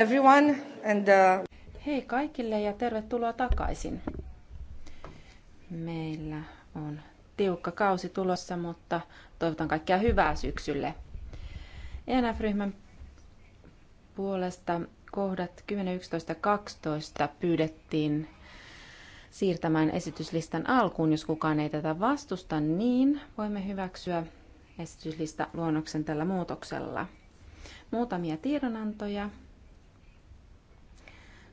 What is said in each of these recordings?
Everyone and, uh... Hei kaikille ja tervetuloa takaisin. Meillä on tiukka kausi tulossa, mutta toivotan kaikkea hyvää syksylle. ENF-ryhmän puolesta kohdat 10, 11 12 pyydettiin siirtämään esityslistan alkuun. Jos kukaan ei tätä vastusta, niin voimme hyväksyä esityslista luonnoksen tällä muutoksella. Muutamia tiedonantoja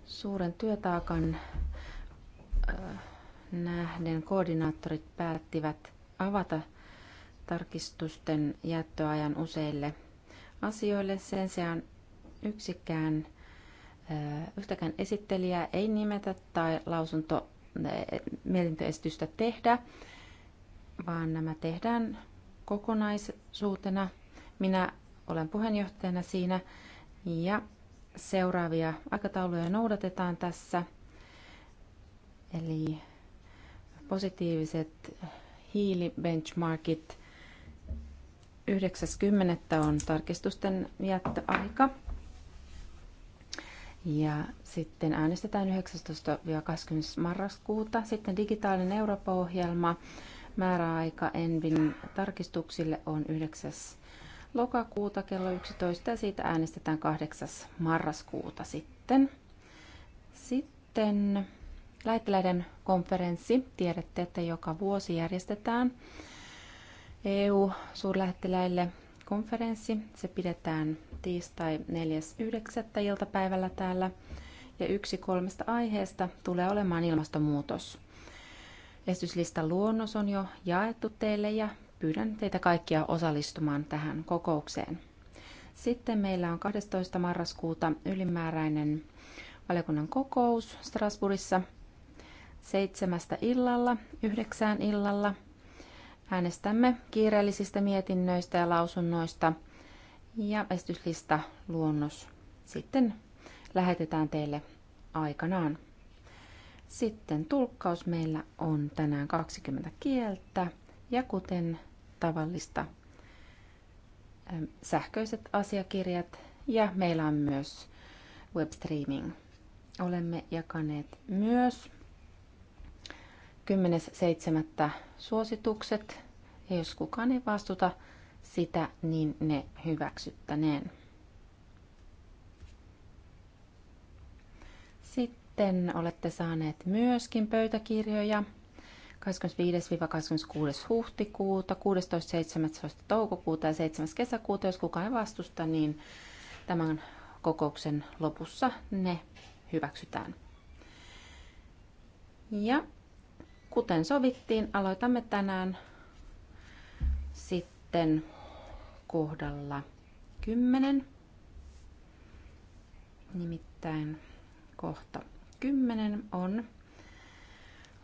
suuren työtaakan äh, nähden koordinaattorit päättivät avata tarkistusten jättöajan useille asioille. Sen sijaan yksikään, äh, yhtäkään esittelijää ei nimetä tai lausunto äh, mietintöesitystä tehdä, vaan nämä tehdään kokonaisuutena. Minä olen puheenjohtajana siinä ja seuraavia aikatauluja noudatetaan tässä. Eli positiiviset hiilibenchmarkit 9.10. on tarkistusten jättöaika. Ja sitten äänestetään 19-20. marraskuuta. Sitten digitaalinen Eurooppa-ohjelma. Määräaika Envin tarkistuksille on 9 lokakuuta kello 11 ja siitä äänestetään 8. marraskuuta sitten. Sitten lähettiläiden konferenssi. Tiedätte, että joka vuosi järjestetään EU-suurlähettiläille konferenssi. Se pidetään tiistai 4.9. iltapäivällä täällä. Ja yksi kolmesta aiheesta tulee olemaan ilmastonmuutos. Esityslistan luonnos on jo jaettu teille ja pyydän teitä kaikkia osallistumaan tähän kokoukseen. Sitten meillä on 12. marraskuuta ylimääräinen valiokunnan kokous Strasbourgissa seitsemästä illalla, yhdeksään illalla. Äänestämme kiireellisistä mietinnöistä ja lausunnoista ja esityslista luonnos sitten lähetetään teille aikanaan. Sitten tulkkaus meillä on tänään 20 kieltä. Ja kuten tavallista, sähköiset asiakirjat ja meillä on myös webstreaming. Olemme jakaneet myös 10.7. suositukset. Ja jos kukaan ei vastuta sitä, niin ne hyväksyttäneen. Sitten olette saaneet myöskin pöytäkirjoja – 25-26. huhtikuuta, 16-17. toukokuuta ja 7. kesäkuuta. Jos kukaan ei vastusta, niin tämän kokouksen lopussa ne hyväksytään. Ja kuten sovittiin, aloitamme tänään sitten kohdalla 10. Nimittäin kohta 10 on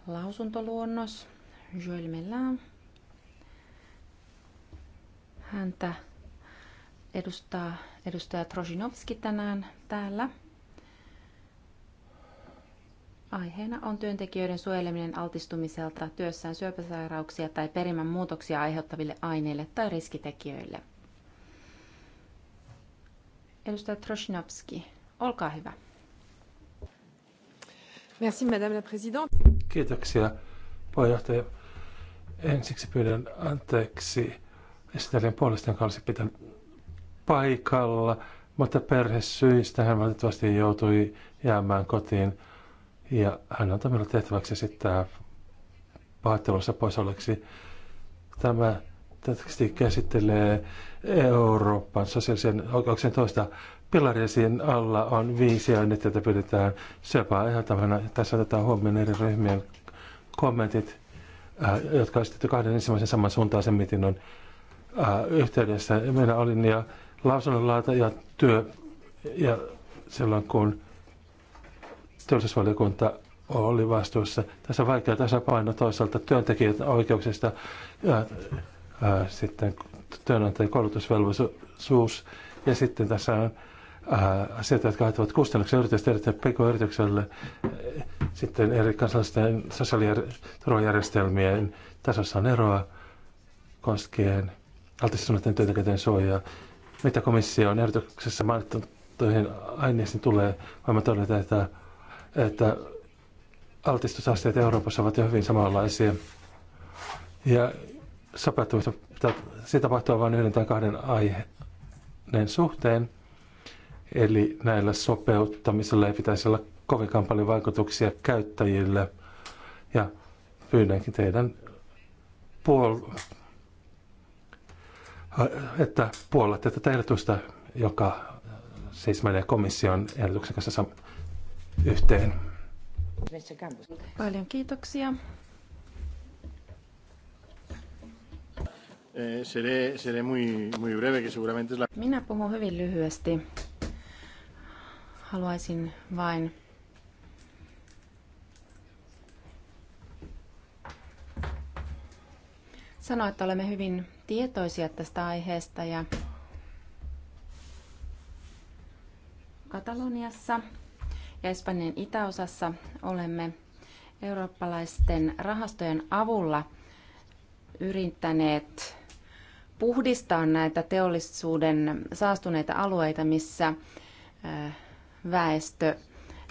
lausuntoluonnos. Joel Mellin. Häntä edustaa edustaja Trojinovski tänään täällä. Aiheena on työntekijöiden suojeleminen altistumiselta työssään syöpäsairauksia tai perimän muutoksia aiheuttaville aineille tai riskitekijöille. Edustaja Troshinovski, olkaa hyvä. Merci, Madame la Présidente. Kiitoksia, puheenjohtaja. Ensiksi pyydän anteeksi esittelijän puolesta, jonka olisi pitänyt paikalla, mutta perhesyistä hän valitettavasti joutui jäämään kotiin. Ja hän on minulle tehtäväksi esittää pahoittelussa pois oleksi. Tämä teksti käsittelee Euroopan sosiaalisen oikeuksien toista pilarisiin alla on viisi ainetta, joita pidetään syöpää Ehdottomana Tässä otetaan huomioon eri ryhmien kommentit, äh, jotka on esitetty kahden ensimmäisen sen mietinnön äh, yhteydessä. Meillä oli ja lausunnonlaata ja työ, ja silloin kun työllisyysvaliokunta oli vastuussa. Tässä on vaikea tasapaino toisaalta työntekijät oikeuksista ja äh, sitten työnantajien koulutusvelvollisuus ja sitten tässä on Äh, asioita, jotka aiheuttavat kustannuksia yritysten pk-yritykselle, äh, sitten eri kansallisten sosiaaliturvajärjestelmien tasossa on eroa koskien altistuneiden työntekijöiden suojaa. Mitä on ehdotuksessa toihin aineisiin tulee, voimme todeta, että, että altistusasteet Euroopassa ovat jo hyvin samanlaisia. Ja sopeutumista pitää, siitä tapahtua vain yhden tai kahden aiheen suhteen – Eli näillä sopeuttamisella ei pitäisi olla kovinkaan paljon vaikutuksia käyttäjille. Ja pyydänkin teidän, puol- että puolatte tätä ehdotusta, joka siis menee komission ehdotuksen kanssa yhteen. Paljon kiitoksia. Minä puhun hyvin lyhyesti. Haluaisin vain sanoa, että olemme hyvin tietoisia tästä aiheesta ja Kataloniassa ja Espanjan itäosassa olemme eurooppalaisten rahastojen avulla yrittäneet puhdistaa näitä teollisuuden saastuneita alueita, missä äh, väestö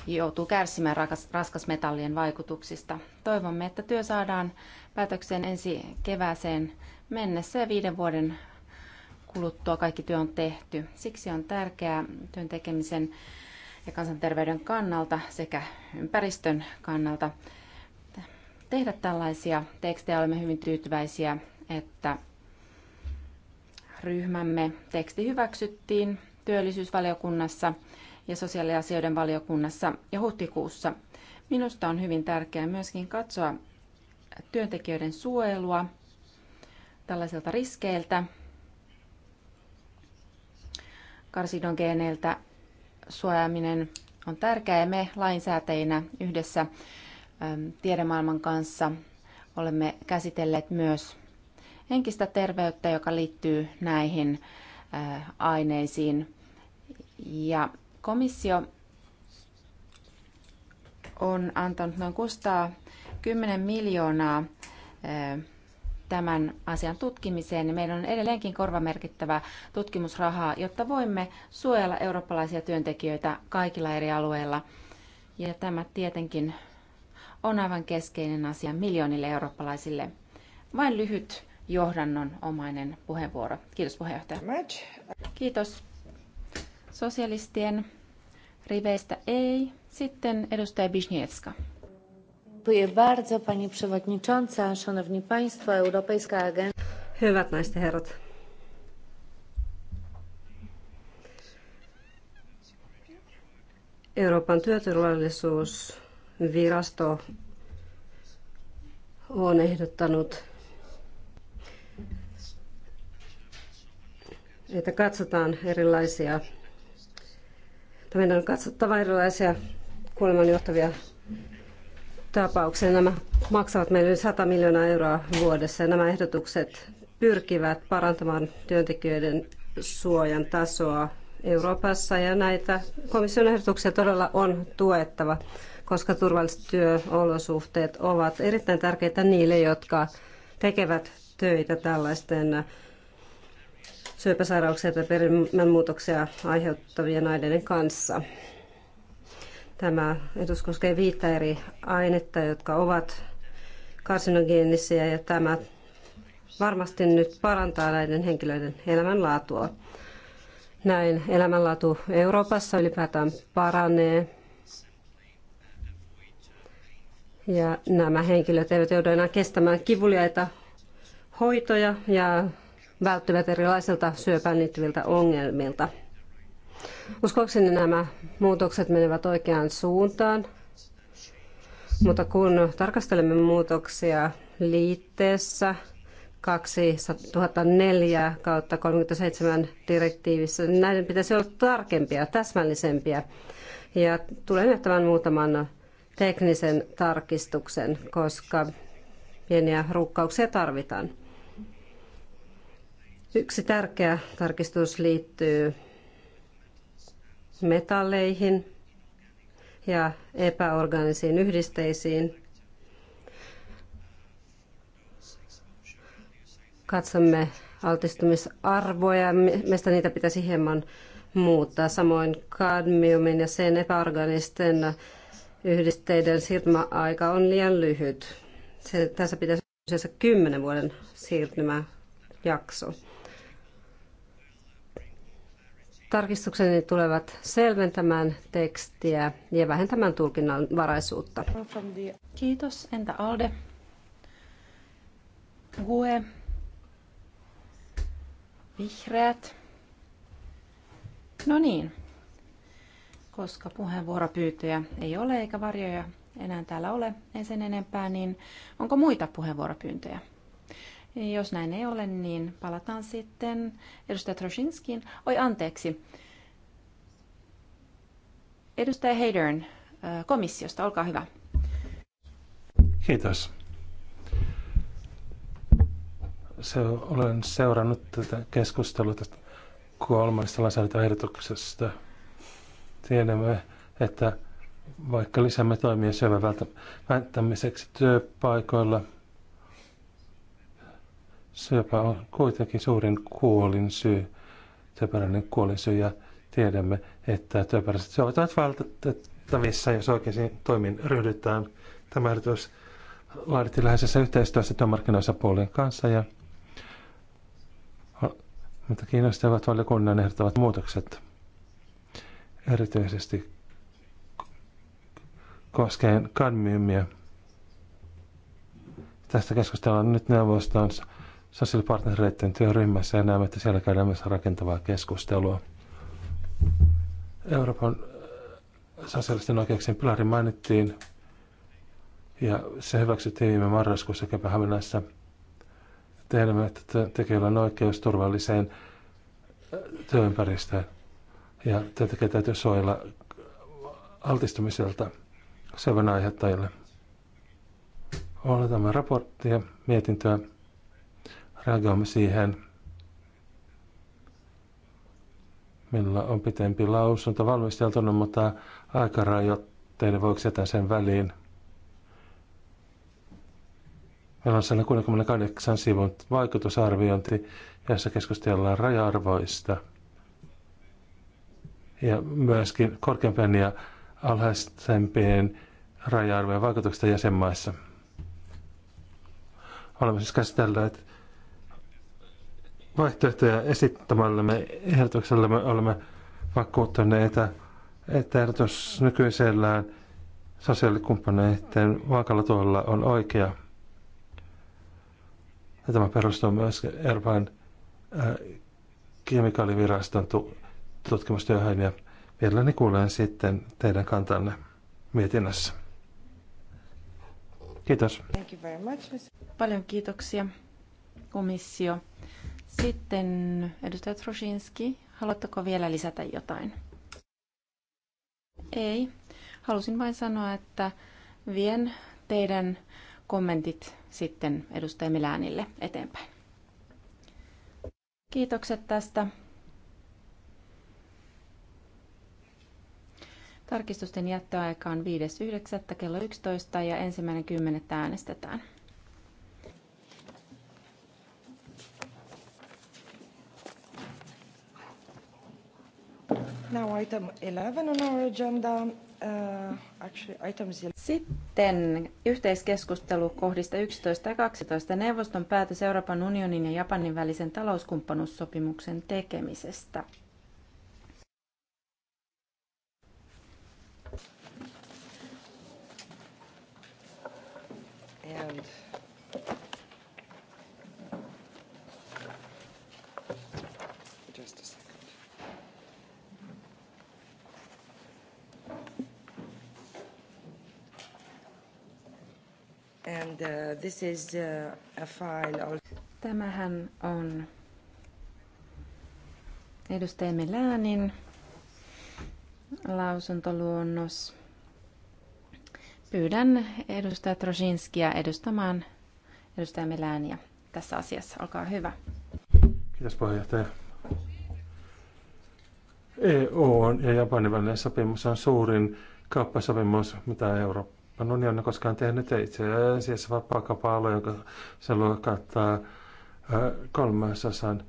joutuu kärsimään raskasmetallien vaikutuksista. Toivomme, että työ saadaan päätökseen ensi kevääseen mennessä ja viiden vuoden kuluttua kaikki työ on tehty. Siksi on tärkeää työn tekemisen ja kansanterveyden kannalta sekä ympäristön kannalta tehdä tällaisia tekstejä. Olemme hyvin tyytyväisiä, että ryhmämme teksti hyväksyttiin työllisyysvaliokunnassa ja sosiaaliasioiden valiokunnassa ja huhtikuussa. Minusta on hyvin tärkeää myöskin katsoa työntekijöiden suojelua tällaisilta riskeiltä, karsidogeeneiltä suojaaminen on tärkeää ja me lainsäätäjinä yhdessä tiedemaailman kanssa olemme käsitelleet myös henkistä terveyttä, joka liittyy näihin aineisiin. Ja Komissio on antanut noin 610 miljoonaa eh, tämän asian tutkimiseen, niin meidän on edelleenkin korvamerkittävä tutkimusrahaa, jotta voimme suojella eurooppalaisia työntekijöitä kaikilla eri alueilla. Ja tämä tietenkin on aivan keskeinen asia miljoonille eurooppalaisille. Vain lyhyt johdannon omainen puheenvuoro. Kiitos puheenjohtaja. Kiitos. Sosialistien riveistä ei. Sitten edustaja Bisniewska. Dziękuję bardzo, pani przewodnicząca, szanowni państwo, Europejska Agencja. Hyvät naiset herrat. Euroopan työturvallisuusvirasto on ehdottanut, että katsotaan erilaisia meidän on katsottava erilaisia kuolemanjohtavia tapauksia. Nämä maksavat meille 100 miljoonaa euroa vuodessa. Nämä ehdotukset pyrkivät parantamaan työntekijöiden suojan tasoa Euroopassa ja näitä komission ehdotuksia todella on tuettava, koska turvalliset työolosuhteet ovat erittäin tärkeitä niille, jotka tekevät töitä tällaisten syöpäsairauksia tai perimänmuutoksia aiheuttavien aineiden kanssa. Tämä edus koskee viittä eri ainetta, jotka ovat karsinogeenisiä ja tämä varmasti nyt parantaa näiden henkilöiden elämänlaatua. Näin elämänlaatu Euroopassa ylipäätään paranee. Ja nämä henkilöt eivät joudu enää kestämään kivuliaita hoitoja ja välttyvät erilaisilta syöpään liittyviltä ongelmilta. Uskoakseni nämä muutokset menevät oikeaan suuntaan, mutta kun tarkastelemme muutoksia liitteessä 2004 kautta 37 direktiivissä, niin näiden pitäisi olla tarkempia, täsmällisempiä. Ja tulen jättämään muutaman teknisen tarkistuksen, koska pieniä rukkauksia tarvitaan. Yksi tärkeä tarkistus liittyy metalleihin ja epäorganisiin yhdisteisiin. Katsomme altistumisarvoja, mistä niitä pitäisi hieman muuttaa. Samoin kadmiumin ja sen epäorganisten yhdisteiden siirtymäaika on liian lyhyt. Se, tässä pitäisi olla 10 vuoden siirtymäjakso. Tarkistukseni tulevat selventämään tekstiä ja vähentämään tulkinnan varaisuutta. Kiitos. Entä Alde? Hue. Vihreät? No niin. Koska puheenvuoropyyntöjä ei ole eikä varjoja enää täällä ole, ei sen enempää, niin onko muita puheenvuoropyyntöjä? Jos näin ei ole, niin palataan sitten edustaja Troshinskiin. Oi anteeksi. Edustaja Haydern komissiosta, olkaa hyvä. Kiitos. Se, olen seurannut tätä keskustelua tästä kolmannesta lainsäädäntöehdotuksesta. Tiedämme, että vaikka lisäämme toimia syövän välttämiseksi työpaikoilla – Syöpä on kuitenkin suurin kuolin syy, työperäinen kuolin syy, ja tiedämme, että työperäiset syövät ovat vältettävissä, jos oikeisiin toimiin ryhdytään. Tämä ehdotus laadittiin läheisessä yhteistyössä työmarkkinaosapuolien kanssa, ja mutta kiinnostavat valiokunnan ehdottavat muutokset erityisesti koskien kadmiumia. Tästä keskustellaan nyt neuvostonsa sosiaalipartnereiden työryhmässä ja näemme, että siellä käydään myös rakentavaa keskustelua. Euroopan äh, sosiaalisten oikeuksien pilari mainittiin ja se hyväksyttiin viime marraskuussa Kööpenhaminassa. Tiedämme, että tekijöillä on oikeus turvalliseen äh, työympäristöön ja työntekijä täytyy suojella altistumiselta sevän aiheuttajille. Oletamme raporttia, mietintöä reagoimme siihen. Meillä on pitempi lausunto valmisteltuna, mutta aikarajoitteiden vuoksi jätän sen väliin. Meillä on 168 sivun vaikutusarviointi, jossa keskustellaan raja-arvoista ja myöskin korkeampien ja alhaisempien raja-arvojen vaikutuksista jäsenmaissa. Olemme siis käsitelleet vaihtoehtoja esittämällämme ehdotuksella me olemme vakuuttuneita, että ehdotus nykyisellään sosiaalikumppaneiden vaakalla tuolla on oikea. Ja tämä perustuu myös Euroopan äh, kemikaaliviraston tutkimustyöhön ja mielelläni kuulen sitten teidän kantanne mietinnässä. Kiitos. Thank you very much. Paljon kiitoksia komissio. Sitten edustaja Troshinski, haluatteko vielä lisätä jotain? Ei. Halusin vain sanoa, että vien teidän kommentit sitten edustaja Miläänille eteenpäin. Kiitokset tästä. Tarkistusten jättöaika on 5.9. kello 11 ja ensimmäinen kymmenettä äänestetään. Now item 11 on our agenda. Uh, Sitten yhteiskeskustelu kohdista 11 ja 12 neuvoston päätös Euroopan unionin ja Japanin välisen talouskumppanuussopimuksen tekemisestä. And And uh, this is uh, a file. Tämähän on edustaja Meläänin lausuntoluonnos. Pyydän edustaja Trojinskia edustamaan edustaja Melääniä tässä asiassa. Olkaa hyvä. Kiitos puheenjohtaja. EU on ja Japanin välinen sopimus on suurin kauppasopimus, mitä Eurooppa on unioni koskaan tehnyt. itse asiassa vapaakauppa joka se luokattaa kolmasosan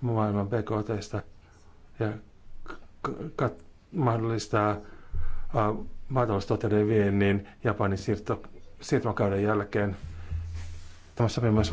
maailman BKTstä ja kat- mahdollistaa maataloustuotteiden viennin Japanin siirto, siirtymäkauden jälkeen. Tämä sopimus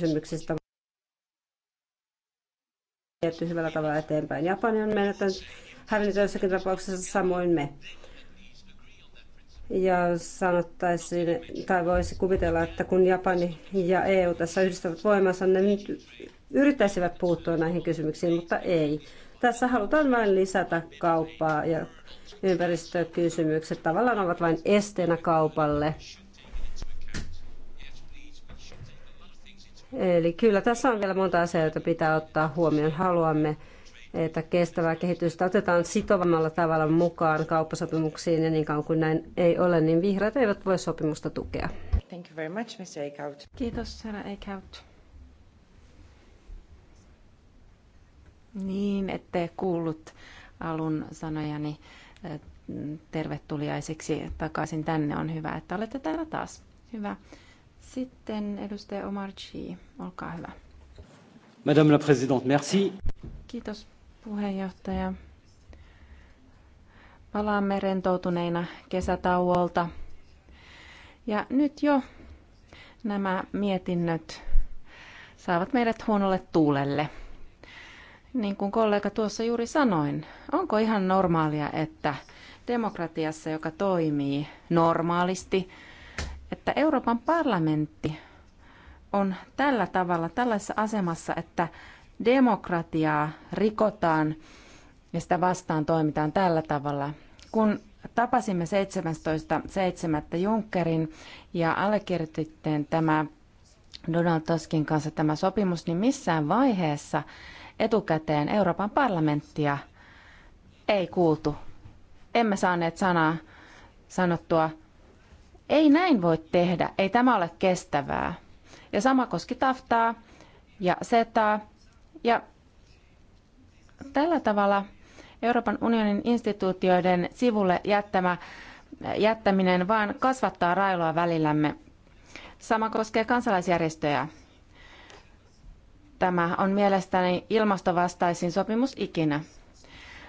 kysymyksistä tietty hyvällä tavalla eteenpäin. Japani on menettänyt hävinnyt joissakin tapauksessa samoin me. Ja sanottaisiin, tai voisi kuvitella, että kun Japani ja EU tässä yhdistävät voimansa, ne nyt yrittäisivät puuttua näihin kysymyksiin, mutta ei. Tässä halutaan vain lisätä kauppaa ja ympäristökysymykset tavallaan ovat vain esteenä kaupalle. Eli kyllä tässä on vielä monta asiaa, joita pitää ottaa huomioon. Haluamme, että kestävää kehitystä otetaan sitovammalla tavalla mukaan kauppasopimuksiin ja niin kauan kuin näin ei ole, niin vihreät eivät voi sopimusta tukea. Thank you very much, Mr. Eichhout. Kiitos, herra Eichhout. Niin, ette kuullut alun sanojani eh, tervetuliaisiksi takaisin tänne. On hyvä, että olette täällä taas. Hyvä. Sitten edustaja Chi, olkaa hyvä. Madame la Présidente, merci. Kiitos puheenjohtaja. Palaamme rentoutuneina kesätauolta. Ja nyt jo nämä mietinnöt saavat meidät huonolle tuulelle. Niin kuin kollega tuossa juuri sanoin, onko ihan normaalia, että demokratiassa, joka toimii normaalisti, että Euroopan parlamentti on tällä tavalla, tällaisessa asemassa, että demokratiaa rikotaan ja sitä vastaan toimitaan tällä tavalla. Kun tapasimme 17.7. Junckerin ja allekirjoititteen tämä Donald Tuskin kanssa tämä sopimus, niin missään vaiheessa etukäteen Euroopan parlamenttia ei kuultu. Emme saaneet sanaa sanottua ei näin voi tehdä, ei tämä ole kestävää. Ja sama koski taftaa ja setaa. Ja tällä tavalla Euroopan unionin instituutioiden sivulle jättämä, jättäminen vaan kasvattaa railoa välillämme. Sama koskee kansalaisjärjestöjä. Tämä on mielestäni ilmastovastaisin sopimus ikinä.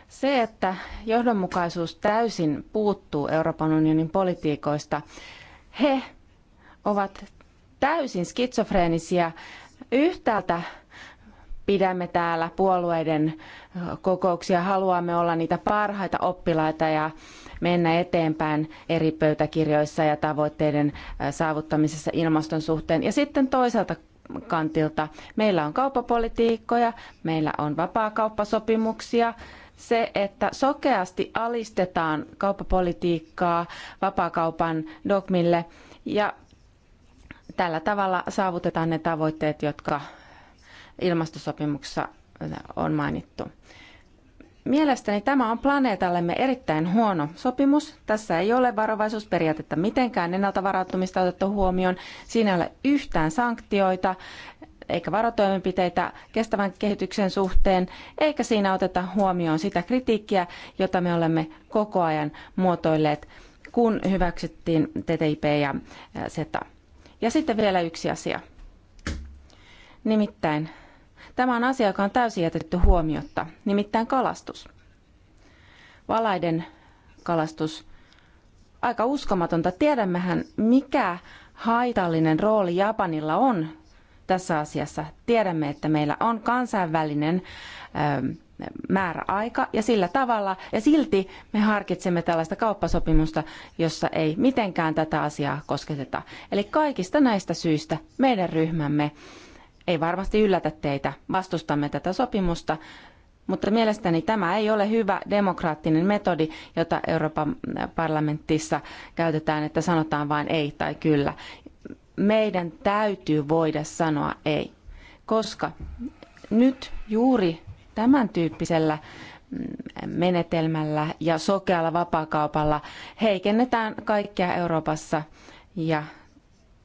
Se, että johdonmukaisuus täysin puuttuu Euroopan unionin politiikoista, he ovat täysin skitsofreenisia. Yhtäältä pidämme täällä puolueiden kokouksia, haluamme olla niitä parhaita oppilaita ja mennä eteenpäin eri pöytäkirjoissa ja tavoitteiden saavuttamisessa ilmaston suhteen. Ja sitten toisaalta kantilta meillä on kauppapolitiikkoja, meillä on vapaakauppasopimuksia, kauppasopimuksia se, että sokeasti alistetaan kauppapolitiikkaa vapaakaupan dogmille ja tällä tavalla saavutetaan ne tavoitteet, jotka ilmastosopimuksessa on mainittu. Mielestäni tämä on planeetallemme erittäin huono sopimus. Tässä ei ole varovaisuusperiaatetta mitenkään ennalta varautumista otettu huomioon. Siinä ei ole yhtään sanktioita eikä varotoimenpiteitä kestävän kehityksen suhteen, eikä siinä oteta huomioon sitä kritiikkiä, jota me olemme koko ajan muotoilleet, kun hyväksyttiin TTIP ja SETA. Ja sitten vielä yksi asia. Nimittäin tämä on asia, joka on täysin jätetty huomiotta, nimittäin kalastus. Valaiden kalastus. Aika uskomatonta. Tiedämmehän, mikä haitallinen rooli Japanilla on tässä asiassa. Tiedämme, että meillä on kansainvälinen määräaika ja sillä tavalla, ja silti me harkitsemme tällaista kauppasopimusta, jossa ei mitenkään tätä asiaa kosketeta. Eli kaikista näistä syistä meidän ryhmämme ei varmasti yllätä teitä, vastustamme tätä sopimusta, mutta mielestäni tämä ei ole hyvä demokraattinen metodi, jota Euroopan parlamentissa käytetään, että sanotaan vain ei tai kyllä meidän täytyy voida sanoa ei, koska nyt juuri tämän tyyppisellä mm, menetelmällä ja sokealla vapaakaupalla heikennetään kaikkea Euroopassa ja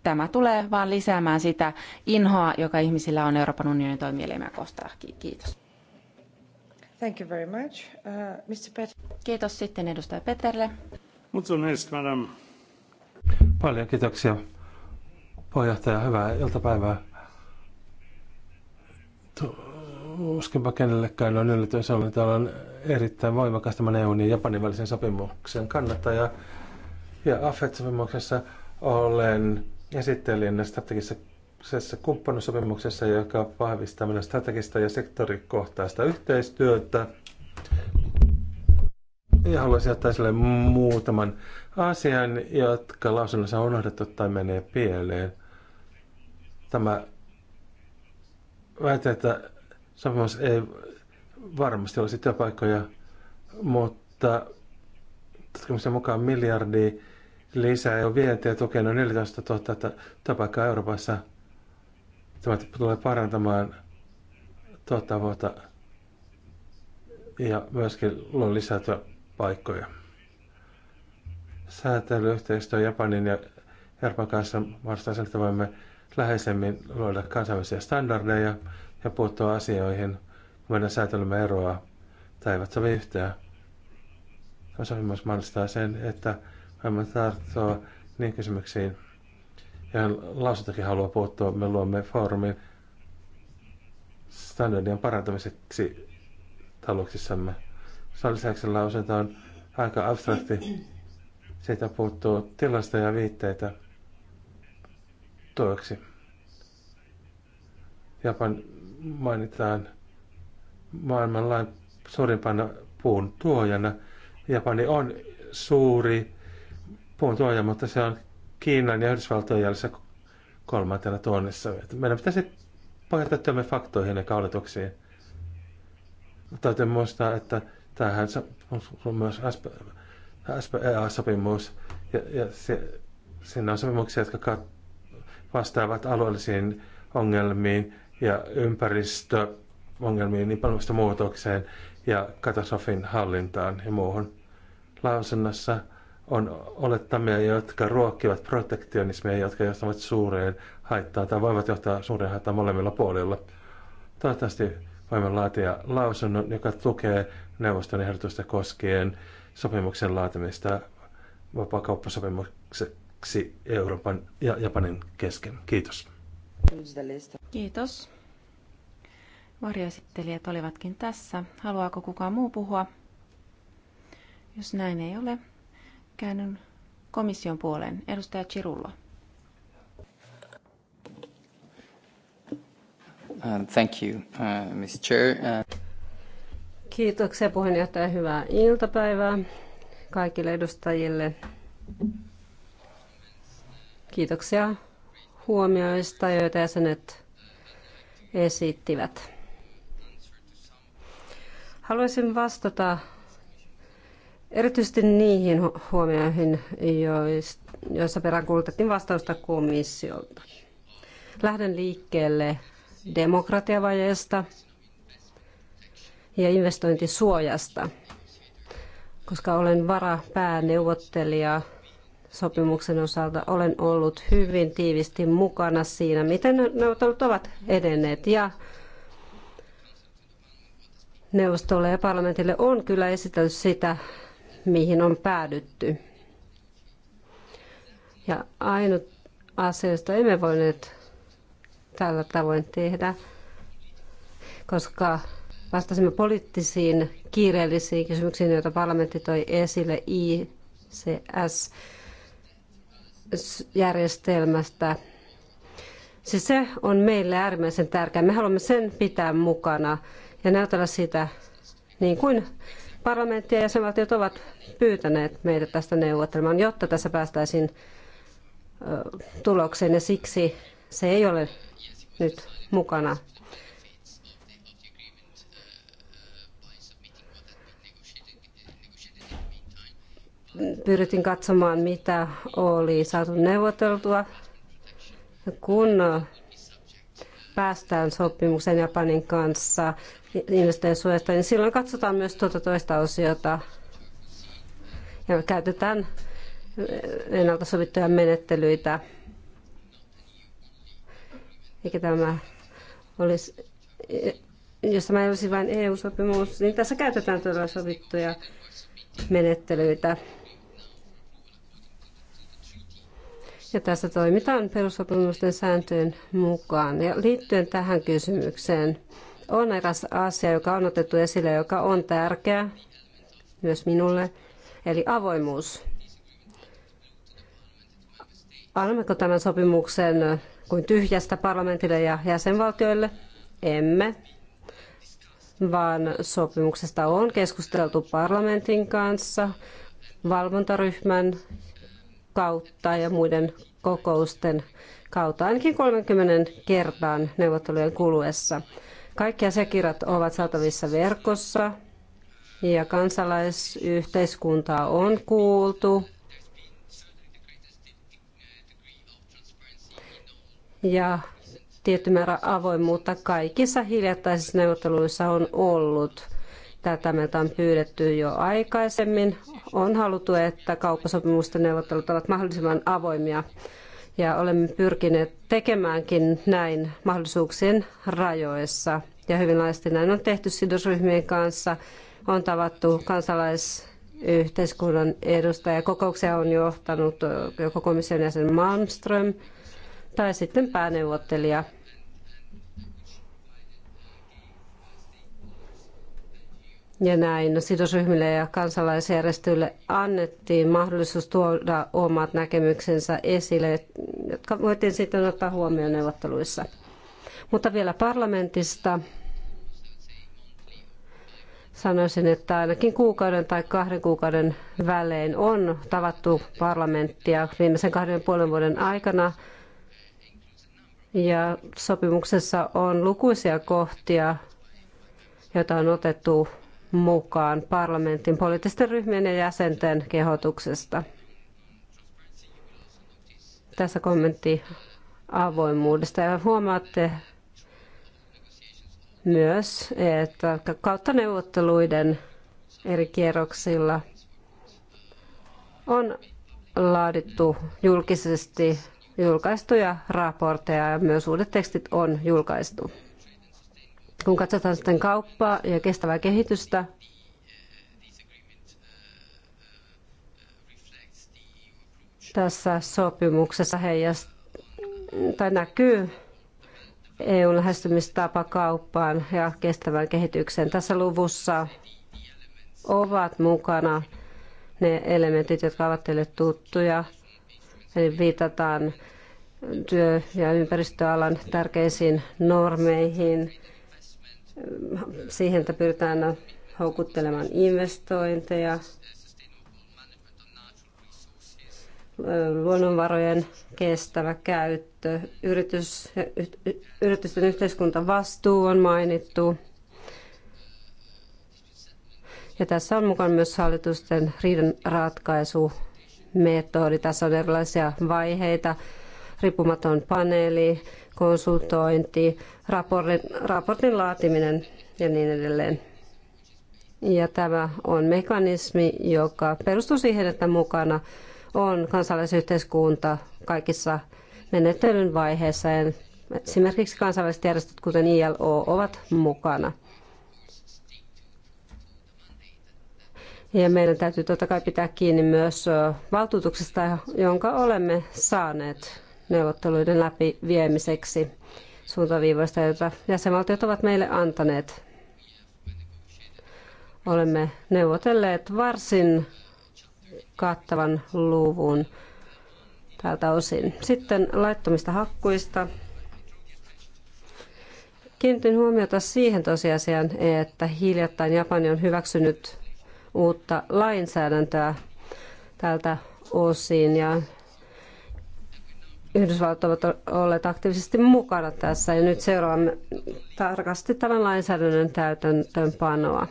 tämä tulee vaan lisäämään sitä inhoa, joka ihmisillä on Euroopan unionin toimielimiä kohtaan. Kiitos. Thank you very much. Uh, Mr. Pet- Kiitos sitten edustaja Peterle. Mutta Paljon kiitoksia. Puheenjohtaja, hyvää iltapäivää. Uskenpa kenellekään on yllätys ollut, että olen erittäin voimakas tämän EUn ja Japanin välisen sopimuksen kannattaja. Ja AFET-sopimuksessa olen esittelijän strategisessa kumppanusopimuksessa, joka vahvistaa meidän strategista ja sektorikohtaista yhteistyötä. Ja haluaisin ottaa sille muutaman asian, jotka lausunnossa on unohdettu tai menee pieleen. Tämä väite, että Savonlinnassa ei varmasti olisi työpaikkoja, mutta tutkimuksen mukaan miljardi lisää ja vientiä tukenut 14 000 työpaikkaa Euroopassa. Tämä tulee parantamaan tuottavuutta ja myöskin luo lisää työpaikkoja. Säätelyyhteistyö Japanin ja Euroopan kanssa varsinaisesti että voimme läheisemmin luoda kansainvälisiä standardeja ja puuttua asioihin, kun meidän säätelymme eroaa tai eivät sovi yhtään. Tämä sopimus mahdollistaa sen, että voimme tarttua niin kysymyksiin, joihin lausuntokin haluaa puuttua. Me luomme foorumin standardien parantamiseksi talouksissamme. Sen lisäksi lausunto on aika abstrakti. Siitä puuttuu tilasta ja viitteitä tueksi. Japan mainitaan maailmanlain suurimpana puun tuojana. Japani on suuri puun tuoja, mutta se on Kiinan ja Yhdysvaltojen jäljessä kolmantena tuonnissa. Meidän pitäisi pohjata työmme faktoihin ja kaulituksiin. Täytyy muistaa, että tämähän on myös SPEA-sopimus, ja, ja se, siinä on sopimuksia, jotka vastaavat alueellisiin ongelmiin ja ympäristöongelmiin, ilmastonmuutokseen niin ja katastrofin hallintaan ja muuhun. Lausunnossa on olettamia, jotka ruokkivat protektionismia, jotka johtavat suureen haittaan tai voivat johtaa suureen haittaan molemmilla puolilla. Toivottavasti voimme laatia lausunnon, joka tukee neuvoston ehdotusta koskien sopimuksen laatimista vapaakauppasopimukseksi kaksi Euroopan ja Japanin kesken. Kiitos. Kiitos. Varjoesittelijät olivatkin tässä. Haluaako kukaan muu puhua? Jos näin ei ole, käännyn komission puoleen. Edustaja Chirullo. Um, thank you, uh, Ms. Chair. Uh... Kiitoksia puheenjohtaja. Hyvää iltapäivää kaikille edustajille. Kiitoksia huomioista, joita jäsenet esittivät. Haluaisin vastata erityisesti niihin huomioihin, joissa peräänkuulutettiin vastausta komissiolta. Lähden liikkeelle demokratiavajeesta ja investointisuojasta, koska olen varapääneuvottelija sopimuksen osalta olen ollut hyvin tiivisti mukana siinä, miten neuvottelut ovat edenneet. Ja neuvostolle ja parlamentille on kyllä esitelty sitä, mihin on päädytty. Ja ainut asia, josta emme voineet tällä tavoin tehdä, koska vastasimme poliittisiin kiireellisiin kysymyksiin, joita parlamentti toi esille ICS järjestelmästä. Siis se on meille äärimmäisen tärkeää. Me haluamme sen pitää mukana ja näytellä sitä niin kuin parlamentti ja jäsenvaltiot ovat pyytäneet meitä tästä neuvottelemaan, jotta tässä päästäisiin tulokseen ja siksi se ei ole nyt mukana pyrittiin katsomaan, mitä oli saatu neuvoteltua. Kun päästään sopimuksen Japanin kanssa suojasta, niin silloin katsotaan myös tuota toista osiota ja käytetään ennalta sovittuja menettelyitä. Eikä tämä olisi, jos tämä ei olisi vain EU-sopimus, niin tässä käytetään todella sovittuja menettelyitä. Ja tässä toimitaan perussopimusten sääntöjen mukaan. Ja liittyen tähän kysymykseen, on eräs asia, joka on otettu esille, joka on tärkeä myös minulle, eli avoimuus. Annammeko tämän sopimuksen kuin tyhjästä parlamentille ja jäsenvaltioille? Emme, vaan sopimuksesta on keskusteltu parlamentin kanssa, valvontaryhmän kautta ja muiden kokousten kautta ainakin 30 kertaan neuvottelujen kuluessa. Kaikki asiakirjat ovat saatavissa verkossa ja kansalaisyhteiskuntaa on kuultu. Ja tietty määrä avoimuutta kaikissa hiljattaisissa neuvotteluissa on ollut. Tätä meiltä on pyydetty jo aikaisemmin. On haluttu, että kauppasopimusten neuvottelut ovat mahdollisimman avoimia ja olemme pyrkineet tekemäänkin näin mahdollisuuksien rajoissa. Ja hyvin laajasti näin on tehty sidosryhmien kanssa. On tavattu kansalaisyhteiskunnan edustajia. Kokouksia on johtanut joko komission jäsen Malmström tai sitten pääneuvottelija Ja näin sidosryhmille ja kansalaisjärjestöille annettiin mahdollisuus tuoda omat näkemyksensä esille, jotka voitiin sitten ottaa huomioon neuvotteluissa. Mutta vielä parlamentista sanoisin, että ainakin kuukauden tai kahden kuukauden välein on tavattu parlamenttia viimeisen kahden ja puolen vuoden aikana. Ja sopimuksessa on lukuisia kohtia, joita on otettu mukaan parlamentin poliittisten ryhmien ja jäsenten kehotuksesta. Tässä kommentti avoimuudesta. Ja huomaatte myös, että kautta neuvotteluiden eri kierroksilla on laadittu julkisesti julkaistuja raportteja ja myös uudet tekstit on julkaistu. Kun katsotaan sitten kauppaa ja kestävää kehitystä, tässä sopimuksessa heijast, tai näkyy EUn lähestymistapa kauppaan ja kestävään kehitykseen. Tässä luvussa ovat mukana ne elementit, jotka ovat teille tuttuja. Eli viitataan työ- ja ympäristöalan tärkeisiin normeihin, siihen, että pyritään houkuttelemaan investointeja, luonnonvarojen kestävä käyttö, yritys, yritysten yhteiskuntavastuu on mainittu. Ja tässä on mukaan myös hallitusten riidan ratkaisumetodi. Tässä on erilaisia vaiheita, riippumaton paneeli, konsultointi, raportin, raportin laatiminen ja niin edelleen. Ja tämä on mekanismi, joka perustuu siihen, että mukana on kansalaisyhteiskunta kaikissa menettelyn vaiheissa. Ja esimerkiksi kansainväliset järjestöt, kuten ILO, ovat mukana. Ja meidän täytyy totta kai pitää kiinni myös valtuutuksesta, jonka olemme saaneet neuvotteluiden läpi viemiseksi suuntaviivoista, joita jäsenvaltiot ovat meille antaneet. Olemme neuvotelleet varsin kattavan luvun tältä osin. Sitten laittomista hakkuista. Kiinnitin huomiota siihen tosiasiaan, että hiljattain Japani on hyväksynyt uutta lainsäädäntöä tältä osin ja Yhdysvallat ovat olleet aktiivisesti mukana tässä ja nyt seuraamme tarkasti tämän lainsäädännön täytäntöönpanoa.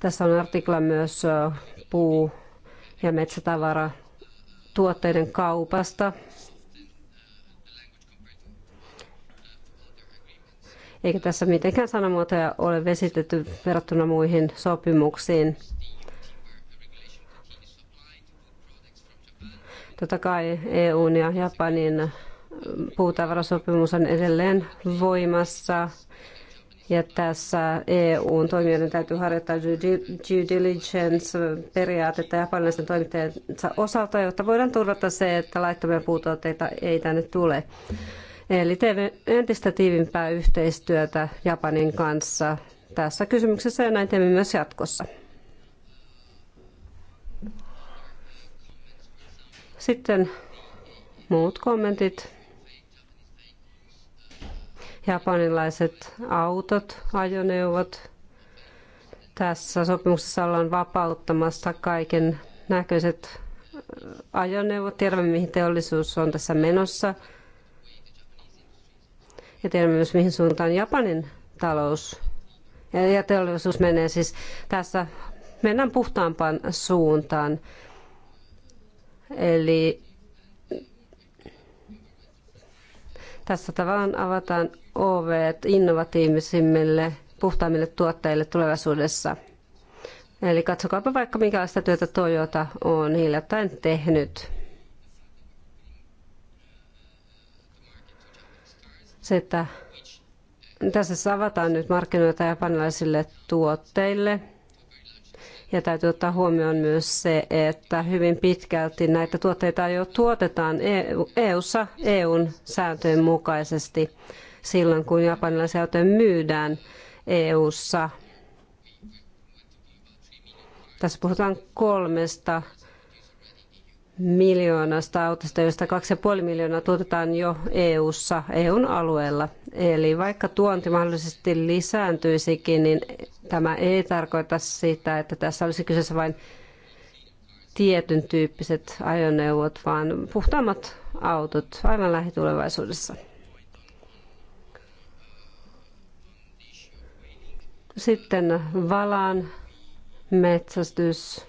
Tässä on artikla myös puu- ja metsätavara tuotteiden kaupasta. Eikä tässä mitenkään sanamuotoja ole vesitetty verrattuna muihin sopimuksiin. Totta kai EUn ja Japanin puutavarasopimus on edelleen voimassa. Ja tässä EUn toimijoiden täytyy harjoittaa due diligence-periaatetta japanilaisten toimittajien osalta, jotta voidaan turvata se, että laittomia puutuotteita ei tänne tule. Eli teemme entistä tiivimpää yhteistyötä Japanin kanssa tässä kysymyksessä ja näin teemme myös jatkossa. Sitten muut kommentit. Japanilaiset autot, ajoneuvot. Tässä sopimuksessa ollaan vapauttamassa kaiken näköiset ajoneuvot. Tiedämme, mihin teollisuus on tässä menossa. Ja tiedämme myös, mihin suuntaan Japanin talous ja teollisuus menee. Siis tässä mennään puhtaampaan suuntaan. Eli tässä tavallaan avataan ovet innovatiivisimmille, puhtaimmille tuotteille tulevaisuudessa. Eli katsokaapa vaikka minkälaista työtä Toyota on hiljattain tehnyt. Se, että tässä avataan nyt markkinoita japanilaisille tuotteille – ja täytyy ottaa huomioon myös se, että hyvin pitkälti näitä tuotteita jo tuotetaan EU-ssa e EUn sääntöjen mukaisesti silloin, kun japanilaisia autoja myydään EU-ssa. Tässä puhutaan kolmesta miljoonasta autosta, joista 2,5 miljoonaa tuotetaan jo EU-ssa, EUn alueella. Eli vaikka tuonti mahdollisesti lisääntyisikin, niin tämä ei tarkoita sitä, että tässä olisi kyseessä vain tietyn tyyppiset ajoneuvot, vaan puhtaammat autot aivan lähitulevaisuudessa. Sitten valaan metsästys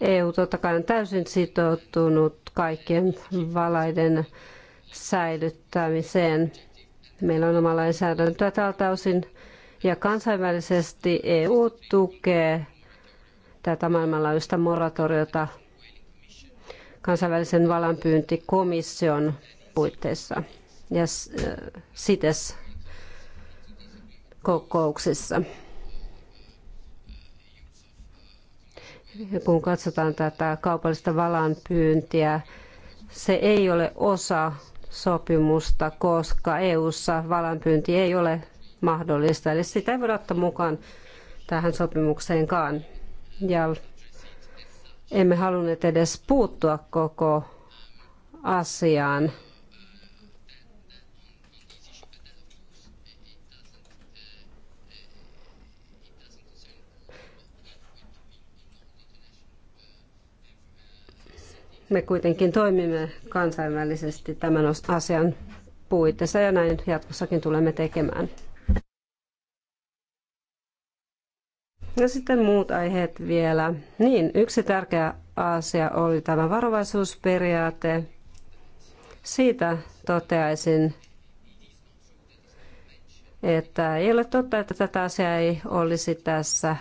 EU totta kai on täysin sitoutunut kaikkien valaiden säilyttämiseen. Meillä on oma lainsäädäntö tältä osin ja kansainvälisesti EU tukee tätä maailmanlaajuista moratoriota kansainvälisen valanpyyntikomission puitteissa ja CITES-kokouksissa. Äh, kun katsotaan tätä kaupallista valanpyyntiä, se ei ole osa sopimusta, koska EU-ssa valanpyynti ei ole mahdollista. Eli sitä ei voida ottaa mukaan tähän sopimukseenkaan. Ja emme halunneet edes puuttua koko asiaan Me kuitenkin toimimme kansainvälisesti tämän asian puitteissa ja näin jatkossakin tulemme tekemään. Ja no sitten muut aiheet vielä. Niin, yksi tärkeä asia oli tämä varovaisuusperiaate. Siitä toteaisin, että ei ole totta, että tätä asiaa ei olisi tässä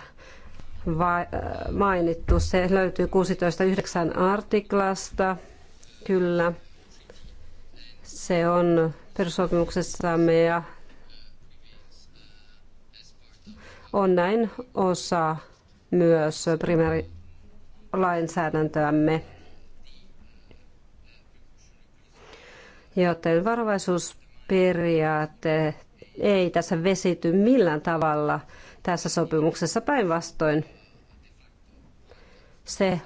mainittu. Se löytyy 16.9 artiklasta. Kyllä, se on perussopimuksessamme ja on näin osa myös primäärilainsäädäntöämme. Joten varovaisuusperiaate ei tässä vesity millään tavalla tässä sopimuksessa päinvastoin. Se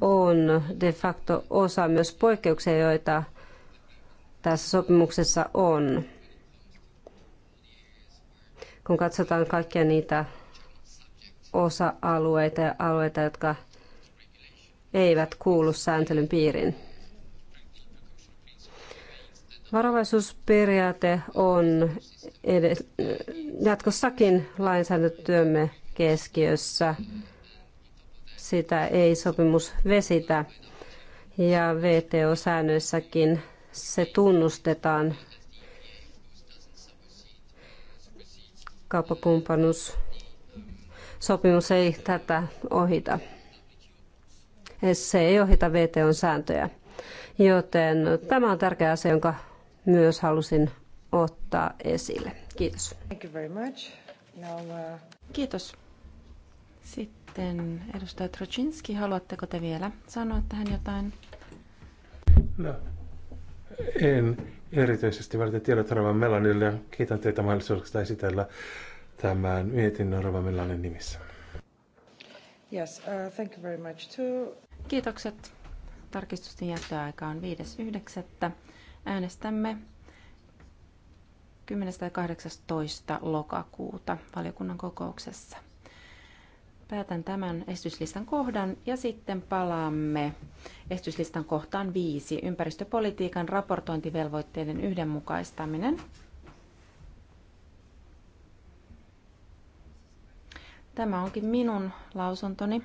on de facto osa myös poikkeuksia, joita tässä sopimuksessa on. Kun katsotaan kaikkia niitä osa-alueita ja alueita, jotka eivät kuulu sääntelyn piiriin. Varovaisuusperiaate on edes, jatkossakin lainsäädäntötyömme keskiössä. Mm-hmm sitä ei sopimus vesitä. Ja VTO-säännöissäkin se tunnustetaan sopimus ei tätä ohita. Se ei ohita VTOn sääntöjä. Joten tämä on tärkeä asia, jonka myös halusin ottaa esille. Kiitos. Thank you very much. Now, uh... Kiitos. Sitten sitten edustaja Trocinski, haluatteko te vielä sanoa tähän jotain? No, en erityisesti välitä tiedot Melanille ja kiitän teitä mahdollisuudesta esitellä tämän mietinnön Rova Melanin nimissä. Yes, uh, thank you very much too. Kiitokset. Tarkistusten jättöaika on 5.9. Äänestämme 10.18. ja lokakuuta valiokunnan kokouksessa. Päätän tämän estyslistan kohdan ja sitten palaamme estyslistan kohtaan viisi. Ympäristöpolitiikan raportointivelvoitteiden yhdenmukaistaminen. Tämä onkin minun lausuntoni.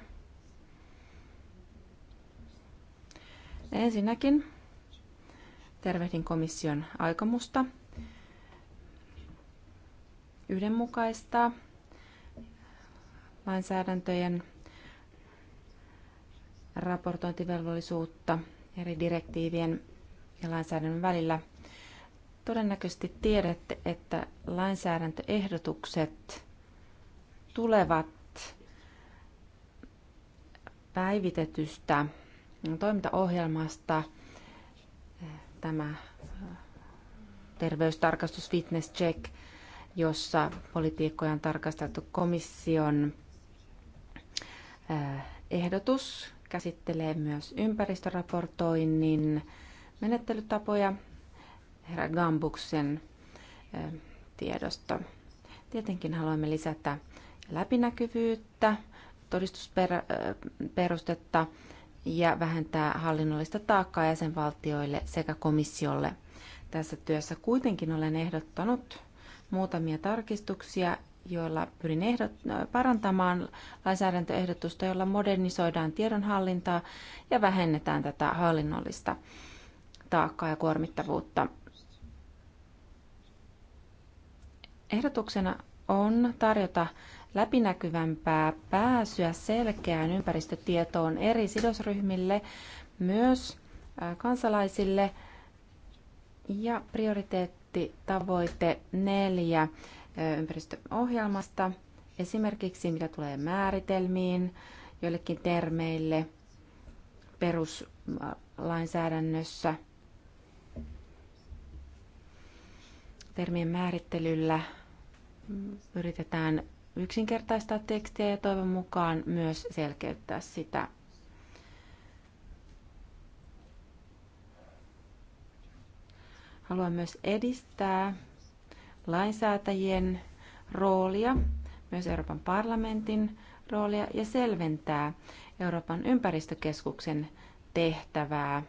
Ensinnäkin tervehdin komission aikomusta yhdenmukaistaa lainsäädäntöjen raportointivelvollisuutta eri direktiivien ja lainsäädännön välillä. Todennäköisesti tiedätte, että lainsäädäntöehdotukset tulevat päivitetystä toimintaohjelmasta. Tämä terveystarkastus, fitness check, jossa politiikkoja on tarkasteltu komission ehdotus käsittelee myös ympäristöraportoinnin menettelytapoja herra Gambuksen tiedosta. Tietenkin haluamme lisätä läpinäkyvyyttä, todistusperustetta ja vähentää hallinnollista taakkaa jäsenvaltioille sekä komissiolle. Tässä työssä kuitenkin olen ehdottanut muutamia tarkistuksia, joilla pyrin ehdot, parantamaan lainsäädäntöehdotusta, jolla modernisoidaan tiedonhallintaa ja vähennetään tätä hallinnollista taakkaa ja kuormittavuutta. Ehdotuksena on tarjota läpinäkyvämpää pääsyä selkeään ympäristötietoon eri sidosryhmille, myös kansalaisille ja prioriteettitavoite neljä ympäristöohjelmasta, esimerkiksi mitä tulee määritelmiin, joillekin termeille peruslainsäädännössä, termien määrittelyllä yritetään yksinkertaistaa tekstiä ja toivon mukaan myös selkeyttää sitä. Haluan myös edistää lainsäätäjien roolia, myös Euroopan parlamentin roolia ja selventää Euroopan ympäristökeskuksen tehtävää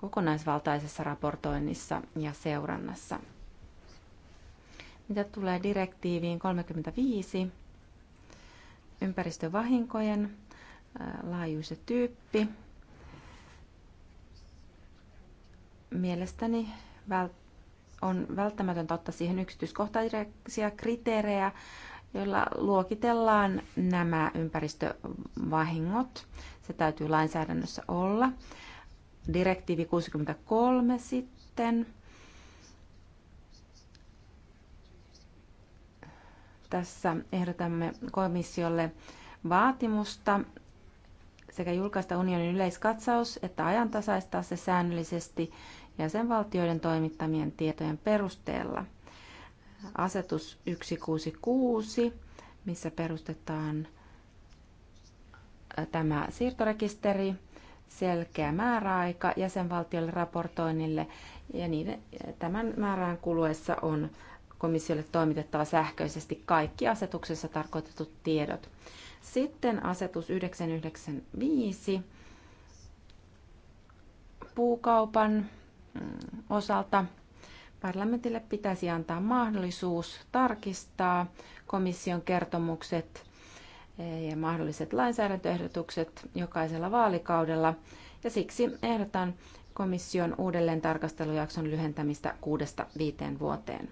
kokonaisvaltaisessa raportoinnissa ja seurannassa. Mitä tulee direktiiviin 35, ympäristövahinkojen äh, laajuus ja tyyppi, mielestäni vält- on välttämätöntä ottaa siihen yksityiskohtaisia kriteerejä, joilla luokitellaan nämä ympäristövahingot. Se täytyy lainsäädännössä olla. Direktiivi 63 sitten. Tässä ehdotamme komissiolle vaatimusta sekä julkaista unionin yleiskatsaus että ajantasaistaa se säännöllisesti jäsenvaltioiden toimittamien tietojen perusteella. Asetus 166, missä perustetaan äh, tämä siirtorekisteri, selkeä määräaika jäsenvaltioille raportoinnille ja niiden, äh, tämän määrään kuluessa on komissiolle toimitettava sähköisesti kaikki asetuksessa tarkoitetut tiedot. Sitten asetus 995 puukaupan osalta parlamentille pitäisi antaa mahdollisuus tarkistaa komission kertomukset ja mahdolliset lainsäädäntöehdotukset jokaisella vaalikaudella. Ja siksi ehdotan komission uudelleen tarkastelujakson lyhentämistä kuudesta viiteen vuoteen.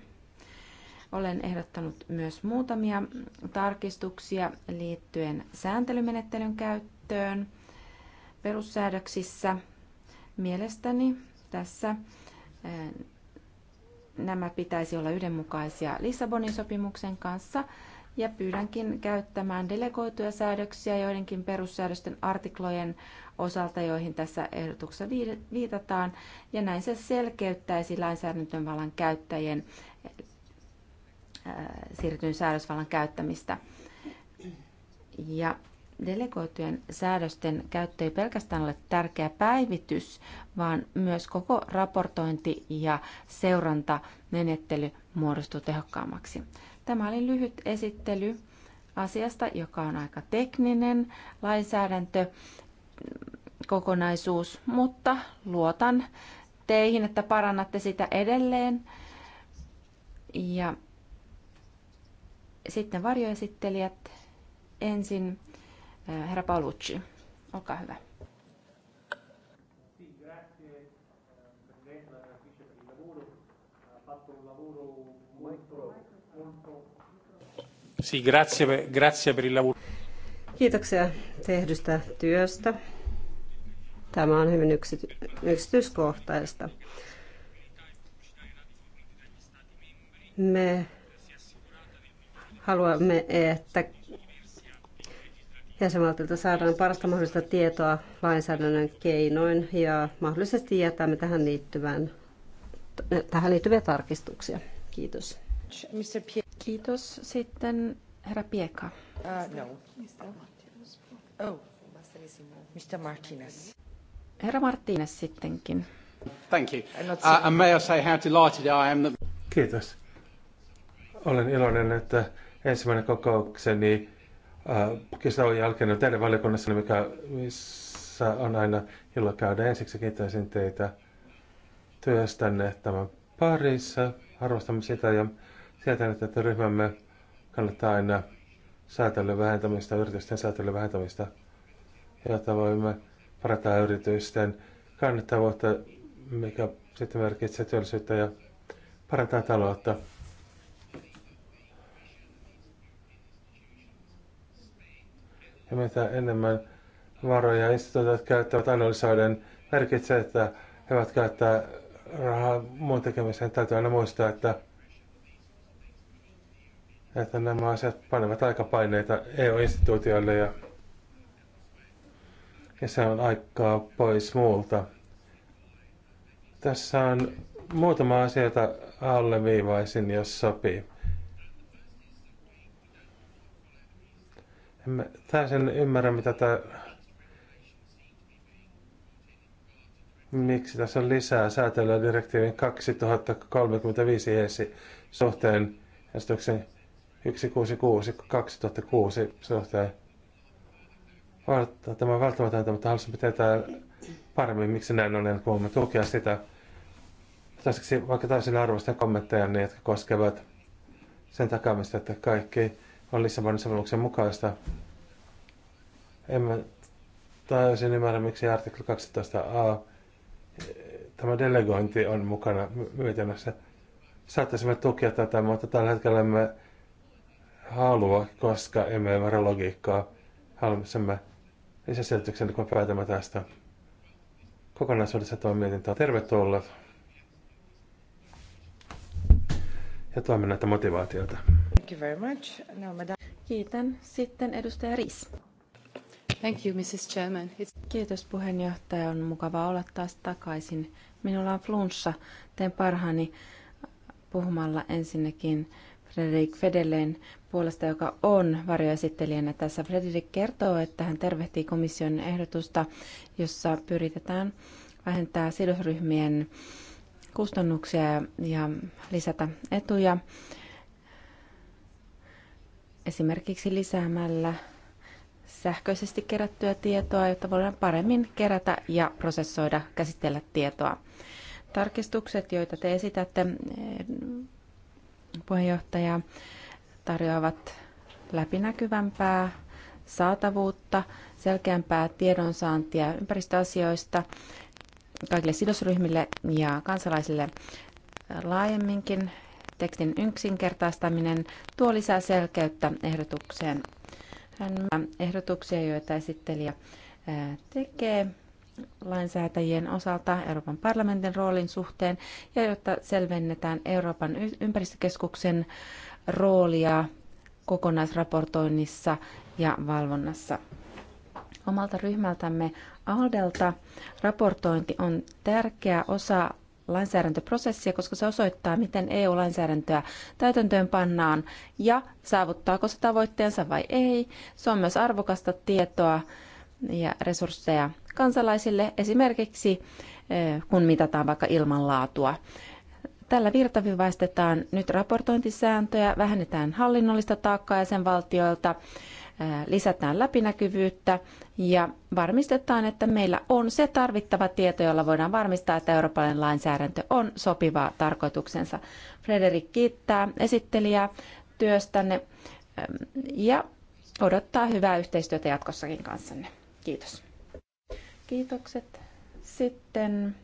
Olen ehdottanut myös muutamia tarkistuksia liittyen sääntelymenettelyn käyttöön perussäädöksissä. Mielestäni tässä nämä pitäisi olla yhdenmukaisia Lissabonin sopimuksen kanssa ja pyydänkin käyttämään delegoituja säädöksiä joidenkin perussäädösten artiklojen osalta, joihin tässä ehdotuksessa viitataan, ja näin se selkeyttäisi lainsäädäntövallan käyttäjien siirtyyn säädösvallan käyttämistä. Ja Delegoitujen säädösten käyttö ei pelkästään ole tärkeä päivitys, vaan myös koko raportointi ja seurantamenettely muodostuu tehokkaammaksi. Tämä oli lyhyt esittely asiasta, joka on aika tekninen lainsäädäntö kokonaisuus, mutta luotan teihin, että parannatte sitä edelleen. Ja sitten varjoesittelijät ensin Eh, herra Paulucci, olkaa hyvä. Eh, Kiitoksia tehdystä työstä. Tämä on hyvin yksityiskohtaista. Me haluamme, että jäsenvaltiolta saadaan parasta mahdollista tietoa lainsäädännön keinoin ja mahdollisesti jätämme tähän, liittyvän, tähän liittyviä tarkistuksia. Kiitos. Kiitos. Sitten herra Pieka. Uh, no. oh. Mr. Martinez. Herra Martinez sittenkin. Thank you. Uh, and may I say how delighted I am that... Kiitos. Olen iloinen, että ensimmäinen kokoukseni Äh, kesän jälkeen teidän valiokunnassa, mikä, missä on aina ilo käydä. Ensiksi kiittäisin teitä työstänne tämän parissa. Arvostamme sitä ja sieltä, että ryhmämme kannattaa aina säätelyn vähentämistä, yritysten säätelyn vähentämistä, jotta voimme parantaa yritysten kannattavuutta, mikä sitten merkitsee työllisyyttä ja parantaa taloutta. ja mitä enemmän varoja instituutiot käyttävät analysoiden, merkitsee, että he ovat käyttää rahaa muun tekemiseen. Täytyy aina muistaa, että, että nämä asiat panevat paineita EU-instituutioille ja, ja se on aikaa pois muulta. Tässä on muutama asia, jota alleviivaisin, jos sopii. En täysin ymmärrä, mitä tämä... Miksi tässä on lisää säätelyä direktiivin 2035 esi e suhteen esityksen 166 2006 suhteen? Tämä on välttämätöntä, mutta haluaisin pitää paremmin, miksi näin on, kun voimme tukea sitä. Tässäksi vaikka täysin arvostan kommentteja, niin jotka koskevat sen takamista, että kaikki on Lissabonin sopimuksen mukaista. mä täysin ymmärrä, miksi artikla 12a, eh, tämä delegointi on mukana mietinnössä. Saattaisimme tukea tätä, mutta tällä hetkellä emme halua, koska emme ymmärrä logiikkaa. Haluamme lisäselityksen, kun päätämme tästä. Kokonaisuudessa tuo mietintä on tervetullut ja näitä motivaatiota. Thank you very much. Kiitän. Sitten edustaja Ries. Thank you, Mrs. Chairman. Kiitos puheenjohtaja. On mukava olla taas takaisin. Minulla on flunssa. Teen parhaani puhumalla ensinnäkin Frederik Fedelen puolesta, joka on varjoesittelijänä tässä. Frederik kertoo, että hän tervehtii komission ehdotusta, jossa pyritetään vähentää sidosryhmien kustannuksia ja lisätä etuja esimerkiksi lisäämällä sähköisesti kerättyä tietoa, jotta voidaan paremmin kerätä ja prosessoida, käsitellä tietoa. Tarkistukset, joita te esitätte, puheenjohtaja, tarjoavat läpinäkyvämpää saatavuutta, selkeämpää tiedonsaantia ympäristöasioista kaikille sidosryhmille ja kansalaisille laajemminkin tekstin yksinkertaistaminen tuo lisää selkeyttä ehdotukseen. Hän ehdotuksia, joita esittelijä tekee lainsäätäjien osalta Euroopan parlamentin roolin suhteen ja jotta selvennetään Euroopan ympäristökeskuksen roolia kokonaisraportoinnissa ja valvonnassa. Omalta ryhmältämme Aldelta raportointi on tärkeä osa lainsäädäntöprosessia, koska se osoittaa, miten EU-lainsäädäntöä täytäntöön pannaan ja saavuttaako se tavoitteensa vai ei. Se on myös arvokasta tietoa ja resursseja kansalaisille, esimerkiksi kun mitataan vaikka ilmanlaatua. Tällä virtavivaistetaan nyt raportointisääntöjä, vähennetään hallinnollista taakkaa jäsenvaltioilta, valtioilta lisätään läpinäkyvyyttä ja varmistetaan, että meillä on se tarvittava tieto, jolla voidaan varmistaa, että eurooppalainen lainsäädäntö on sopivaa tarkoituksensa. Frederik kiittää esittelijää työstänne ja odottaa hyvää yhteistyötä jatkossakin kanssanne. Kiitos. Kiitokset. Sitten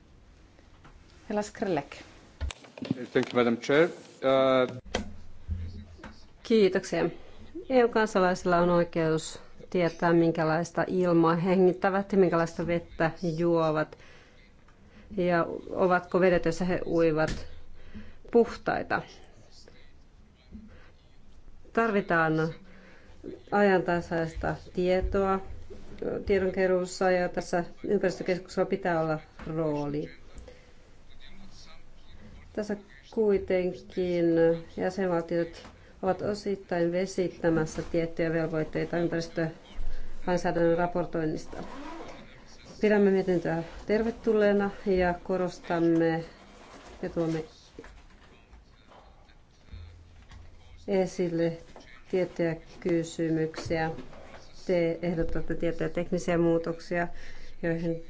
Hela Skrillek. Thank you, Madam Chair. Uh... Kiitoksia. EU-kansalaisilla on oikeus tietää, minkälaista ilmaa hengittävät ja minkälaista vettä juovat ja ovatko vedet, joissa he uivat, puhtaita. Tarvitaan ajantasaista tietoa tiedonkeruussa ja tässä ympäristökeskuksella pitää olla rooli. Tässä kuitenkin jäsenvaltiot ovat osittain vesittämässä tiettyjä velvoitteita ympäristölainsäädännön raportoinnista. Pidämme mietintöä tervetulleena ja korostamme ja tuomme esille tiettyjä kysymyksiä. Te ehdotatte tiettyjä teknisiä muutoksia, joihin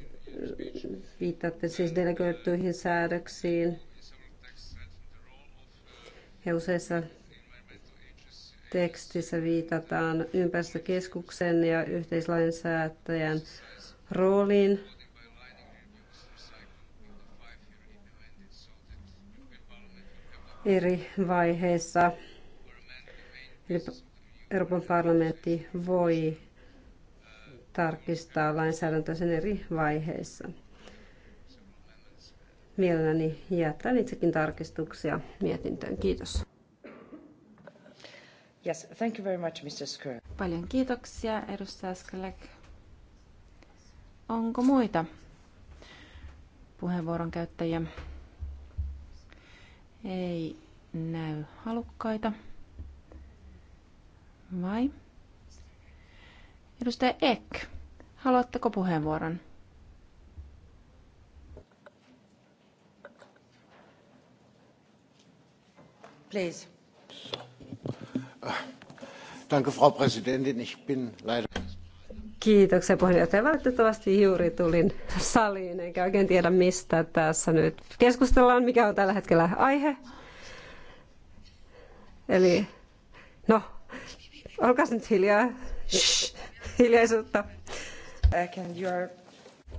viittaatte siis delegoituihin säädöksiin. Ja useissa tekstissä viitataan ympäristökeskuksen ja yhteislainsäätäjän rooliin. eri vaiheissa. Eli Euroopan parlamentti voi tarkistaa lainsäädäntöä sen eri vaiheissa. Mielelläni jättää itsekin tarkistuksia mietintöön. Kiitos. Yes, thank you very much, Mr. Paljon kiitoksia, edustaja Skrek. Onko muita puheenvuoron käyttäjiä? Ei näy halukkaita. Vai? Edustaja Ek, haluatteko puheenvuoron? Please. Danke, Frau Präsidentin. Ich bin leider... Kiitoksia puheenjohtaja. Valitettavasti juuri tulin saliin, enkä oikein tiedä mistä tässä nyt keskustellaan, mikä on tällä hetkellä aihe. Eli no, olkaa nyt hiljaa. Shh, hiljaisuutta.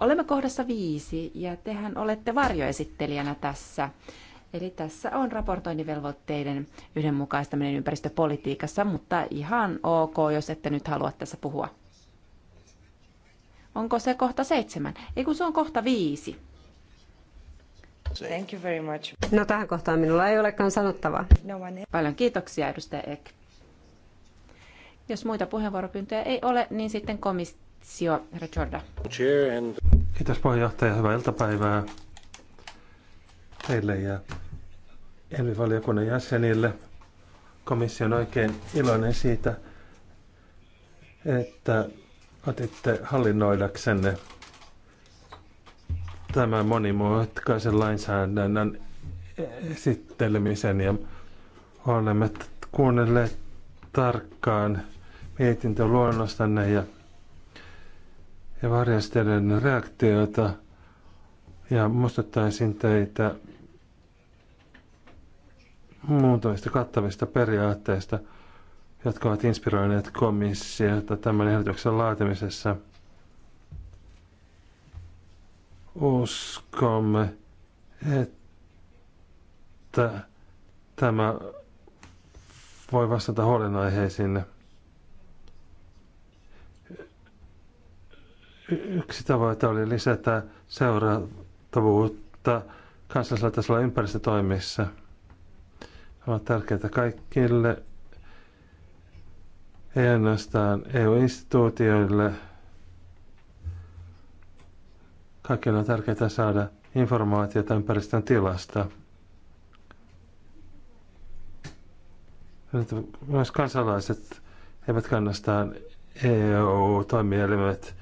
Olemme kohdassa viisi ja tehän olette varjoesittelijänä tässä. Eli tässä on raportoinnivelvoitteiden yhdenmukaistaminen ympäristöpolitiikassa, mutta ihan ok, jos ette nyt halua tässä puhua. Onko se kohta seitsemän? Ei kun se on kohta viisi. Thank you very much. No tähän kohtaan minulla ei olekaan sanottavaa. No one... Paljon kiitoksia edustaja Ek. Jos muita puheenvuoropyyntöjä ei ole, niin sitten komissio, herra Kiitos puheenjohtaja, hyvää iltapäivää teille ja ELVI-valiokunnan jäsenille. Komissio on oikein iloinen siitä, että otitte hallinnoidaksenne tämän monimutkaisen lainsäädännön esittelemisen ja olemme kuunnelleet tarkkaan mietintöluonnostanne ja, ja varjastelijoiden reaktioita ja muistuttaisin teitä muutamista kattavista periaatteista, jotka ovat inspiroineet komissiota tämän ehdotuksen laatimisessa. Uskomme, että tämä voi vastata huolenaiheisiin. Yksi tavoite oli lisätä seurattavuutta kansallisella tasolla ympäristötoimissa – ovat tärkeitä kaikille, ei ainoastaan EU-instituutioille. Kaikille on tärkeää saada informaatiota ympäristön tilasta. Myös kansalaiset eivät kannastaan EU-toimielimet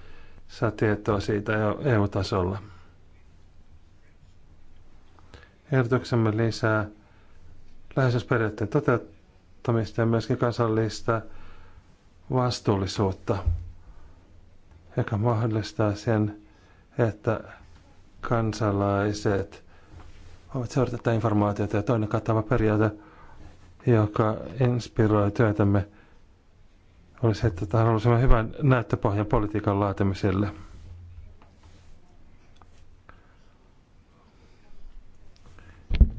saa tietoa siitä EU-tasolla. Ehdotuksemme lisää läheisyysperiaatteen toteuttamista ja myöskin kansallista vastuullisuutta, joka mahdollistaa sen, että kansalaiset ovat seurata tätä informaatiota ja toinen kattava periaate, joka inspiroi työtämme, olisi, että haluaisimme hyvän näyttöpohjan politiikan laatimiselle.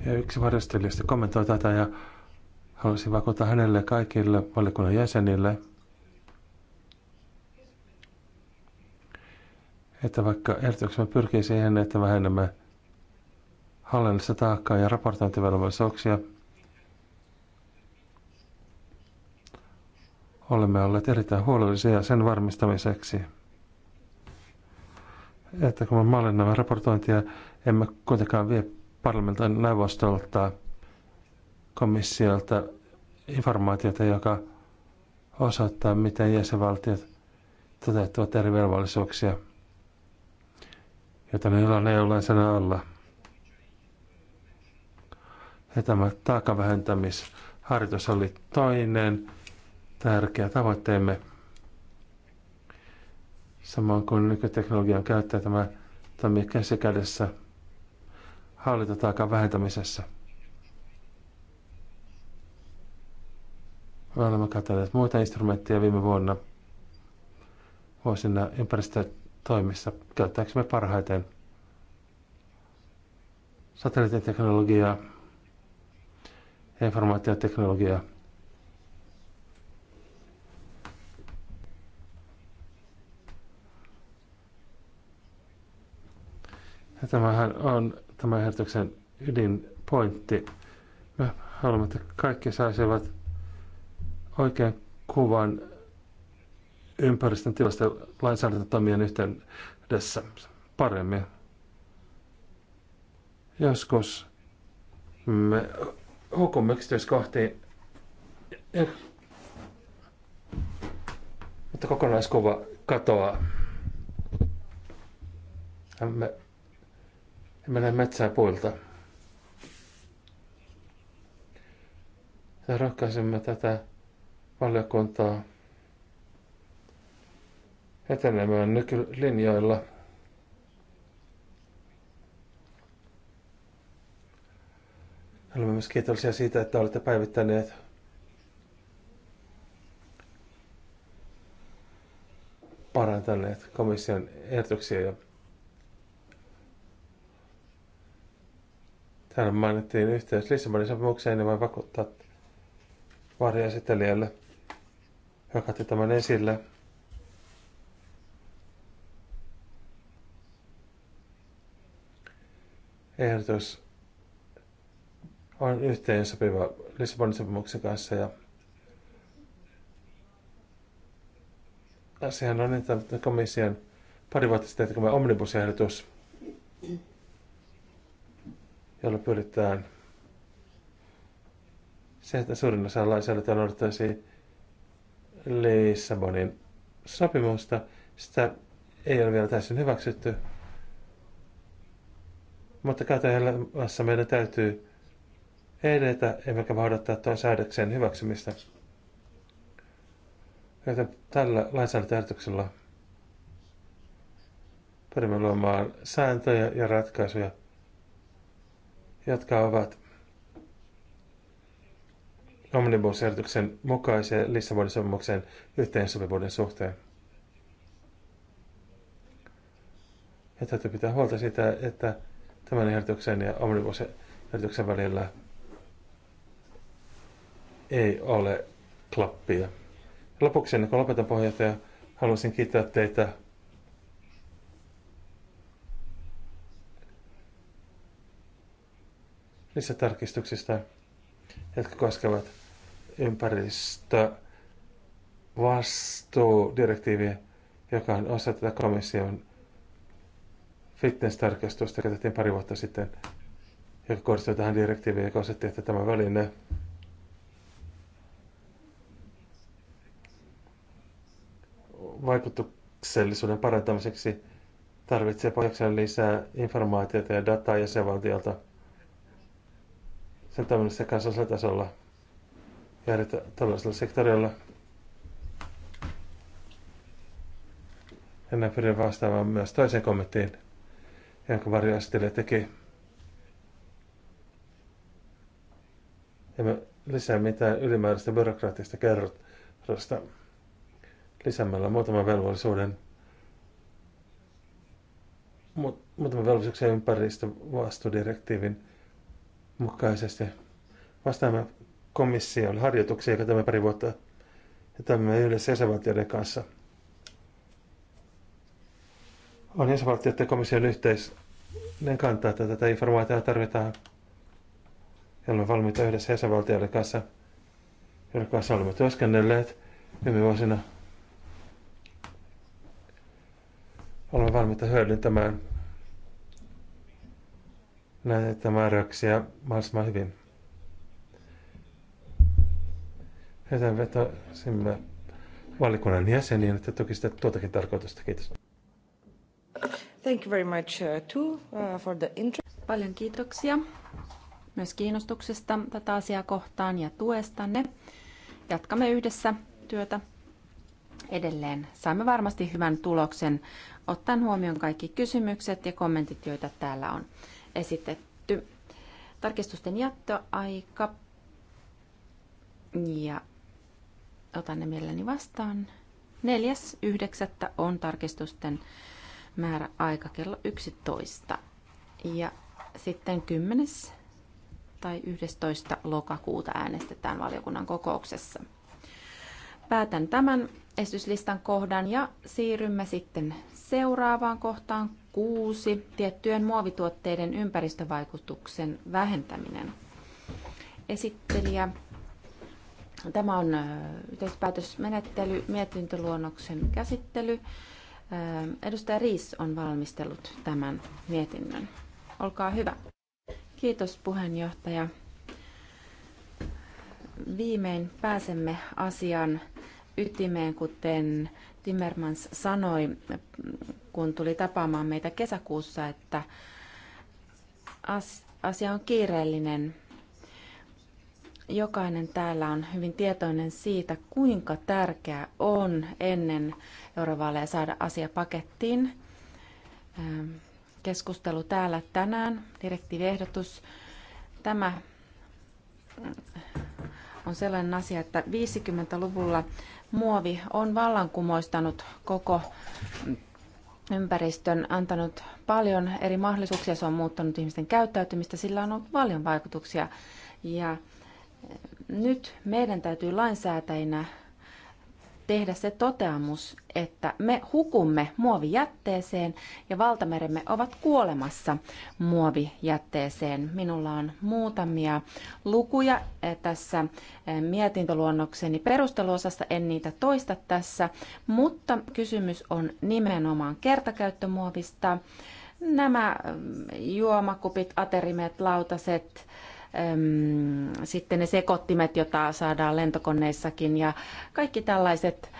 Ja yksi varastelijasta kommentoi tätä ja halusi vakuuttaa hänelle kaikille valiokunnan jäsenille, että vaikka ehdotuksemme pyrkii siihen, että vähennämme hallinnollista taakkaa ja raportointivelvollisuuksia, olemme olleet erittäin huolellisia sen varmistamiseksi, että kun me mallinnamme raportointia, emme kuitenkaan vie parlamentin neuvostolta, komissiolta informaatiota, joka osoittaa, miten jäsenvaltiot toteuttavat eri velvollisuuksia, joita niillä on EU-lainsäädännön alla. Ja tämä taakavähentämisharjoitus oli toinen tärkeä tavoitteemme. Samoin kuin nykyteknologian käyttäjä tämä toimii käsi kädessä – hallintataakan vähentämisessä. Me Olemme katsoneet muita instrumentteja viime vuonna vuosina ympäristötoimissa me parhaiten satelliittiteknologiaa ja informaatioteknologiaa. Ja tämähän on tämän ehdotuksen ydinpointti. Me haluamme, että kaikki saisivat oikean kuvan ympäristön tilasta lainsäädäntötoimien yhteydessä paremmin. Joskus me hukumme yksityiskohtiin, mutta kokonaiskuva katoaa. Me mä näe metsää puilta. Ja rakkaisemme tätä valiokuntaa etenemään nykylinjoilla. Olemme myös kiitollisia siitä, että olette päivittäneet parantaneet komission ehdotuksia ja Täällä mainittiin yhteys Lissabonin sopimukseen ja niin voin vakuuttaa varjaesittelijälle, joka otti tämän esille. Ehdotus on yhteen sopiva Lissabonin sopimuksen kanssa ja asiahan on, että komission pari vuotta sitten me omnibusehdotus, jolla pyritään se, että suurin osa lainsäädäntöä noudattaisi Lissabonin sopimusta. Sitä ei ole vielä täysin hyväksytty. Mutta käytännössä meidän täytyy edetä, emmekä voi odottaa tuon säädöksen hyväksymistä. Joten tällä lainsäädäntöehdotuksella pyrimme luomaan sääntöjä ja ratkaisuja – jotka ovat omnibus-ehdotuksen mukaisen Lissabonin sopimuksen yhteensopivuuden suhteen. Ja täytyy pitää huolta siitä, että tämän ehdotuksen ja omnibus-ehdotuksen välillä ei ole klappia. Lopuksi, ennen kuin lopetan puheenjohtaja, haluaisin kiittää teitä lisätarkistuksista, jotka koskevat ympäristö joka on osa tätä komission fitness-tarkastusta, joka tehtiin pari vuotta sitten, joka kohdistui tähän direktiiviin, joka osoitti, että tämä väline vaikutuksellisuuden parantamiseksi tarvitsee pohjakseen lisää informaatiota ja dataa jäsenvaltiolta – sen toiminnassa kansallisella tasolla ja eri taloudellisella sektorilla. Ja näin pyrin vastaamaan myös toiseen kommenttiin, jonka Varjo teki. Emme lisää mitään ylimääräistä byrokraattista kerrosta lisäämällä muutaman velvollisuuden muutaman velvollisuuksien ympäristövastuudirektiivin mukaisesti vastaamme komissiolle harjoituksia, joka tämä pari vuotta ja toimimme yhdessä jäsenvaltioiden kanssa. On jäsenvaltioiden komission yhteinen kanta, että tätä informaatiota tarvitaan ja olemme valmiita yhdessä jäsenvaltioiden kanssa, joiden kanssa olemme työskennelleet viime vuosina. Olemme valmiita hyödyntämään näitä määräyksiä mahdollisimman hyvin. Joten vetosimme valikunnan jäseniin, että sitä tuotakin tarkoitusta. Kiitos. Thank you very much uh, too uh, for the interest. Paljon kiitoksia myös kiinnostuksesta tätä asiaa kohtaan ja tuestanne. Jatkamme yhdessä työtä edelleen. Saimme varmasti hyvän tuloksen ottaen huomioon kaikki kysymykset ja kommentit, joita täällä on esitetty. Tarkistusten jättöaika. Ja otan ne mielelläni vastaan. 4.9. on tarkistusten määrä aika kello 11. Ja sitten 10. tai 11. lokakuuta äänestetään valiokunnan kokouksessa. Päätän tämän esityslistan kohdan ja siirrymme sitten seuraavaan kohtaan kuusi Tiettyjen muovituotteiden ympäristövaikutuksen vähentäminen. Esittelijä. Tämä on yhteispäätösmenettely, mietintöluonnoksen käsittely. Edustaja Riis on valmistellut tämän mietinnön. Olkaa hyvä. Kiitos puheenjohtaja. Viimein pääsemme asian ytimeen, kuten Timmermans sanoi, kun tuli tapaamaan meitä kesäkuussa, että asia on kiireellinen. Jokainen täällä on hyvin tietoinen siitä, kuinka tärkeää on ennen eurovaaleja saada asia pakettiin. Ehm, keskustelu täällä tänään, direktiiviehdotus. Tämä on sellainen asia, että 50-luvulla muovi on vallankumoistanut koko ympäristön, antanut paljon eri mahdollisuuksia, se on muuttanut ihmisten käyttäytymistä, sillä on ollut paljon vaikutuksia. Ja nyt meidän täytyy lainsäätäjinä tehdä se toteamus, että me hukumme muovijätteeseen ja valtameremme ovat kuolemassa muovijätteeseen. Minulla on muutamia lukuja eh, tässä eh, mietintöluonnokseni perusteluosassa, en niitä toista tässä, mutta kysymys on nimenomaan kertakäyttömuovista. Nämä mm, juomakupit, aterimet, lautaset, sitten ne sekoittimet, joita saadaan lentokoneissakin ja kaikki tällaiset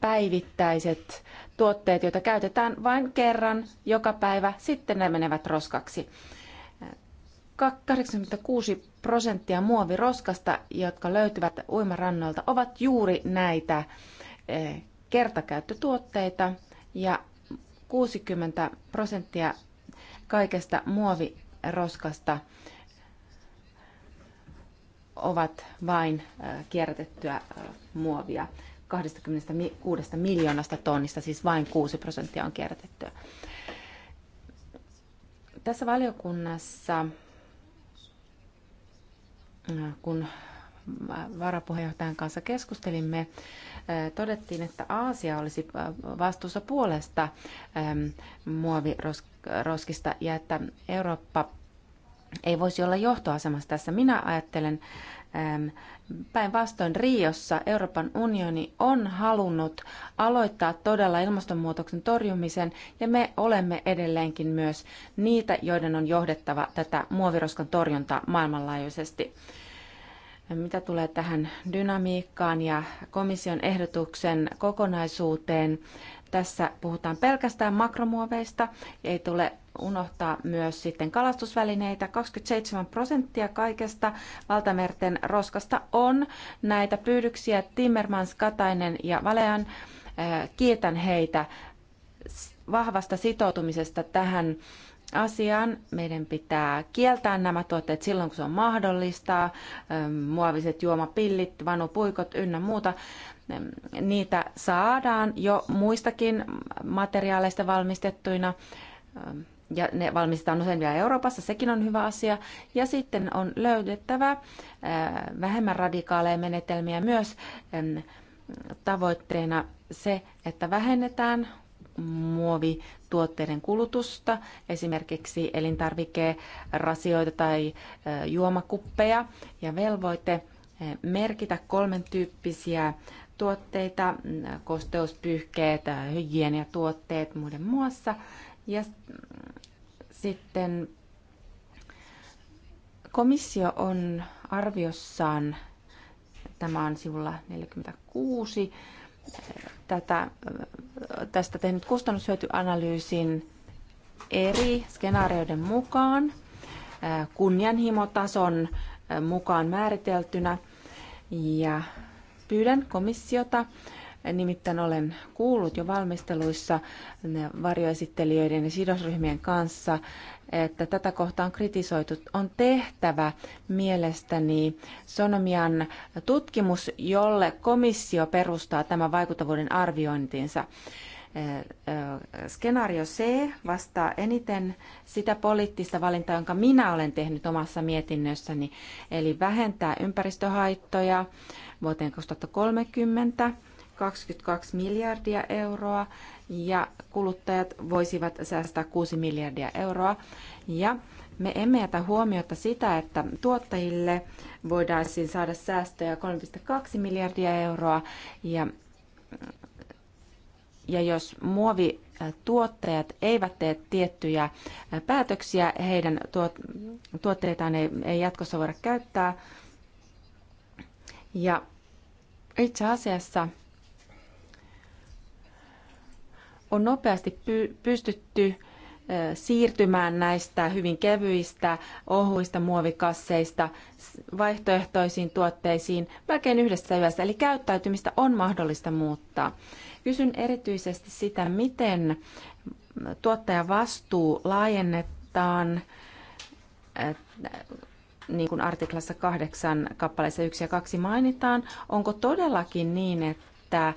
päivittäiset tuotteet, joita käytetään vain kerran joka päivä, sitten ne menevät roskaksi. 86 prosenttia muoviroskasta, jotka löytyvät uimarannoilta, ovat juuri näitä kertakäyttötuotteita ja 60 prosenttia kaikesta muoviroskasta ovat vain äh, kierrätettyä äh, muovia. 26 miljoonasta tonnista, siis vain 6 prosenttia on kierrätettyä. Tässä valiokunnassa, äh, kun varapuheenjohtajan kanssa keskustelimme, todettiin, että Aasia olisi vastuussa puolesta ähm, muoviroskista ja että Eurooppa ei voisi olla johtoasemassa tässä. Minä ajattelen Päinvastoin Riossa Euroopan unioni on halunnut aloittaa todella ilmastonmuutoksen torjumisen ja me olemme edelleenkin myös niitä, joiden on johdettava tätä muoviroskan torjuntaa maailmanlaajuisesti. Mitä tulee tähän dynamiikkaan ja komission ehdotuksen kokonaisuuteen, tässä puhutaan pelkästään makromuoveista. Ei tule unohtaa myös sitten kalastusvälineitä. 27 prosenttia kaikesta valtamerten roskasta on näitä pyydyksiä. Timmermans, Katainen ja Valean, eh, kiitän heitä vahvasta sitoutumisesta tähän asiaan. Meidän pitää kieltää nämä tuotteet silloin, kun se on mahdollista. Muoviset juomapillit, vanupuikot ynnä muuta. Niitä saadaan jo muistakin materiaaleista valmistettuina ja ne valmistetaan usein vielä Euroopassa, sekin on hyvä asia. Ja sitten on löydettävä vähemmän radikaaleja menetelmiä myös tavoitteena se, että vähennetään muovituotteiden kulutusta, esimerkiksi elintarvikerasioita tai juomakuppeja ja velvoite merkitä kolmen tyyppisiä tuotteita, mm, kosteuspyyhkeet, hygieniatuotteet muiden muassa. Ja sitten komissio on arviossaan, tämä on sivulla 46, tätä, tästä tehnyt kustannushyötyanalyysin eri skenaarioiden mukaan, kunnianhimotason mukaan määriteltynä. Ja pyydän komissiota Nimittäin olen kuullut jo valmisteluissa varjoesittelijöiden ja sidosryhmien kanssa, että tätä kohtaa on kritisoitu. On tehtävä mielestäni Sonomian tutkimus, jolle komissio perustaa tämän vaikuttavuuden arviointinsa skenaario C vastaa eniten sitä poliittista valintaa, jonka minä olen tehnyt omassa mietinnössäni, eli vähentää ympäristöhaittoja vuoteen 2030 22 miljardia euroa ja kuluttajat voisivat säästää 6 miljardia euroa. Ja me emme jätä huomiota sitä, että tuottajille voidaan siis saada säästöjä 3,2 miljardia euroa ja, ja jos muovi tuottajat eivät tee tiettyjä päätöksiä, heidän tuot, tuotteitaan ei, ei jatkossa voida käyttää. Ja itse asiassa on nopeasti pystytty siirtymään näistä hyvin kevyistä, ohuista muovikasseista vaihtoehtoisiin tuotteisiin melkein yhdessä yössä. Eli käyttäytymistä on mahdollista muuttaa. Kysyn erityisesti sitä, miten tuottajan vastuu laajennetaan niin kuin artiklassa 8 kappaleessa 1 ja 2 mainitaan, onko todellakin niin, että että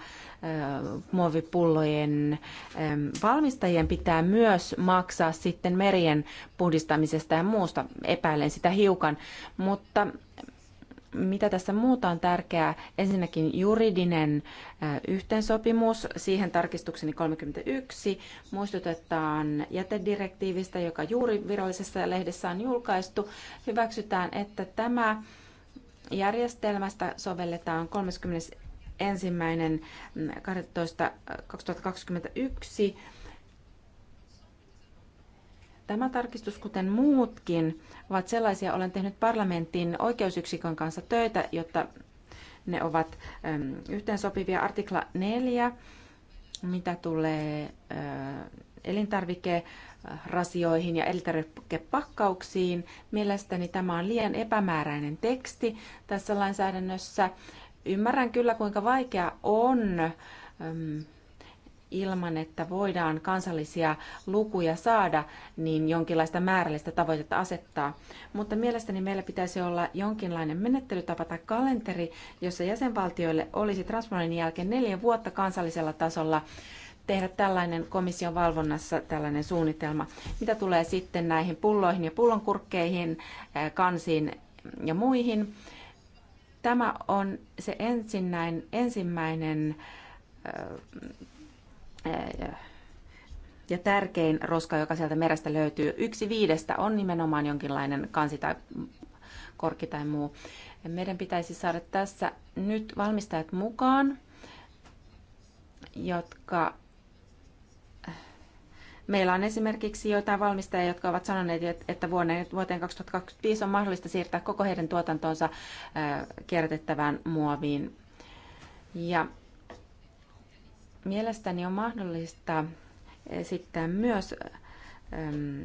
muovipullojen valmistajien pitää myös maksaa sitten merien puhdistamisesta ja muusta. Epäilen sitä hiukan, mutta mitä tässä muuta on tärkeää? Ensinnäkin juridinen yhteensopimus, siihen tarkistukseni 31. Muistutetaan jätedirektiivistä, joka juuri virallisessa lehdessä on julkaistu. Hyväksytään, että tämä järjestelmästä sovelletaan 31 ensimmäinen 12. Mm, 2021. Tämä tarkistus, kuten muutkin, ovat sellaisia, olen tehnyt parlamentin oikeusyksikön kanssa töitä, jotta ne ovat mm, yhteensopivia. Artikla 4, mitä tulee mm, elintarvikerasioihin ja elintarvikepakkauksiin. Mielestäni tämä on liian epämääräinen teksti tässä lainsäädännössä Ymmärrän kyllä, kuinka vaikea on ilman, että voidaan kansallisia lukuja saada, niin jonkinlaista määrällistä tavoitetta asettaa. Mutta mielestäni meillä pitäisi olla jonkinlainen menettelytapa tai kalenteri, jossa jäsenvaltioille olisi transponin jälkeen neljä vuotta kansallisella tasolla tehdä tällainen komission valvonnassa tällainen suunnitelma. Mitä tulee sitten näihin pulloihin ja pullonkurkkeihin, kansiin ja muihin, Tämä on se ensinnäin, ensimmäinen ja tärkein roska, joka sieltä merestä löytyy. Yksi viidestä on nimenomaan jonkinlainen kansi tai korkki tai muu. Meidän pitäisi saada tässä nyt valmistajat mukaan, jotka Meillä on esimerkiksi joitain valmistajia, jotka ovat sanoneet, että vuoteen 2025 on mahdollista siirtää koko heidän tuotantonsa äh, kierrätettävään muoviin. Ja mielestäni on mahdollista äh, esittää myös ähm,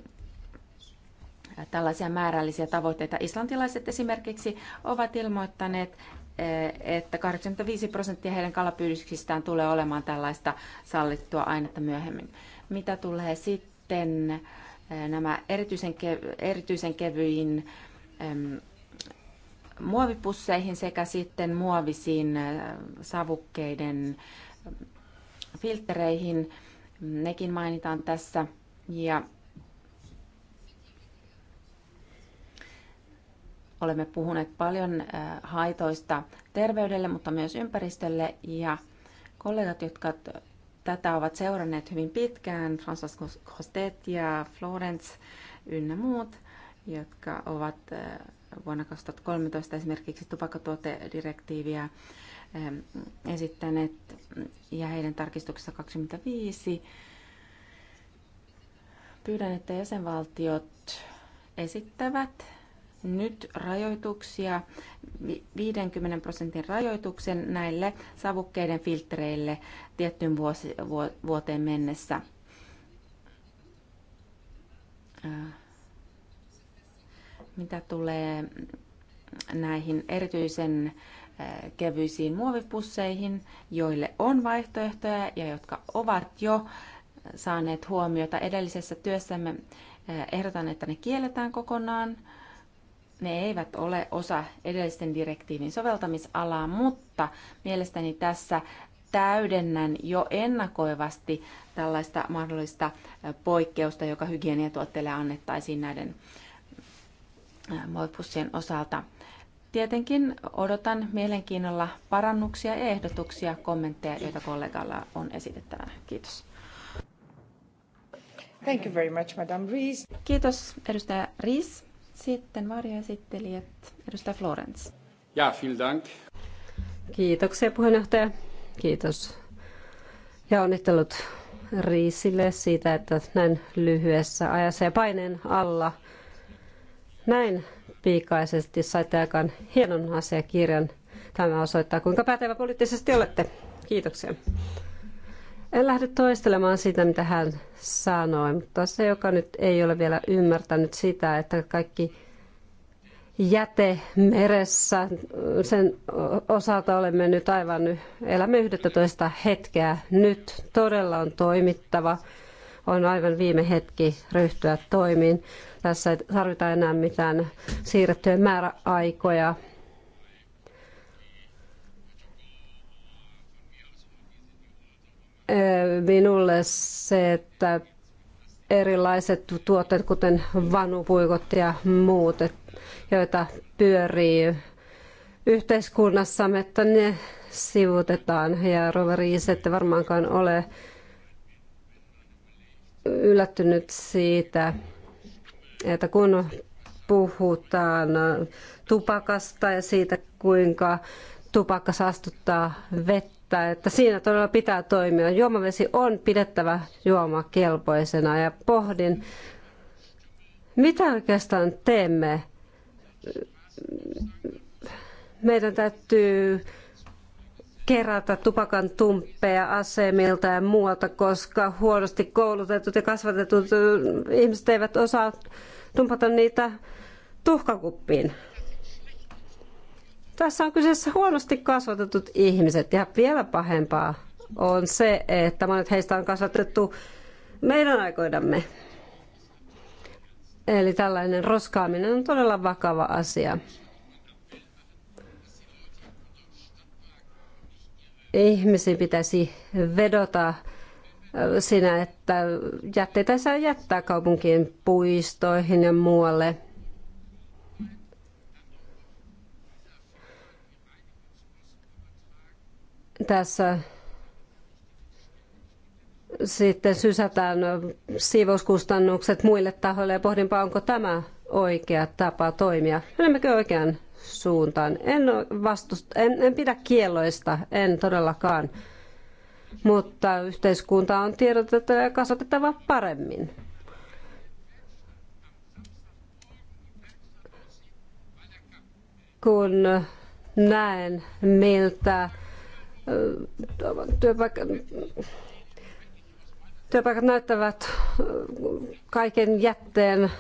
tällaisia määrällisiä tavoitteita. Islantilaiset esimerkiksi ovat ilmoittaneet, äh, että 85 prosenttia heidän kalapyydyksistään tulee olemaan tällaista sallittua ainetta myöhemmin. Mitä tulee sitten eh, nämä erityisen, kev- erityisen kevyin äm, muovipusseihin sekä sitten muovisiin eh, savukkeiden eh, filtreihin, nekin mainitaan tässä. Ja olemme puhuneet paljon haitoista terveydelle, mutta myös ympäristölle ja kollegat, jotka Tätä ovat seuranneet hyvin pitkään François Costet ja Florence ynnä muut, jotka ovat äh, vuonna 2013 esimerkiksi tupakkatuotedirektiiviä ähm, esittäneet ja heidän tarkistuksessa 25. Pyydän, että jäsenvaltiot esittävät nyt rajoituksia, 50 prosentin rajoituksen näille savukkeiden filtreille tiettyyn vuosi, vuoteen mennessä. Äh, mitä tulee näihin erityisen äh, kevyisiin muovipusseihin, joille on vaihtoehtoja ja jotka ovat jo saaneet huomiota edellisessä työssämme, äh, ehdotan, että ne kielletään kokonaan ne eivät ole osa edellisten direktiivin soveltamisalaa, mutta mielestäni tässä täydennän jo ennakoivasti tällaista mahdollista poikkeusta, joka hygieniatuotteille annettaisiin näiden voipussien osalta. Tietenkin odotan mielenkiinnolla parannuksia ja ehdotuksia, kommentteja, joita kollegalla on esitettävänä. Kiitos. Thank you very much, Madame Rees. Kiitos, edustaja Rees. Sitten varjoesittelijät, edustaja Florence. Ja, vielen dank. Kiitoksia puheenjohtaja. Kiitos. Ja onnittelut Riisille siitä, että näin lyhyessä ajassa ja paineen alla näin piikaisesti saitte aikaan hienon asiakirjan. Tämä osoittaa, kuinka pätevä poliittisesti olette. Kiitoksia. En lähde toistelemaan sitä, mitä hän sanoi, mutta se, joka nyt ei ole vielä ymmärtänyt sitä, että kaikki jäte meressä, sen osalta olemme nyt aivan, elämme 11 hetkeä. Nyt todella on toimittava, on aivan viime hetki ryhtyä toimiin. Tässä ei tarvita enää mitään siirrettyjä määräaikoja minulle se, että erilaiset tuotteet, kuten vanupuikot ja muut, joita pyörii yhteiskunnassamme, että ne sivutetaan. Ja Roveriis, ette varmaankaan ole yllättynyt siitä, että kun puhutaan tupakasta ja siitä, kuinka tupakka saastuttaa vettä, että, että siinä todella pitää toimia. Juomavesi on pidettävä juomakelpoisena ja pohdin, mitä oikeastaan teemme. Meidän täytyy kerätä tupakan tumppeja asemilta ja muualta, koska huonosti koulutetut ja kasvatetut ihmiset eivät osaa tumpata niitä tuhkakuppiin. Tässä on kyseessä huonosti kasvatetut ihmiset ja vielä pahempaa on se, että monet heistä on kasvatettu meidän aikoidamme. Eli tällainen roskaaminen on todella vakava asia. Ihmisiin pitäisi vedota äh, siinä, että jätteitä saa jättää kaupunkien puistoihin ja muualle – tässä sitten sysätään siivouskustannukset muille tahoille ja pohdinpa, onko tämä oikea tapa toimia. Menemmekö oikean suuntaan? En, vastusta, en, en pidä kielloista, en todellakaan. Mutta yhteiskunta on tiedotettava ja kasvatettava paremmin. Kun näen, miltä työpaikka, työpaikat näyttävät kaiken jätteen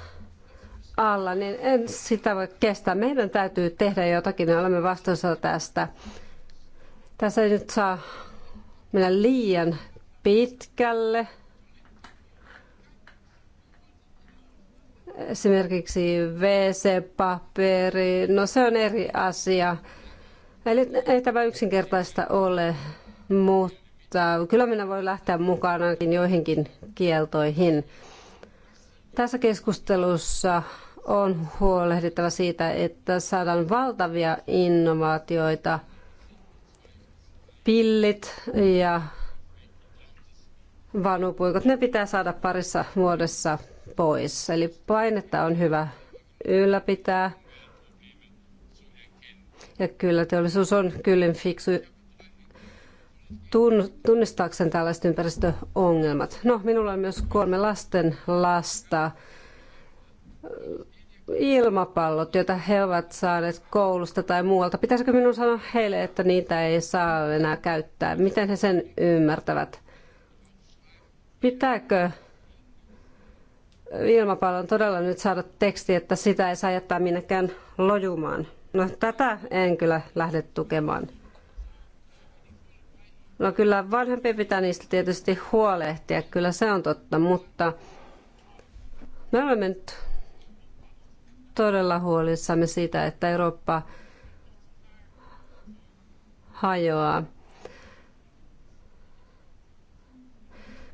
alla, niin en sitä voi kestää. Meidän täytyy tehdä jotakin me olemme vastuussa tästä. Tässä ei nyt saa mennä liian pitkälle. Esimerkiksi WC-paperi, no se on eri asia Eli ei tämä yksinkertaista ole, mutta kyllä minä voin lähteä mukanakin joihinkin kieltoihin. Tässä keskustelussa on huolehdittava siitä, että saadaan valtavia innovaatioita. Pillit ja vanupuikot, ne pitää saada parissa vuodessa pois. Eli painetta on hyvä ylläpitää. Ja kyllä teollisuus on kyllin fiksu tunnistaakseen tällaiset ympäristöongelmat. No, minulla on myös kolme lasten lasta. Ilmapallot, joita he ovat saaneet koulusta tai muualta. Pitäisikö minun sanoa heille, että niitä ei saa enää käyttää? Miten he sen ymmärtävät? Pitääkö ilmapallon todella nyt saada teksti, että sitä ei saa jättää minnekään lojumaan? No, tätä en kyllä lähde tukemaan. No kyllä vanhempi pitää niistä tietysti huolehtia, kyllä se on totta, mutta me olemme nyt todella huolissamme siitä, että Eurooppa hajoaa.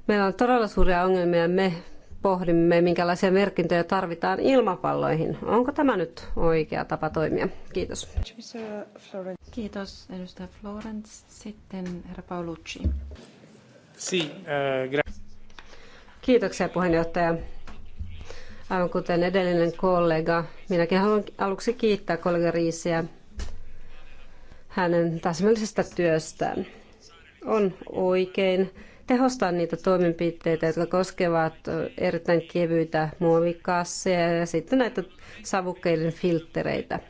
Meillä on todella suuria ongelmia. Me pohdimme, minkälaisia merkintöjä tarvitaan ilmapalloihin. Onko tämä nyt oikea tapa toimia? Kiitos. Kiitos, edustaja Florence. Sitten herra Paulucci. Si, eh, Kiitoksia puheenjohtaja. Aivan kuten edellinen kollega, minäkin haluan aluksi kiittää kollega Riisiä hänen täsmällisestä työstään. On oikein, tehostaa niitä toimenpiteitä, jotka koskevat erittäin kevyitä muovikasseja ja sitten näitä savukkeiden filtreitä.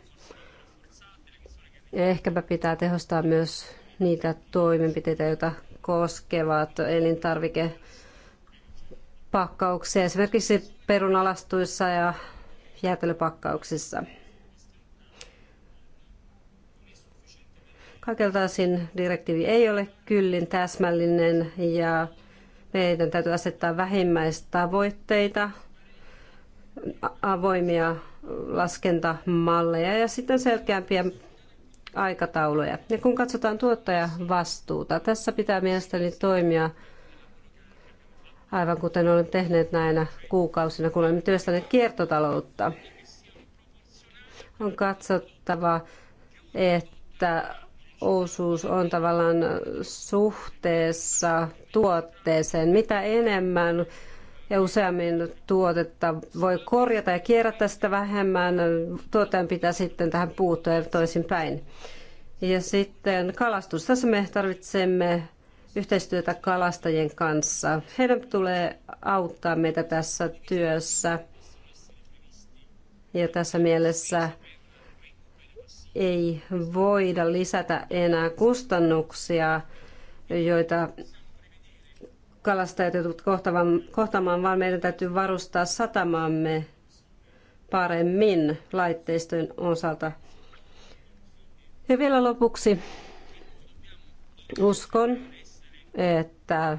Ja ehkäpä pitää tehostaa myös niitä toimenpiteitä, joita koskevat elintarvikepakkauksia, esimerkiksi perunalastuissa ja jäätelöpakkauksissa. Kaikilta osin direktiivi ei ole kyllin täsmällinen ja meidän täytyy asettaa vähimmäistavoitteita, avoimia laskentamalleja ja sitten selkeämpiä aikatauluja. Ja kun katsotaan tuottajavastuuta, tässä pitää mielestäni toimia aivan kuten olen tehnyt näinä kuukausina, kun olemme työstäneet kiertotaloutta. On katsottava, että osuus on tavallaan suhteessa tuotteeseen. Mitä enemmän ja useammin tuotetta voi korjata ja kierrättää sitä vähemmän, tuotteen pitää sitten tähän puuttua ja toisinpäin. Ja sitten kalastus. Tässä me tarvitsemme yhteistyötä kalastajien kanssa. Heidän tulee auttaa meitä tässä työssä. Ja tässä mielessä ei voida lisätä enää kustannuksia, joita kalastajat joutuvat kohtaamaan, vaan meidän täytyy varustaa satamamme paremmin laitteistojen osalta. Ja vielä lopuksi uskon, että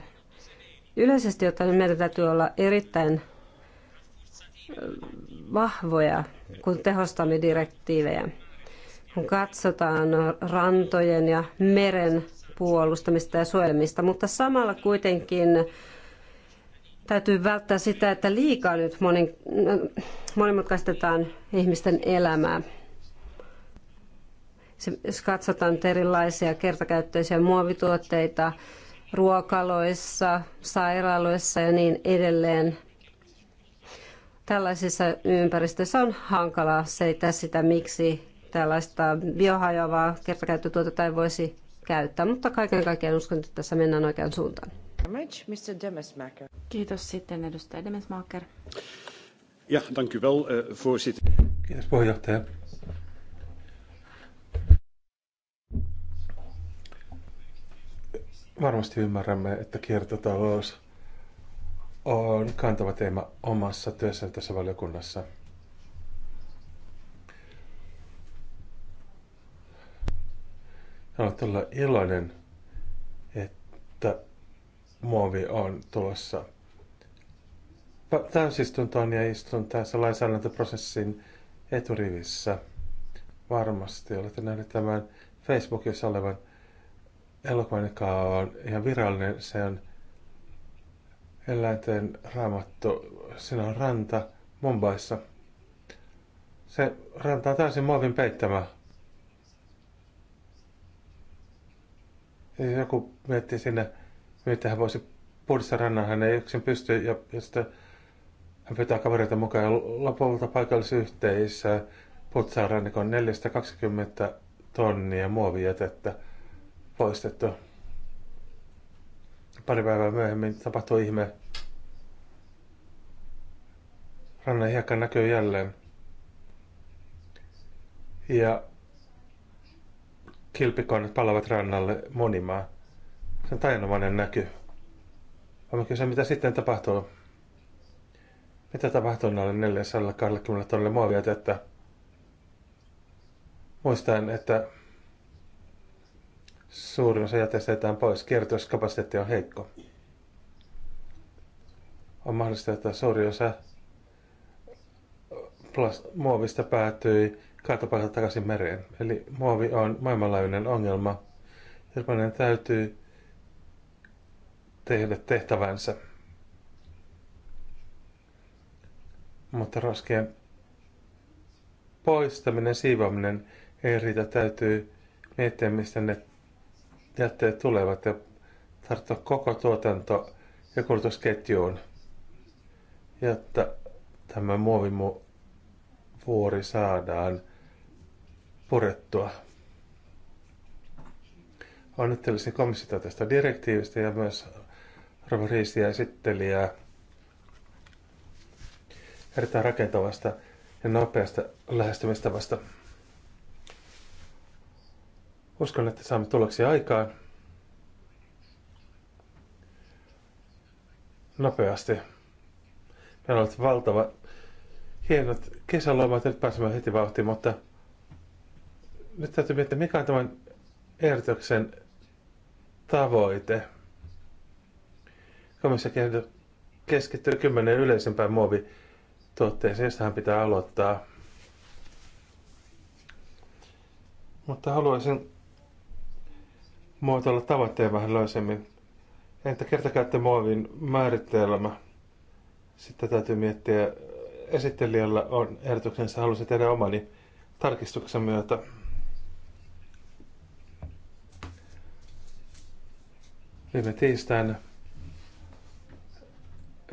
yleisesti ottaen meidän täytyy olla erittäin äh, vahvoja, kun tehostamme direktiivejä kun katsotaan rantojen ja meren puolustamista ja suojelemista, mutta samalla kuitenkin täytyy välttää sitä, että liikaa nyt monin, monimutkaistetaan ihmisten elämää. Jos katsotaan erilaisia kertakäyttöisiä muovituotteita ruokaloissa, sairaaloissa ja niin edelleen, tällaisissa ympäristöissä on hankalaa seitä sitä, miksi tällaista biohajoavaa kertakäyttötuotetta ei voisi käyttää, mutta kaiken kaikkiaan uskon, että tässä mennään oikeaan suuntaan. Kiitos sitten edustaja Demesmaker. Ja, dank u wel, eh, voorzitter. Kiitos puheenjohtaja. Varmasti ymmärrämme, että kiertotalous on kantava teema omassa työssä tässä valiokunnassa – olen todella iloinen, että muovi on tulossa täysistuntoon ja istun tässä lainsäädäntöprosessin eturivissä. Varmasti olette nähneet tämän Facebookissa olevan elokuvan, joka on ihan virallinen. Se on eläinten raamattu. Siinä on ranta Mumbaissa. Se ranta on täysin muovin peittämä. Joku miettii sinne, miten hän voisi puolissa rannan, hän ei yksin pysty, ja, ja sitten hän pitää kavereita mukaan ja lopulta paikallisyhteisö putsaa rannikon 420 tonnia muovijätettä poistettu. Pari päivää myöhemmin tapahtui ihme. Rannan hiekka näkyy jälleen. Ja kilpikonnat palavat rannalle monimaa. Se on tajanomainen näky. Onko se mitä sitten tapahtuu? Mitä tapahtuu noille 420 tonnille muovijätettä? Muistan, että suurin osa jätteestä pois. Kiertoiskapasiteetti on heikko. On mahdollista, että suuri osa plast- muovista päätyi kaatopaikalle takaisin mereen. Eli muovi on maailmanlaajuinen ongelma. Irmanen täytyy tehdä tehtävänsä. Mutta roskien poistaminen, siivoaminen ei riitä. Täytyy miettiä, mistä ne jätteet tulevat ja tarttua koko tuotanto- ja kulutusketjuun, jotta tämä vuori saadaan – purettua. Onnittelisin komissiota tästä direktiivistä ja myös Robert Riisiä esittelijää erittäin rakentavasta ja nopeasta lähestymistavasta. Uskon, että saamme tuloksia aikaan. Nopeasti. Meillä on valtava hienot kesälomat, nyt pääsemme heti vauhtiin, mutta nyt täytyy miettiä, mikä on tämän ehdotuksen tavoite. Komissio keskittyy kymmenen yleisempään muovituotteeseen, hän pitää aloittaa. Mutta haluaisin muotoilla tavoitteen vähän löysemmin. Entä kertakäyttömuovin määritelmä? Sitten täytyy miettiä, esittelijällä on ehdotuksensa, halusin tehdä omani tarkistuksen myötä. Viime tiistain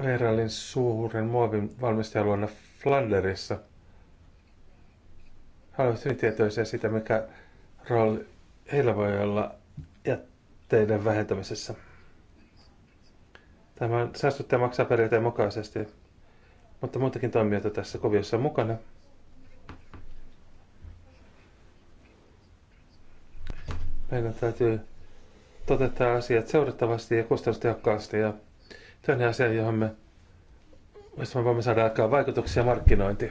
vierailin suuren muovin valmistajaluona Flanderissa. Haluan hyvin tietoisia siitä, mikä rooli heillä voi olla jätteiden vähentämisessä. Tämä säästyttää maksaa periaatteen mukaisesti, mutta muitakin toimijoita tässä kuviossa on mukana. Meidän täytyy toteuttaa asiat seurattavasti ja kustannustehokkaasti. Ja toinen asia, johon me, josta me voimme saada aikaan vaikutuksia markkinointi.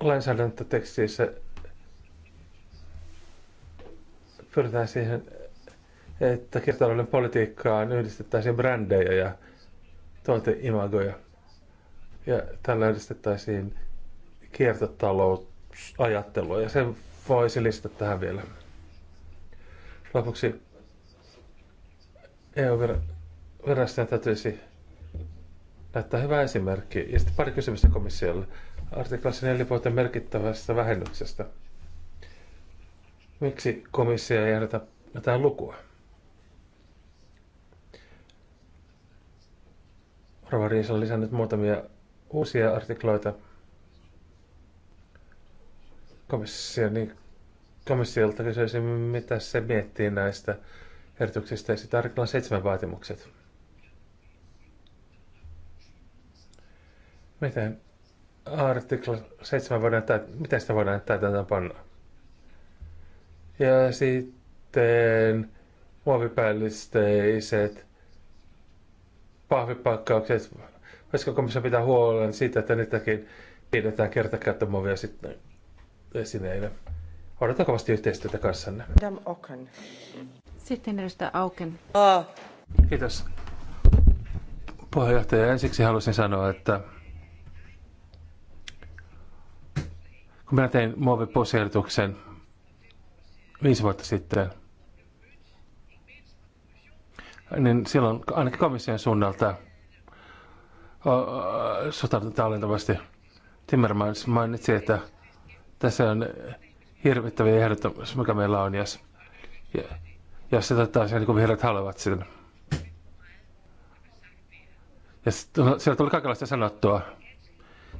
Lainsäädäntötekstissä pyritään siihen, että kiertotalouden politiikkaan yhdistettäisiin brändejä ja tuoteimagoja. Ja tällä yhdistettäisiin kiertotalousajattelua ja sen voisi listata tähän vielä. Lopuksi EU-virastojen täytyisi näyttää hyvä esimerkki. Ja sitten pari kysymystä komissiolle. Artiklassa 4 vuoteen merkittävästä vähennyksestä. Miksi komissio ei ehdota jotain lukua? Rova Riis on lisännyt muutamia uusia artikloita komissio niin komissiolta kysyisin, mitä se miettii näistä ehdotuksista ja sitten artiklan 7 vaatimukset. Miten artikla 7 voidaan, tai miten sitä voidaan täytäntöön panna? Ja sitten muovipäällisteiset pahvipakkaukset. Voisiko komissio pitää huolen siitä, että niitäkin pidetään kertakäyttömuovia sitten esineinä? Odotan kovasti yhteistyötä kanssanne. Madame Ocken. Sitten edustaja Auken. Oh. Kiitos. Puheenjohtaja, ensiksi halusin sanoa, että kun minä tein muovipussiehdotuksen viisi vuotta sitten, niin silloin ainakin komission suunnalta suhtaudutaan alentavasti. Timmermans mainitsi, että tässä on hirvittäviä ehdotuksia, mikä meillä on, ja, ja, ja se taas niin kuin vihreät haluavat sen. Ja no, siellä tuli kaikenlaista sanottua.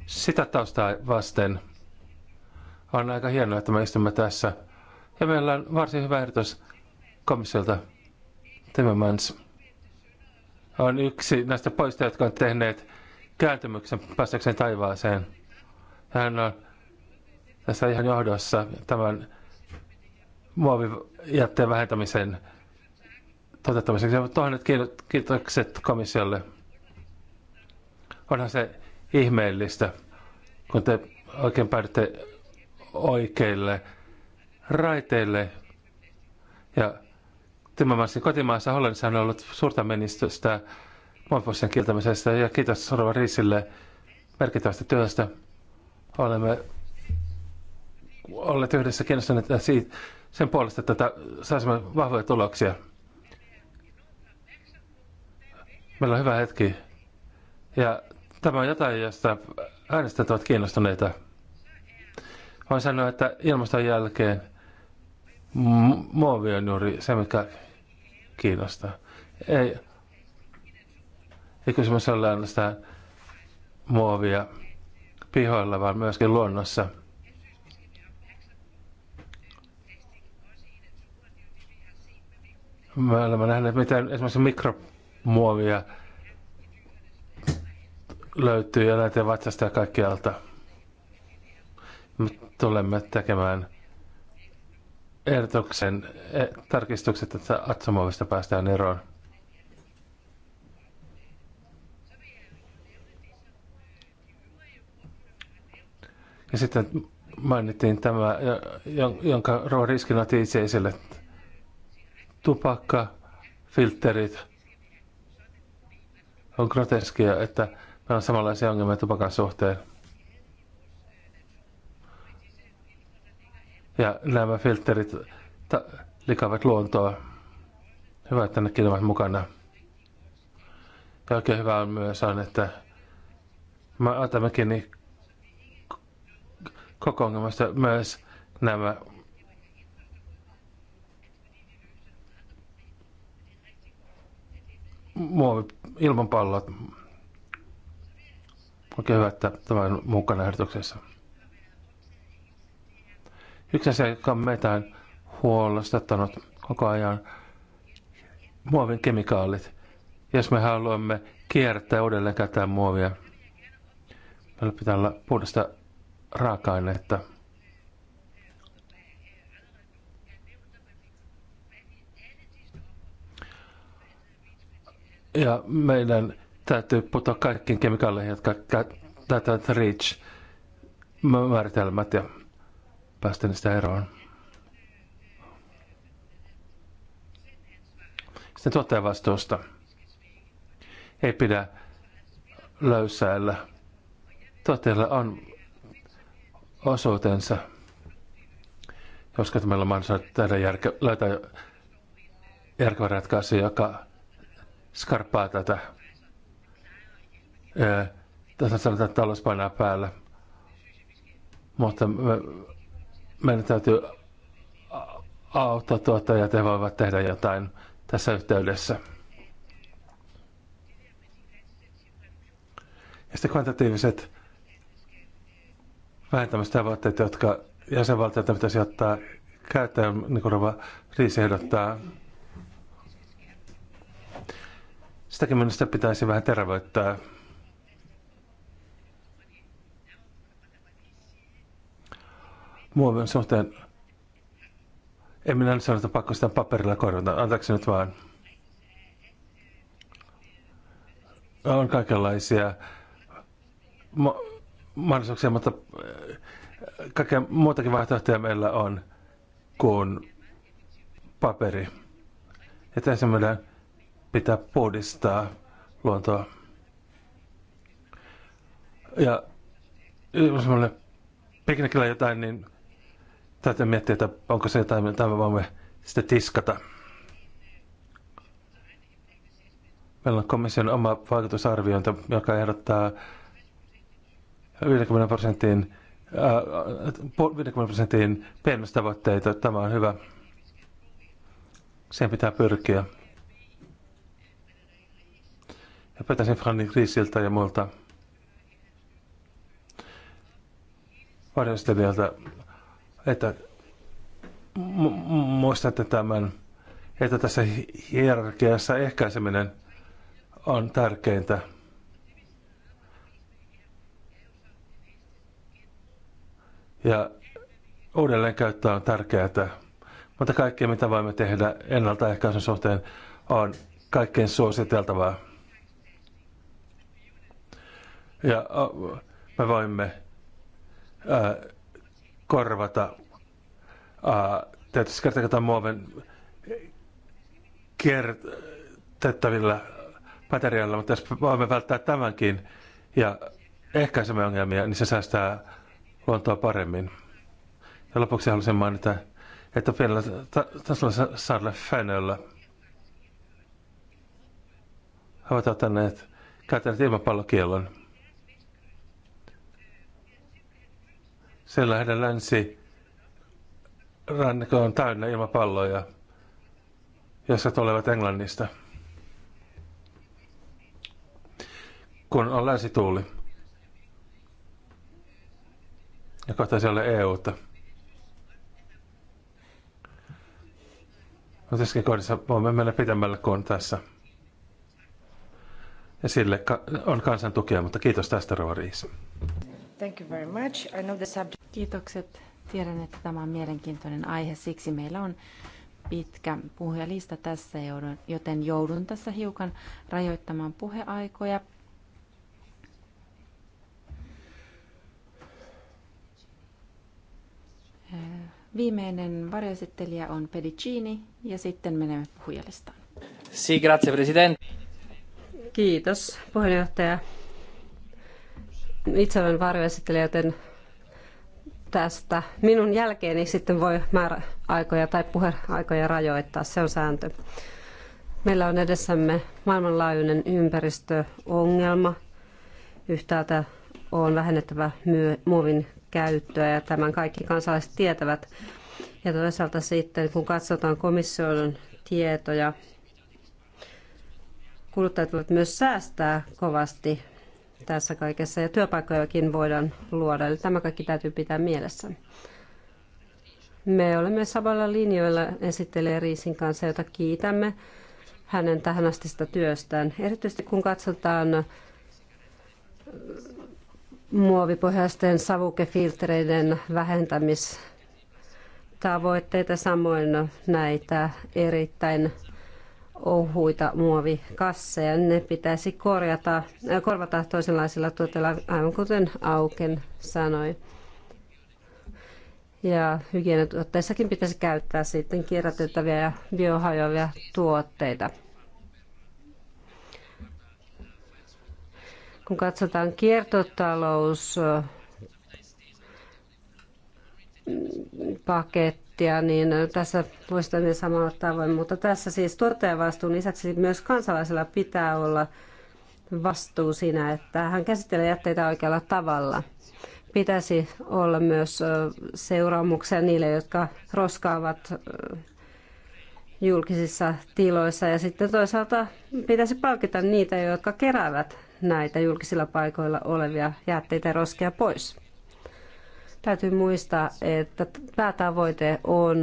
Sitä taustaa vasten on aika hienoa, että me istumme tässä. Ja meillä on varsin hyvä ehdotus komissiolta Timmermans on yksi näistä poista, jotka on tehneet kääntymyksen päästäkseen taivaaseen. Hän on tässä ihan johdossa tämän muovijätteen vähentämisen toteuttamiseksi. Ja tuhannet kiitokset komissiolle. Onhan se ihmeellistä, kun te oikein päädytte oikeille raiteille. Ja Timmermansin kotimaassa Hollannissa on ollut suurta menestystä muovipussien kieltämisestä ja kiitos Sorva Riisille merkittävästä työstä. Olemme olleet yhdessä kiinnostuneet siitä, sen puolesta, että tätä, saisimme vahvoja tuloksia. Meillä on hyvä hetki. Ja tämä on jotain, josta äänestäjät ovat kiinnostuneita. Voin sanoa, että ilmaston jälkeen muovi on juuri se, mikä kiinnostaa. Ei, ei kysymys ole ainoastaan muovia pihoilla, vaan myöskin luonnossa – Me olemme nähneet, miten esimerkiksi mikromuovia löytyy eläinten vatsasta ja kaikkialta. Me tulemme tekemään ehdotuksen eh, tarkistukset, että atsomuovista päästään eroon. Ja sitten mainittiin tämä, jonka Roo Riskin otti itse esille, tupakkafilterit. On groteskia, että meillä on samanlaisia ongelmia tupakan suhteen. Ja nämä filterit ta- likavat luontoa. Hyvä, että nekin ovat mukana. Ja oikein hyvä on myös on, että mä otammekin niin koko ongelmasta myös nämä muovi, ilmanpallot. Oikein hyvä, että tämä on mukana ehdotuksessa. Yksi asia, joka on meitä huolestuttanut koko ajan, muovin kemikaalit. Jos me haluamme kiertää uudelleen käyttää muovia, meillä pitää olla puhdasta raaka-ainetta – Ja meidän täytyy putoa kaikkiin kemikaaleihin, jotka täyttävät REACH-määritelmät ja päästä niistä eroon. Sitten tuottajavastuusta. Ei pidä löysäillä. Tuottajilla on osuutensa. koska meillä on mahdollisuus tehdä järke, löytää järkevä ratkaisu, joka skarppaa tätä. Tässä sanotaan, että talous painaa päällä. Mutta me, meidän täytyy auttaa tuota ja voivat tehdä jotain tässä yhteydessä. Ja sitten kvantitatiiviset vähentämistavoitteet, jotka jäsenvaltiot pitäisi ottaa käyttöön, niin kuin Riisi ehdottaa – Sitäkin minusta pitäisi vähän terävöittää. Muovin suhteen en minä nyt sano, että pakko sitä paperilla korjata. Antaako nyt vaan? On kaikenlaisia mahdollisuuksia, mutta eh, kaikkea muutakin vaihtoehtoja meillä on kuin paperi. Ja tässä meidän pitää puhdistaa luontoa. Ja jos meillä piknikillä jotain, niin täytyy miettiä, että onko se jotain, mitä me voimme sitä tiskata. Meillä on komission oma vaikutusarviointi, joka ehdottaa 50 prosentin, äh, 50 prosentin pienemmistä tavoitteita. Tämä on hyvä. sen pitää pyrkiä. Ja pyytäisin Franni Kriisiltä ja muilta varjostelijalta, että muistatte tämän, että tässä hierarkiassa ehkäiseminen on tärkeintä. Ja uudelleenkäyttö on tärkeää, mutta kaikki mitä voimme tehdä ennaltaehkäisyn suhteen on kaikkein suositeltavaa ja me voimme ää, korvata tietysti kertakertaan muoven kiertettävillä materiaaleilla, mutta jos voimme välttää tämänkin ja ehkäisemme ongelmia, niin se säästää luontoa paremmin. Ja lopuksi haluaisin mainita, että vielä tasolla saarella Fänöllä he ovat ottaneet käytäneet ilmapallokielon Siellä heidän länsi rannikko on täynnä ilmapalloja, jossa tulevat Englannista. Kun on länsituuli. Ja kohta siellä EUta. No tässäkin kohdassa voimme mennä pitämällä kuin tässä. Ja sille on kansan tukea, mutta kiitos tästä, Rova Riis. Thank you very much. I know the subject... Kiitokset. Tiedän, että tämä on mielenkiintoinen aihe, siksi meillä on pitkä puhujalista tässä, joten joudun tässä hiukan rajoittamaan puheaikoja. Äh, viimeinen varjoesittelijä on Pedicini ja sitten menemme puhujalistaan. Si, grazie, president. Kiitos, puheenjohtaja. Itse olen varjoesittelijä, joten tästä minun jälkeeni sitten voi määräaikoja tai puheaikoja rajoittaa. Se on sääntö. Meillä on edessämme maailmanlaajuinen ympäristöongelma. Yhtäältä on vähennettävä muovin käyttöä ja tämän kaikki kansalaiset tietävät. Ja toisaalta sitten, kun katsotaan komission tietoja, kuluttajat voivat myös säästää kovasti tässä kaikessa ja työpaikkojakin voidaan luoda. Eli tämä kaikki täytyy pitää mielessä. Me olemme samalla linjoilla esittelee Riisin kanssa, jota kiitämme hänen tähän sitä työstään. Erityisesti kun katsotaan muovipohjaisten savukefiltreiden vähentämistavoitteita, samoin näitä erittäin ohuita muovikasseja. Ne pitäisi korjata, korvata toisenlaisilla tuotteilla, aivan kuten Auken sanoi. Ja hygieniatuotteissakin pitäisi käyttää sitten kierrätettäviä ja biohajoavia tuotteita. Kun katsotaan kiertotalous, paket, prosenttia, niin tässä voisi toimia samalla tavoin. Mutta tässä siis tuottajavastuun lisäksi myös kansalaisella pitää olla vastuu siinä, että hän käsittelee jätteitä oikealla tavalla. Pitäisi olla myös seuraamuksia niille, jotka roskaavat julkisissa tiloissa. Ja sitten toisaalta pitäisi palkita niitä, jotka keräävät näitä julkisilla paikoilla olevia jätteitä roskia pois. Täytyy muistaa, että päätavoite on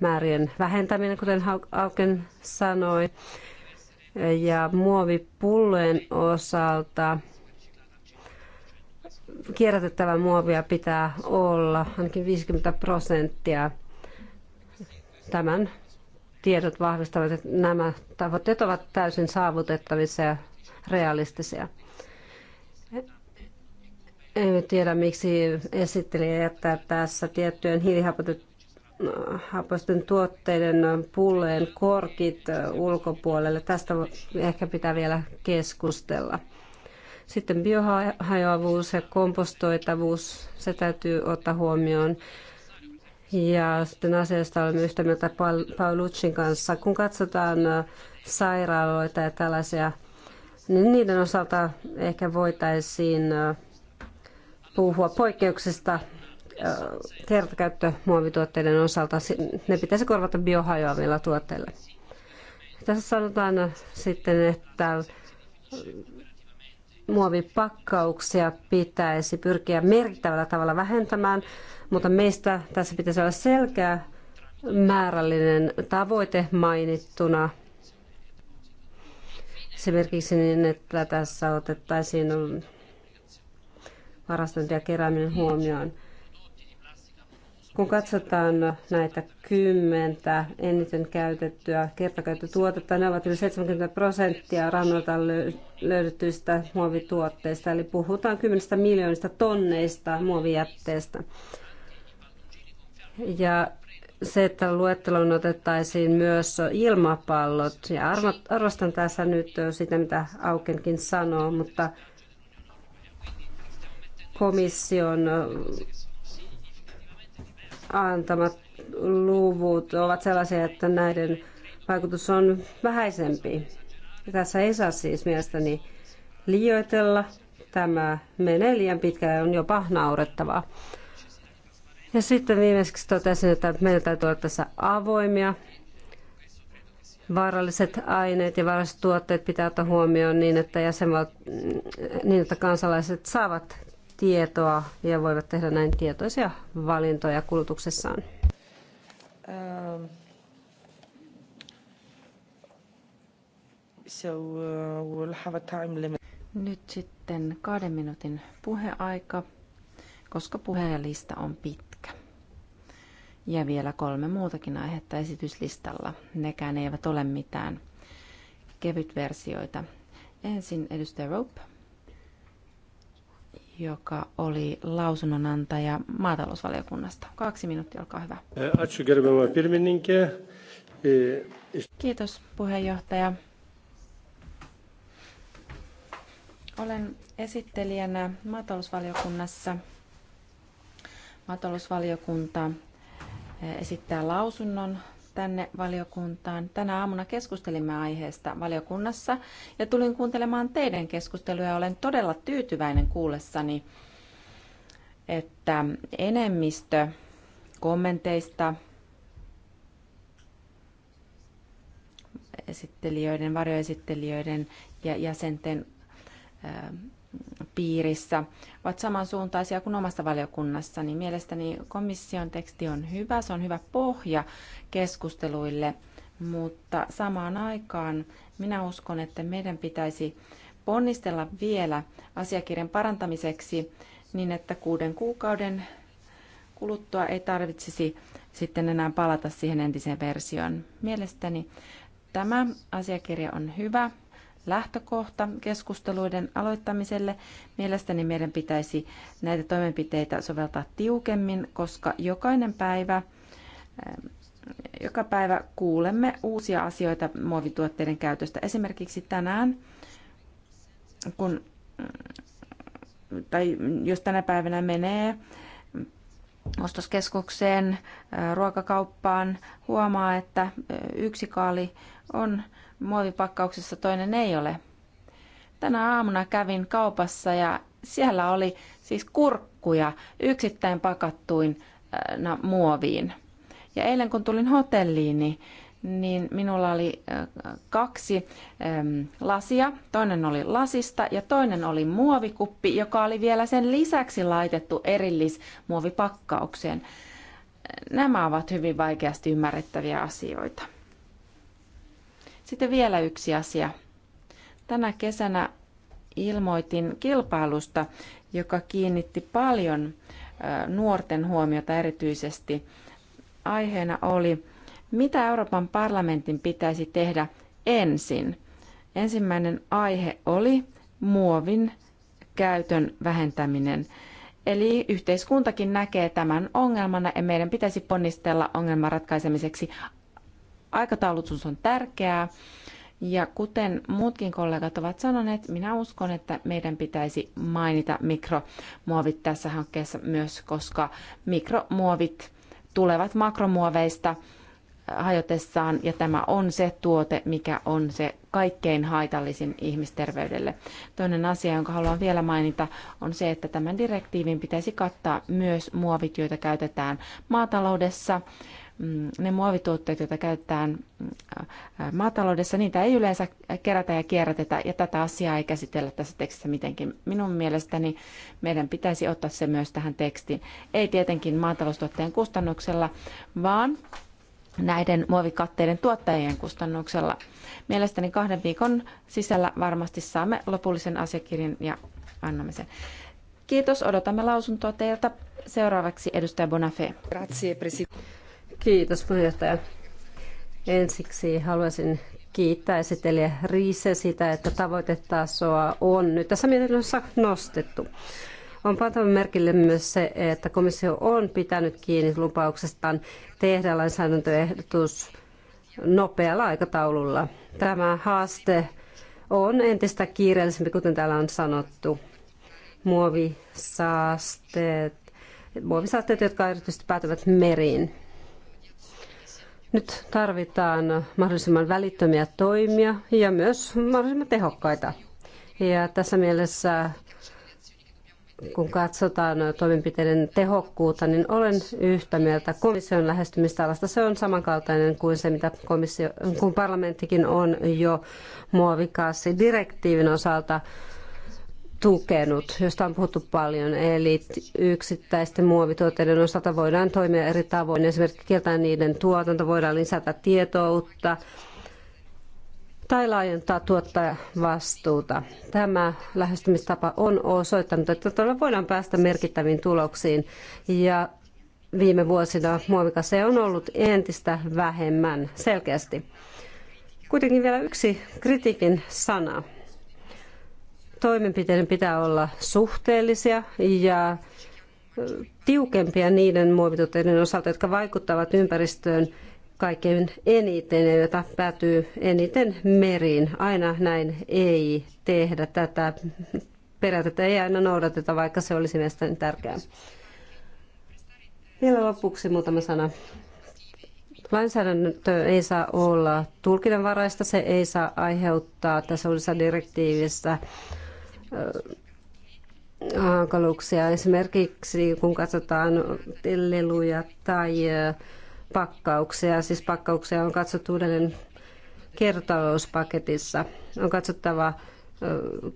määrien vähentäminen, kuten Auken sanoi. Ja muovipullojen osalta kierrätettävää muovia pitää olla ainakin 50 prosenttia. Tämän tiedot vahvistavat, että nämä tavoitteet ovat täysin saavutettavissa ja realistisia. Emme tiedä, miksi esittelijä jättää tässä tiettyjen hiilihapoisten tuotteiden pulleen korkit ulkopuolelle. Tästä ehkä pitää vielä keskustella. Sitten biohajoavuus ja kompostoitavuus, se täytyy ottaa huomioon. Ja sitten asiasta olemme yhtä mieltä Lutsin kanssa. Kun katsotaan sairaaloita ja tällaisia, niin niiden osalta ehkä voitaisiin puhua poikkeuksesta kertakäyttömuovituotteiden osalta. Ne pitäisi korvata biohajoavilla tuotteilla. Tässä sanotaan sitten, että muovipakkauksia pitäisi pyrkiä merkittävällä tavalla vähentämään, mutta meistä tässä pitäisi olla selkeä määrällinen tavoite mainittuna. Esimerkiksi niin, että tässä otettaisiin varastointi ja kerääminen huomioon. Kun katsotaan näitä kymmentä eniten käytettyä kertakäyttötuotetta, ne ovat yli 70 prosenttia rannalta löydettyistä muovituotteista, eli puhutaan 10 miljoonista tonneista muovijätteestä. Ja se, että luetteloon otettaisiin myös ilmapallot, ja arvostan tässä nyt sitä, mitä Aukenkin sanoo, mutta komission antamat luvut ovat sellaisia, että näiden vaikutus on vähäisempi. Tässä ei saa siis mielestäni liioitella. Tämä menee liian pitkään ja on jopa naurettavaa. Ja sitten viimeiseksi totesin, että meillä täytyy olla tässä avoimia. Vaaralliset aineet ja vaaralliset tuotteet pitää ottaa huomioon niin, että, jäsenvalt... niin, että kansalaiset saavat tietoa ja voivat tehdä näin tietoisia valintoja kulutuksessaan. Um, so, uh, we'll have a time limit. Nyt sitten kahden minuutin puheaika, koska puheenlista on pitkä. Ja vielä kolme muutakin aihetta esityslistalla. Nekään eivät ole mitään kevytversioita. Ensin edustaja Rope joka oli lausunnonantaja maatalousvaliokunnasta. Kaksi minuuttia, olkaa hyvä. E, Kiitos puheenjohtaja. Olen esittelijänä maatalousvaliokunnassa. Maatalousvaliokunta e, esittää lausunnon tänne valiokuntaan. Tänä aamuna keskustelimme aiheesta valiokunnassa ja tulin kuuntelemaan teidän keskusteluja. Olen todella tyytyväinen kuullessani, että enemmistö kommenteista esittelijöiden, varjoesittelijöiden ja jäsenten piirissä ovat samansuuntaisia kuin omassa valiokunnassa, niin mielestäni komission teksti on hyvä, se on hyvä pohja keskusteluille, mutta samaan aikaan minä uskon, että meidän pitäisi ponnistella vielä asiakirjan parantamiseksi niin, että kuuden kuukauden kuluttua ei tarvitsisi sitten enää palata siihen entiseen versioon. Mielestäni tämä asiakirja on hyvä, lähtökohta keskusteluiden aloittamiselle. Mielestäni meidän pitäisi näitä toimenpiteitä soveltaa tiukemmin, koska jokainen päivä eh, joka päivä kuulemme uusia asioita muovituotteiden käytöstä. Esimerkiksi tänään, kun, tai jos tänä päivänä menee ostoskeskukseen, eh, ruokakauppaan, huomaa, että eh, yksi kaali on muovipakkauksessa, toinen ei ole. Tänä aamuna kävin kaupassa ja siellä oli siis kurkkuja yksittäin pakattuin muoviin. Ja eilen kun tulin hotelliin, niin niin minulla oli kaksi lasia. Toinen oli lasista ja toinen oli muovikuppi, joka oli vielä sen lisäksi laitettu erillismuovipakkaukseen. Nämä ovat hyvin vaikeasti ymmärrettäviä asioita. Sitten vielä yksi asia. Tänä kesänä ilmoitin kilpailusta, joka kiinnitti paljon nuorten huomiota erityisesti. Aiheena oli, mitä Euroopan parlamentin pitäisi tehdä ensin. Ensimmäinen aihe oli muovin käytön vähentäminen. Eli yhteiskuntakin näkee tämän ongelmana ja meidän pitäisi ponnistella ongelman ratkaisemiseksi aikataulutus on tärkeää. Ja kuten muutkin kollegat ovat sanoneet, minä uskon, että meidän pitäisi mainita mikromuovit tässä hankkeessa myös, koska mikromuovit tulevat makromuoveista äh, hajotessaan ja tämä on se tuote, mikä on se kaikkein haitallisin ihmisterveydelle. Toinen asia, jonka haluan vielä mainita, on se, että tämän direktiivin pitäisi kattaa myös muovit, joita käytetään maataloudessa, Mm, ne muovituotteet, joita käytetään mm, maataloudessa, niitä ei yleensä kerätä ja kierrätetä, ja tätä asiaa ei käsitellä tässä tekstissä mitenkin. Minun mielestäni meidän pitäisi ottaa se myös tähän tekstiin. Ei tietenkin maataloustuotteen kustannuksella, vaan näiden muovikatteiden tuottajien kustannuksella. Mielestäni kahden viikon sisällä varmasti saamme lopullisen asiakirjan ja annamme sen. Kiitos, odotamme lausuntoa teiltä. Seuraavaksi edustaja Bonafé. Grazie, presidente. Kiitos puheenjohtaja. Ensiksi haluaisin kiittää esittelijä Riise sitä, että tavoitetasoa on nyt tässä mietinnössä nostettu. On pantava merkille myös se, että komissio on pitänyt kiinni lupauksestaan tehdä lainsäädäntöehdotus nopealla aikataululla. Tämä haaste on entistä kiireellisempi, kuten täällä on sanottu. Muovisaasteet, muovisaasteet jotka erityisesti päätyvät meriin. Nyt tarvitaan mahdollisimman välittömiä toimia ja myös mahdollisimman tehokkaita. Ja tässä mielessä, kun katsotaan toimenpiteiden tehokkuutta, niin olen yhtä mieltä komission lähestymistavasta. Se on samankaltainen kuin se, mitä komissio, kun parlamenttikin on jo muovikassi direktiivin osalta tukenut, josta on puhuttu paljon. Eli yksittäisten muovituotteiden osalta voidaan toimia eri tavoin. Esimerkiksi kieltää niiden tuotanto, voidaan lisätä tietoutta tai laajentaa tuottajavastuuta. Tämä lähestymistapa on osoittanut, että todella voidaan päästä merkittäviin tuloksiin. Ja viime vuosina muovikase on ollut entistä vähemmän selkeästi. Kuitenkin vielä yksi kritiikin sana toimenpiteiden pitää olla suhteellisia ja tiukempia niiden muovituotteiden osalta, jotka vaikuttavat ympäristöön kaikkein eniten ja joita päätyy eniten meriin. Aina näin ei tehdä tätä periaatetta, ei aina noudateta, vaikka se olisi mielestäni tärkeää. Vielä lopuksi muutama sana. Lainsäädäntö ei saa olla tulkinnanvaraista, se ei saa aiheuttaa tässä uudessa direktiivissä hankaluuksia. Esimerkiksi kun katsotaan leluja tai pakkauksia, siis pakkauksia on katsottu uudelleen kertalouspaketissa. On katsottava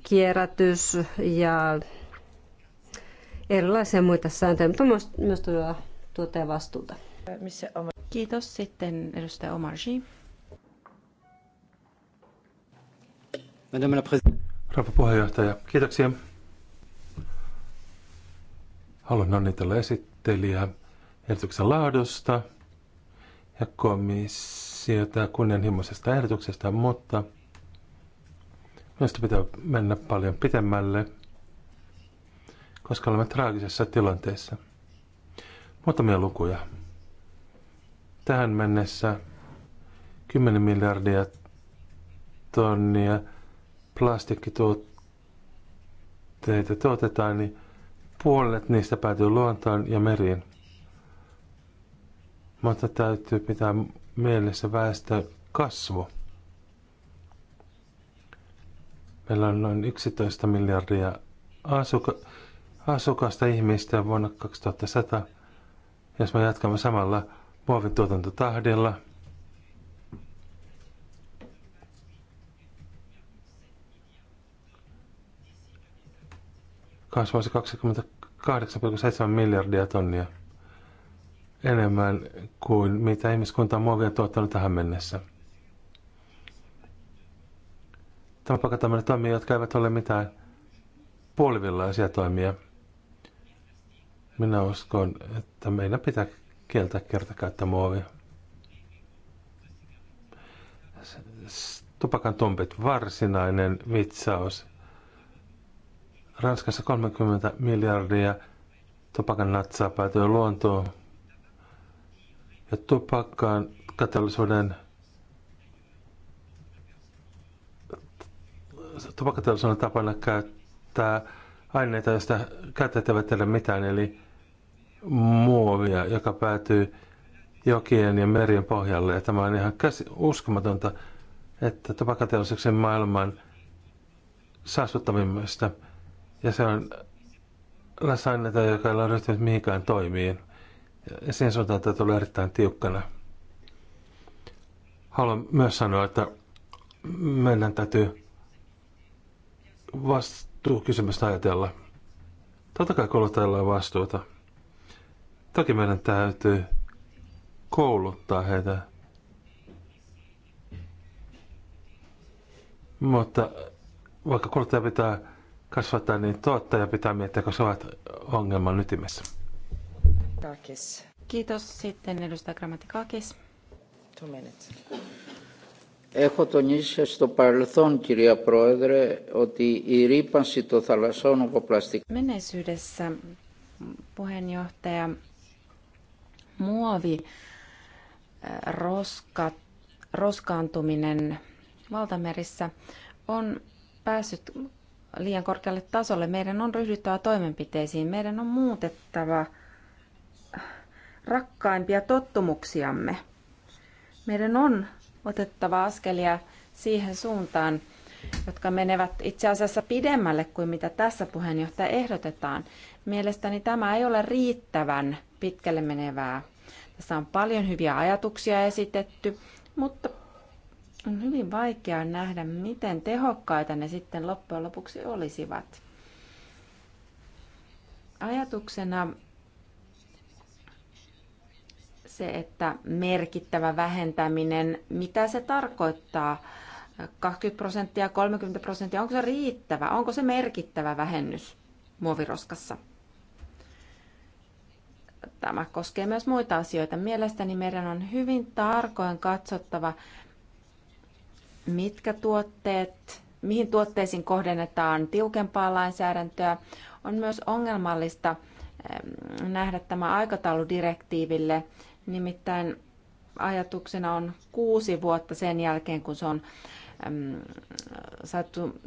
kierrätys ja erilaisia muita sääntöjä, mutta myös todella tuotteen vastuuta. Kiitos. Sitten edustaja Omarji. Madame la rouva puheenjohtaja. Kiitoksia. Haluan onnitella esittelijää ehdotuksen laadusta ja komissiota kunnianhimoisesta ehdotuksesta, mutta Minusta pitää mennä paljon pitemmälle, koska olemme traagisessa tilanteessa. Muutamia lukuja. Tähän mennessä 10 miljardia tonnia plastikkituotteita tuotetaan, niin puolet niistä päätyy luontoon ja meriin. Mutta täytyy pitää mielessä väestö kasvu. Meillä on noin 11 miljardia asuka- asukasta ihmistä vuonna 2100. Jos me jatkamme samalla muovituotantotahdilla – kasvaisi 28,7 miljardia tonnia enemmän kuin mitä ihmiskunta on muovia tuottanut tähän mennessä. Tämä pakataan meille toimia, jotka eivät ole mitään puolivillaisia toimia. Minä uskon, että meidän pitää kieltää kertakäyttä muovia. Tupakan tumpit, varsinainen vitsaus. Ranskassa 30 miljardia tupakan natsaa päätyy luontoon. Ja tupakkaan kateollisuuden tupakkateollisuuden tapana käyttää aineita, joista käyttäjät eivät tiedä mitään, eli muovia, joka päätyy jokien ja merien pohjalle. Ja tämä on ihan uskomatonta, että tupakkateollisuuden maailman saastuttavimmista ja se on lähes joka ei ole ryhtynyt mihinkään toimiin. Ja sen suuntaan tämä tulee erittäin tiukkana. Haluan myös sanoa, että meidän täytyy vastuukysymystä ajatella. Totta kai kuluttajilla on vastuuta. Toki meidän täytyy kouluttaa heitä. Mutta vaikka kuluttaja pitää kasvattaa, niin tuottaja pitää miettiä, koska se ovat ongelman ytimessä. Takis. Kiitos. Sitten edustaja Grammatikakis. Two minutes. Έχω τονίσει στο παρελθόν, κυρία Πρόεδρε, ότι η ρήπανση των θαλασσών από πλαστικά... Menneisyydessä, puheenjohtaja, muovi, roska, roskaantuminen valtamerissä on päässyt liian korkealle tasolle. Meidän on ryhdyttävä toimenpiteisiin. Meidän on muutettava rakkaimpia tottumuksiamme. Meidän on otettava askelia siihen suuntaan, jotka menevät itse asiassa pidemmälle kuin mitä tässä puheenjohtaja ehdotetaan. Mielestäni tämä ei ole riittävän pitkälle menevää. Tässä on paljon hyviä ajatuksia esitetty, mutta on hyvin vaikea nähdä, miten tehokkaita ne sitten loppujen lopuksi olisivat. Ajatuksena se, että merkittävä vähentäminen, mitä se tarkoittaa? 20 prosenttia, 30 prosenttia, onko se riittävä? Onko se merkittävä vähennys muoviroskassa? Tämä koskee myös muita asioita. Mielestäni meidän on hyvin tarkoin katsottava, mitkä tuotteet, mihin tuotteisiin kohdennetaan tiukempaa lainsäädäntöä. On myös ongelmallista nähdä tämä aikataulu direktiiville. nimittäin ajatuksena on kuusi vuotta sen jälkeen, kun se on äm, saatu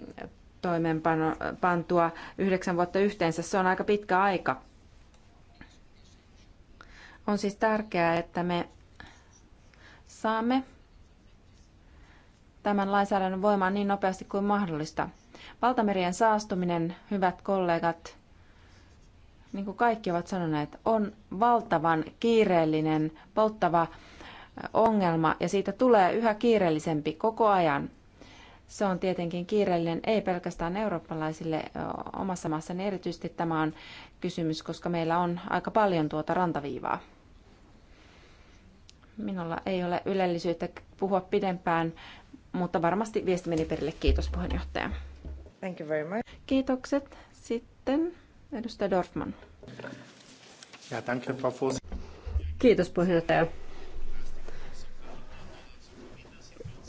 toimeenpantua yhdeksän vuotta yhteensä. Se on aika pitkä aika. On siis tärkeää, että me saamme tämän lainsäädännön voimaan niin nopeasti kuin mahdollista. Valtamerien saastuminen, hyvät kollegat, niin kuin kaikki ovat sanoneet, on valtavan kiireellinen, polttava ongelma ja siitä tulee yhä kiireellisempi koko ajan. Se on tietenkin kiireellinen ei pelkästään eurooppalaisille omassa maassani, erityisesti tämä on kysymys, koska meillä on aika paljon tuota rantaviivaa. Minulla ei ole ylellisyyttä puhua pidempään mutta varmasti viesti meni perille. Kiitos puheenjohtaja. Thank you very much. Kiitokset. Sitten edustaja Dorfman. Ja, you, Frau Kiitos puheenjohtaja.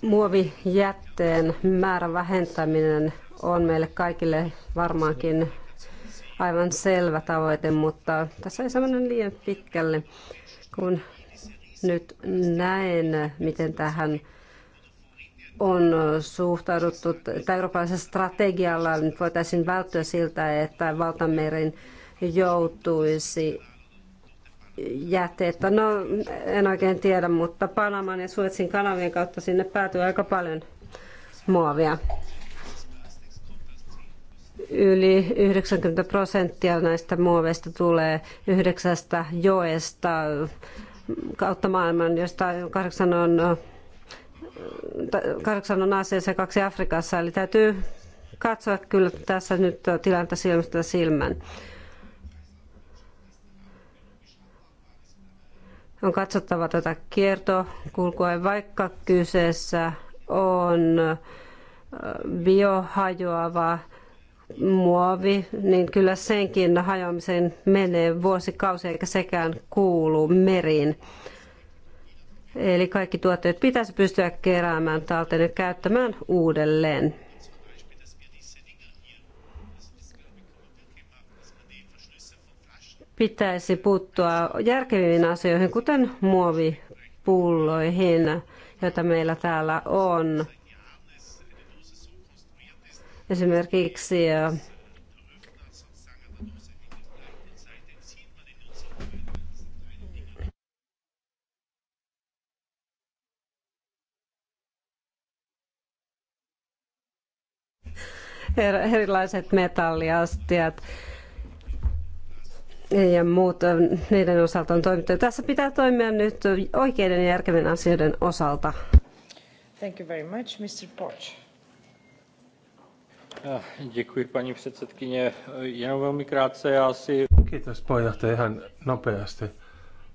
Muovijätteen määrän vähentäminen on meille kaikille varmaankin aivan selvä tavoite, mutta tässä ei sellainen liian pitkälle, kun nyt näen, miten tähän on suhtauduttu, tai eurooppalaisella strategialla nyt voitaisiin välttyä siltä, että valtamerin joutuisi jätettä. No, en oikein tiedä, mutta Panaman ja Suetsin kanavien kautta sinne päätyy aika paljon muovia. Yli 90 prosenttia näistä muoveista tulee yhdeksästä joesta kautta maailman, josta kahdeksan on kahdeksan on Aasiassa ja kaksi Afrikassa, eli täytyy katsoa kyllä tässä nyt tilannetta silmästä silmään. On katsottava tätä kiertokulkua, vaikka kyseessä on biohajoava muovi, niin kyllä senkin hajoamiseen menee vuosikausia, eikä sekään kuulu meriin. Eli kaikki tuotteet pitäisi pystyä keräämään talteen ja käyttämään uudelleen. Pitäisi puuttua järkeviin asioihin, kuten muovipulloihin, joita meillä täällä on. Esimerkiksi erilaiset metalliastiat ja muut, niiden osalta on toimittu. Tässä pitää toimia nyt oikeiden ja järkevien asioiden osalta. Thank you very much, Mr. Porch. Ah, Kiitos, puheenjohtaja, ihan nopeasti.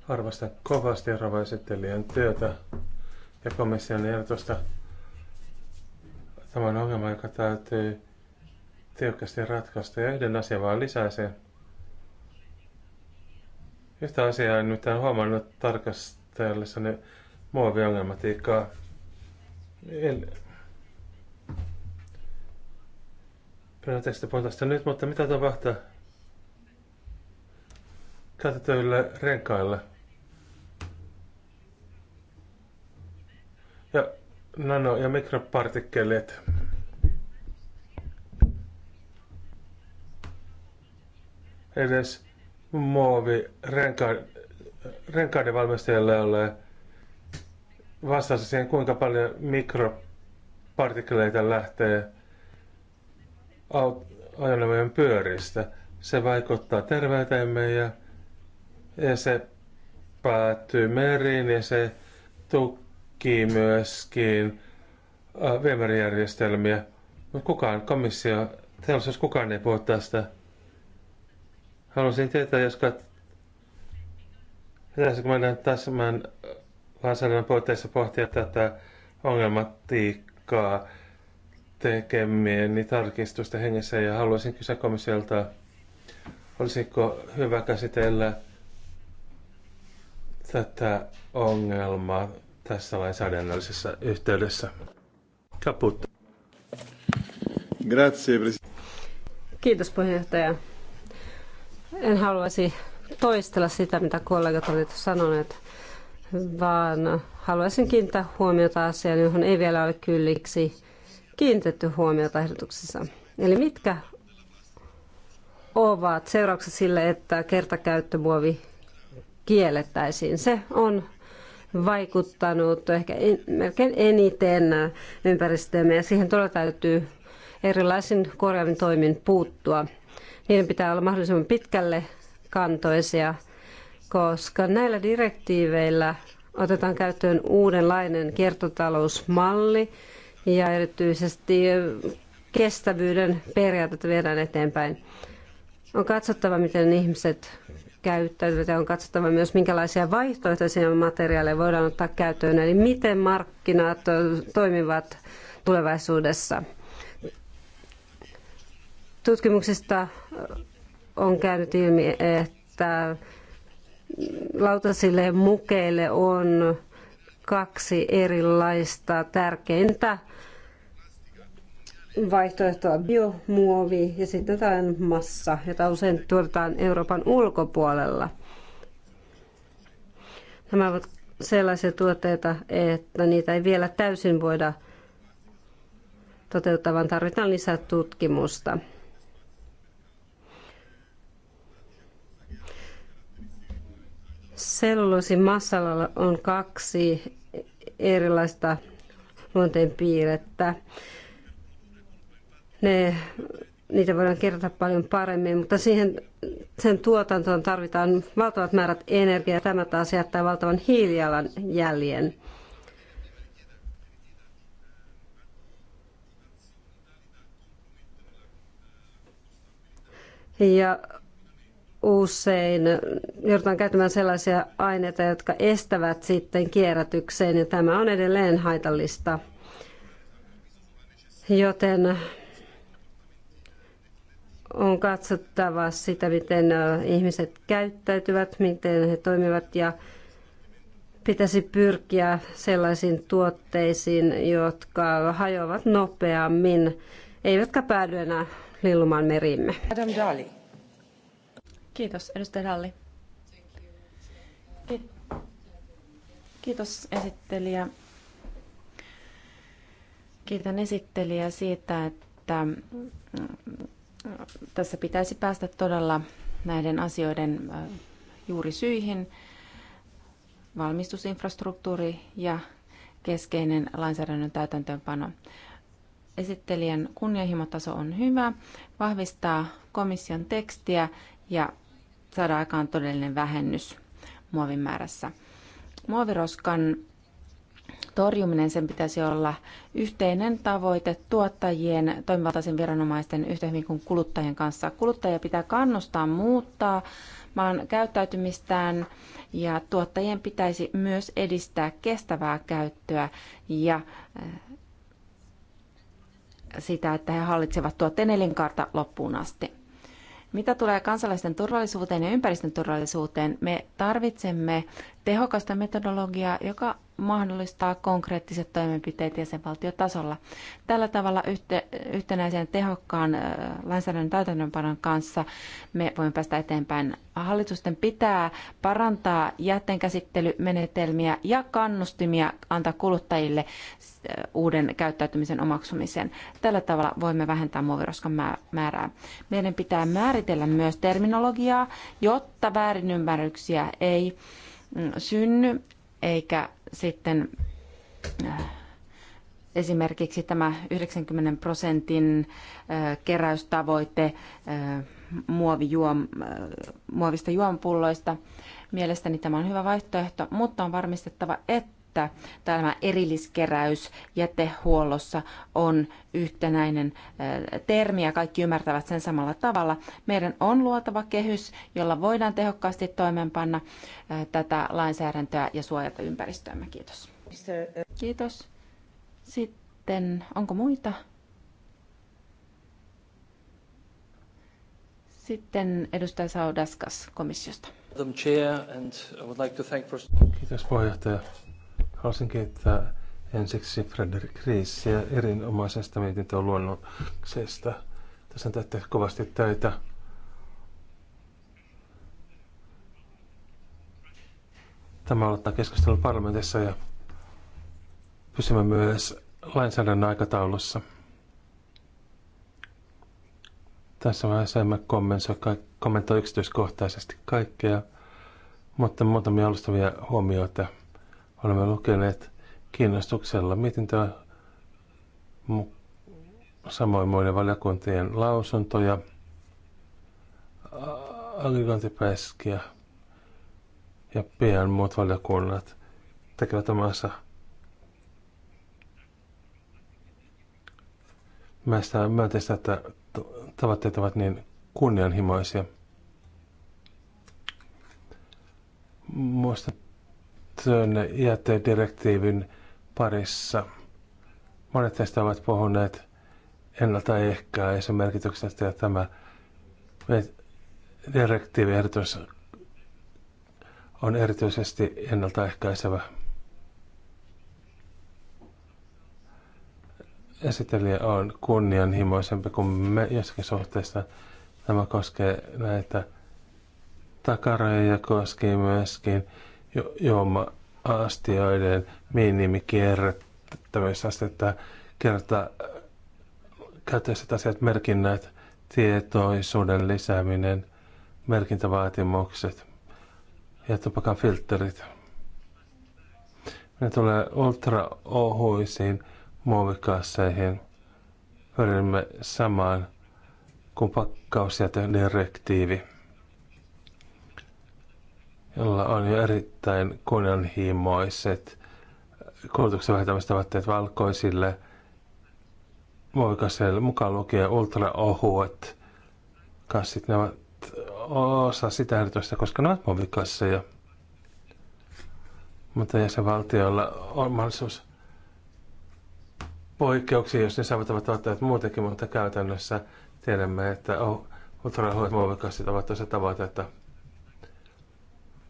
Arvostan kovasti ravaesittelijän työtä ja komission ehdotusta. Tämä on ongelma, joka täytyy tiukasti ratkaista ja yhden asian vaan lisäiseen. Yhtä asiaa en nyt huomannut tarkastellessani muoviongelmatiikkaa. En... Periaatteessa puhun tästä nyt, mutta mitä tapahtuu käytetyille renkaille? Ja nano- ja mikropartikkelit. edes muovi renkaiden valmistajalle ole vastaus siihen, kuinka paljon mikropartikkeleita lähtee ajoneuvojen pyöristä. Se vaikuttaa terveyteemme ja, ja se päätyy meriin ja se tukkii myöskin äh, viemärijärjestelmiä. Mutta kukaan komissio, teollisuus kukaan ei puhu tästä Haluaisin tietää, jos kat... Pitäisikö meidän tämän lainsäädännön puitteissa pohtia tätä ongelmatiikkaa niin tarkistusten hengessä ja haluaisin kysyä komissiolta, olisiko hyvä käsitellä tätä ongelmaa tässä lainsäädännöllisessä yhteydessä. Kaputta. Grazie, Kiitos puheenjohtaja. En haluaisi toistella sitä, mitä kollegat olivat sanoneet, vaan haluaisin kiinnittää huomiota asiaan, johon ei vielä ole kylliksi kiinnitetty huomiota ehdotuksessa. Eli mitkä ovat seuraukset sille, että kertakäyttömuovi kiellettäisiin? Se on vaikuttanut ehkä en, melkein eniten ympäristöömme ja siihen todella täytyy erilaisin korjaavin toimin puuttua. Niiden pitää olla mahdollisimman pitkälle kantoisia, koska näillä direktiiveillä otetaan käyttöön uudenlainen kiertotalousmalli ja erityisesti kestävyyden periaatteet viedään eteenpäin. On katsottava, miten ihmiset käyttäytyvät ja on katsottava myös, minkälaisia vaihtoehtoisia materiaaleja voidaan ottaa käyttöön, eli miten markkinat toimivat tulevaisuudessa tutkimuksista on käynyt ilmi, että lautasille ja mukeille on kaksi erilaista tärkeintä vaihtoehtoa biomuovi ja sitten tällainen massa, jota usein tuotetaan Euroopan ulkopuolella. Nämä ovat sellaisia tuotteita, että niitä ei vielä täysin voida toteuttaa, vaan tarvitaan lisää tutkimusta. massalla on kaksi erilaista luonteenpiirrettä. Ne, niitä voidaan kerätä paljon paremmin, mutta siihen, sen tuotantoon tarvitaan valtavat määrät energiaa. Tämä taas jättää valtavan hiilijalan jäljen. Ja usein joudutaan käyttämään sellaisia aineita, jotka estävät sitten kierrätykseen ja tämä on edelleen haitallista. Joten on katsottava sitä, miten ihmiset käyttäytyvät, miten he toimivat ja pitäisi pyrkiä sellaisiin tuotteisiin, jotka hajoavat nopeammin, eivätkä päädy enää lillumaan merimme. Adam Dali. Kiitos, edustaja Dalli. Kiitos esittelijä. Kiitän esittelijä siitä, että mm, tässä pitäisi päästä todella näiden asioiden juuri syihin. Valmistusinfrastruktuuri ja keskeinen lainsäädännön täytäntöönpano. Esittelijän kunnianhimotaso on hyvä, vahvistaa komission tekstiä ja saada aikaan todellinen vähennys muovin määrässä. Muoviroskan torjuminen, sen pitäisi olla yhteinen tavoite tuottajien, toimivaltaisen viranomaisten yhtä hyvin kuin kuluttajien kanssa. Kuluttajia pitää kannustaa muuttaa maan käyttäytymistään ja tuottajien pitäisi myös edistää kestävää käyttöä ja äh, sitä, että he hallitsevat tuotteen elinkaarta loppuun asti. Mitä tulee kansalaisten turvallisuuteen ja ympäristön turvallisuuteen, me tarvitsemme tehokasta metodologiaa, joka mahdollistaa konkreettiset toimenpiteet jäsenvaltiotasolla. Tällä tavalla yhte, yhtenäisen tehokkaan lainsäädännön täytäntöönpanon kanssa me voimme päästä eteenpäin. Hallitusten pitää parantaa jätteenkäsittelymenetelmiä ja kannustimia antaa kuluttajille uuden käyttäytymisen omaksumisen. Tällä tavalla voimme vähentää muoviroskan määrää. Meidän pitää määritellä myös terminologiaa, jotta väärinymmärryksiä ei mm, synny eikä sitten äh, esimerkiksi tämä 90 prosentin äh, keräystavoite äh, muovijuom, muovista juompulloista. Mielestäni tämä on hyvä vaihtoehto, mutta on varmistettava, että että tämä erilliskeräys jätehuollossa on yhtenäinen termi ja kaikki ymmärtävät sen samalla tavalla. Meidän on luotava kehys, jolla voidaan tehokkaasti toimeenpanna tätä lainsäädäntöä ja suojata ympäristöämme. Kiitos. Kiitos. Sitten onko muita? Sitten edustaja Saudaskas komissiosta. Kiitos puheenjohtaja. Haluaisin kiittää ensiksi Frederik Riisiä erinomaisesta mietintöön luonnoksesta. Tässä on tehty kovasti töitä. Tämä aloittaa keskustelun parlamentissa ja pysymme myös lainsäädännön aikataulussa. Tässä vaiheessa emme kommentoi yksityiskohtaisesti kaikkea, mutta muutamia alustavia huomioita – Olemme lukeneet kiinnostuksella mietintöä samoin muiden valiokuntien lausuntoja, aggregointipäiskiä ja pian muut valiokunnat tekevät omansa. Mä on myönteistä, että tavoitteet ovat niin kunnianhimoisia. muista työnne jätedirektiivin parissa. Monet teistä ovat puhuneet ennaltaehkäisen merkityksestä ja tämä direktiiviehdotus on erityisesti ennaltaehkäisevä. Esittelijä on kunnianhimoisempi kuin me jossakin suhteessa. Tämä koskee näitä takarajoja, koskee myöskin ju- juoma-astioiden että kertaa käytöiset asiat, merkinnät, tietoisuuden lisääminen, merkintävaatimukset ja tupakan filterit. Ne tulee ultraohuisiin muovikasseihin. Pyrimme samaan kuin pakkausjätön direktiivi jolla on jo erittäin kunnianhimoiset koulutuksen vähentämistavoitteet valkoisille, muovikasseille mukaan lukien ultraohuet kassit. Ne ovat osa sitä erityistä, koska ne ovat muovikasseja. Mutta jäsenvaltioilla on mahdollisuus poikkeuksia, jos ne saavuttavat tavoitteet muutenkin, mutta käytännössä tiedämme, että ultraohuet muovikassit ovat osa tavoitetta.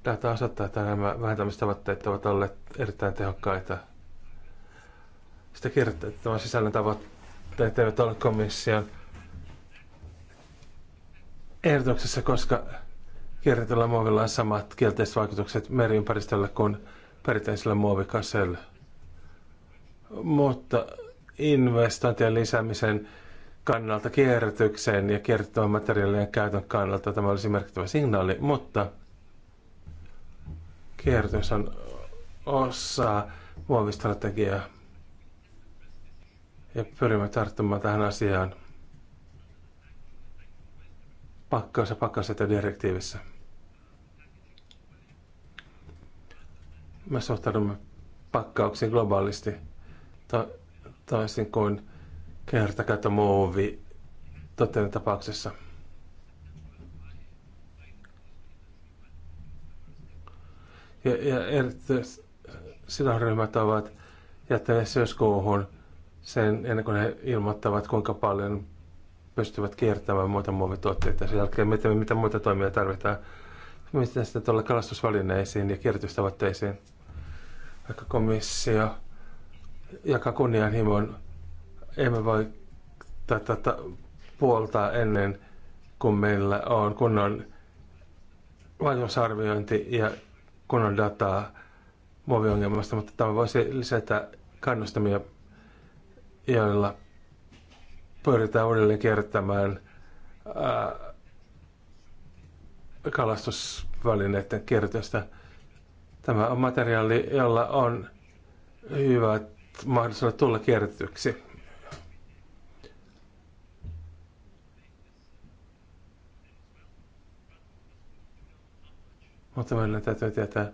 Data osoittaa, että nämä vähentämistavoitteet ovat olleet erittäin tehokkaita. Sitä tämän sisällön tavoitteet eivät ole komission ehdotuksessa, koska kierrätyllä muovilla on samat kielteiset vaikutukset meriympäristölle kuin perinteisellä muovikaseilla. Mutta investointien lisäämisen kannalta kierrätyksen ja kierrättävän materiaalien käytön kannalta tämä olisi merkittävä signaali, mutta kierrätys on osa muovistrategiaa ja pyrimme tarttumaan tähän asiaan pakkaus- ja pakkasjätedirektiivissä. Me suhtaudumme pakkauksiin globaalisti to- toisin kuin kertakäyttömuovi toteuden tapauksessa. ja, ja erityisesti sidosryhmät ovat jättäneet syöskuuhun sen ennen kuin he ilmoittavat, kuinka paljon pystyvät kiertämään muita muovituotteita. Sen jälkeen mietimme, mitä muita toimia tarvitaan. Miten sitten tuolla kalastusvälineisiin ja kierrätystavoitteisiin. Vaikka komissio jakaa kunnianhimon, emme voi tätä puoltaa ennen kuin meillä on kunnon vaikutusarviointi ja kunnon dataa muoviongelmasta, mutta tämä voisi lisätä kannustamia, joilla pyritään uudelleen kierrättämään kalastusvälineiden kierrätystä. Tämä on materiaali, jolla on hyvät mahdollisuudet tulla kierrätetyksi. Mutta meidän täytyy tietää,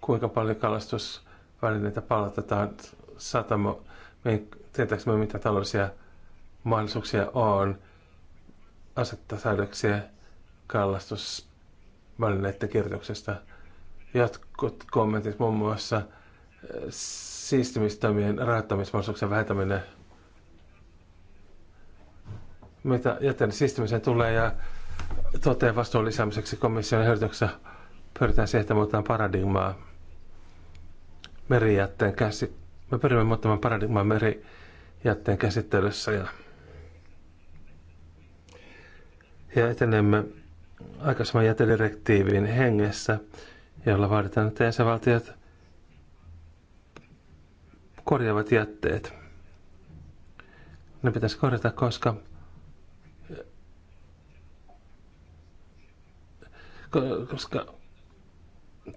kuinka paljon kalastusvälineitä palautetaan satama. Me tietääkö me, mitä tällaisia mahdollisuuksia on asettaa säädöksiä kalastusvälineiden kirjoituksesta. Jotkut kommentit muun muassa eh, siistimistoimien rahoittamismahdollisuuksien vähentäminen. Mitä jätteen siistimiseen tulee ja toteen vastuun lisäämiseksi komission ehdotuksessa pyritään siihen, että muutetaan paradigmaa merijätteen käsi. Me pyrimme muuttamaan paradigmaa merijätteen käsittelyssä ja, ja etenemme aikaisemman jätedirektiivin hengessä, jolla vaaditaan, että jäsenvaltiot korjaavat jätteet. Ne pitäisi korjata, koska koska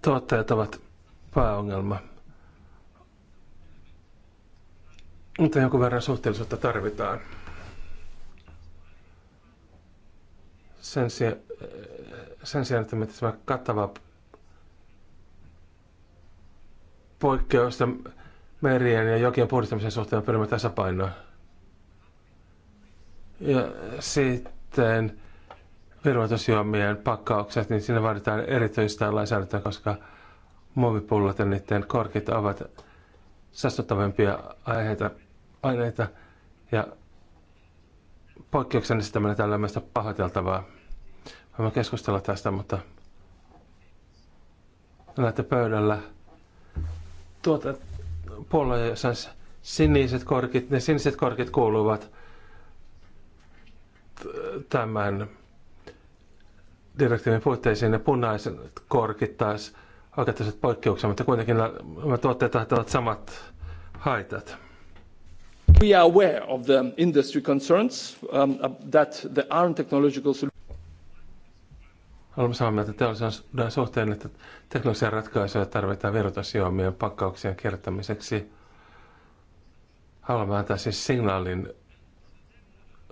tuottajat ovat pääongelma. Mutta jonkun verran suhteellisuutta tarvitaan. Sen sijaan, sen sijaan että mietitään kattava poikkeusta merien ja jokien puhdistamisen suhteen pyrimme tasapainoon. Ja sitten virvoitusjuomien pakkaukset, niin siinä vaaditaan erityistä lainsäädäntöä, koska muovipullot ja niiden korkit ovat saastuttavimpia aiheita, aineita ja poikkeuksellisesti tämmöinen tällä mielestä pahoiteltavaa. Voimme keskustella tästä, mutta näette pöydällä tuota pulloja, jossa siniset korkit, ne siniset korkit kuuluvat tämän direktiivin puitteisiin ne punaiset korkit taas oikeastaan poikkeuksia, mutta kuitenkin nämä tuotteet aiheuttavat samat haitat. We are aware of the industry concerns um, uh, that there aren't technological solutions. Olemme samaa mieltä teollisuuden suhteen, että teknologisia ratkaisuja tarvitaan verotusjuomien pakkauksien kierrättämiseksi. Haluamme antaa siis signaalin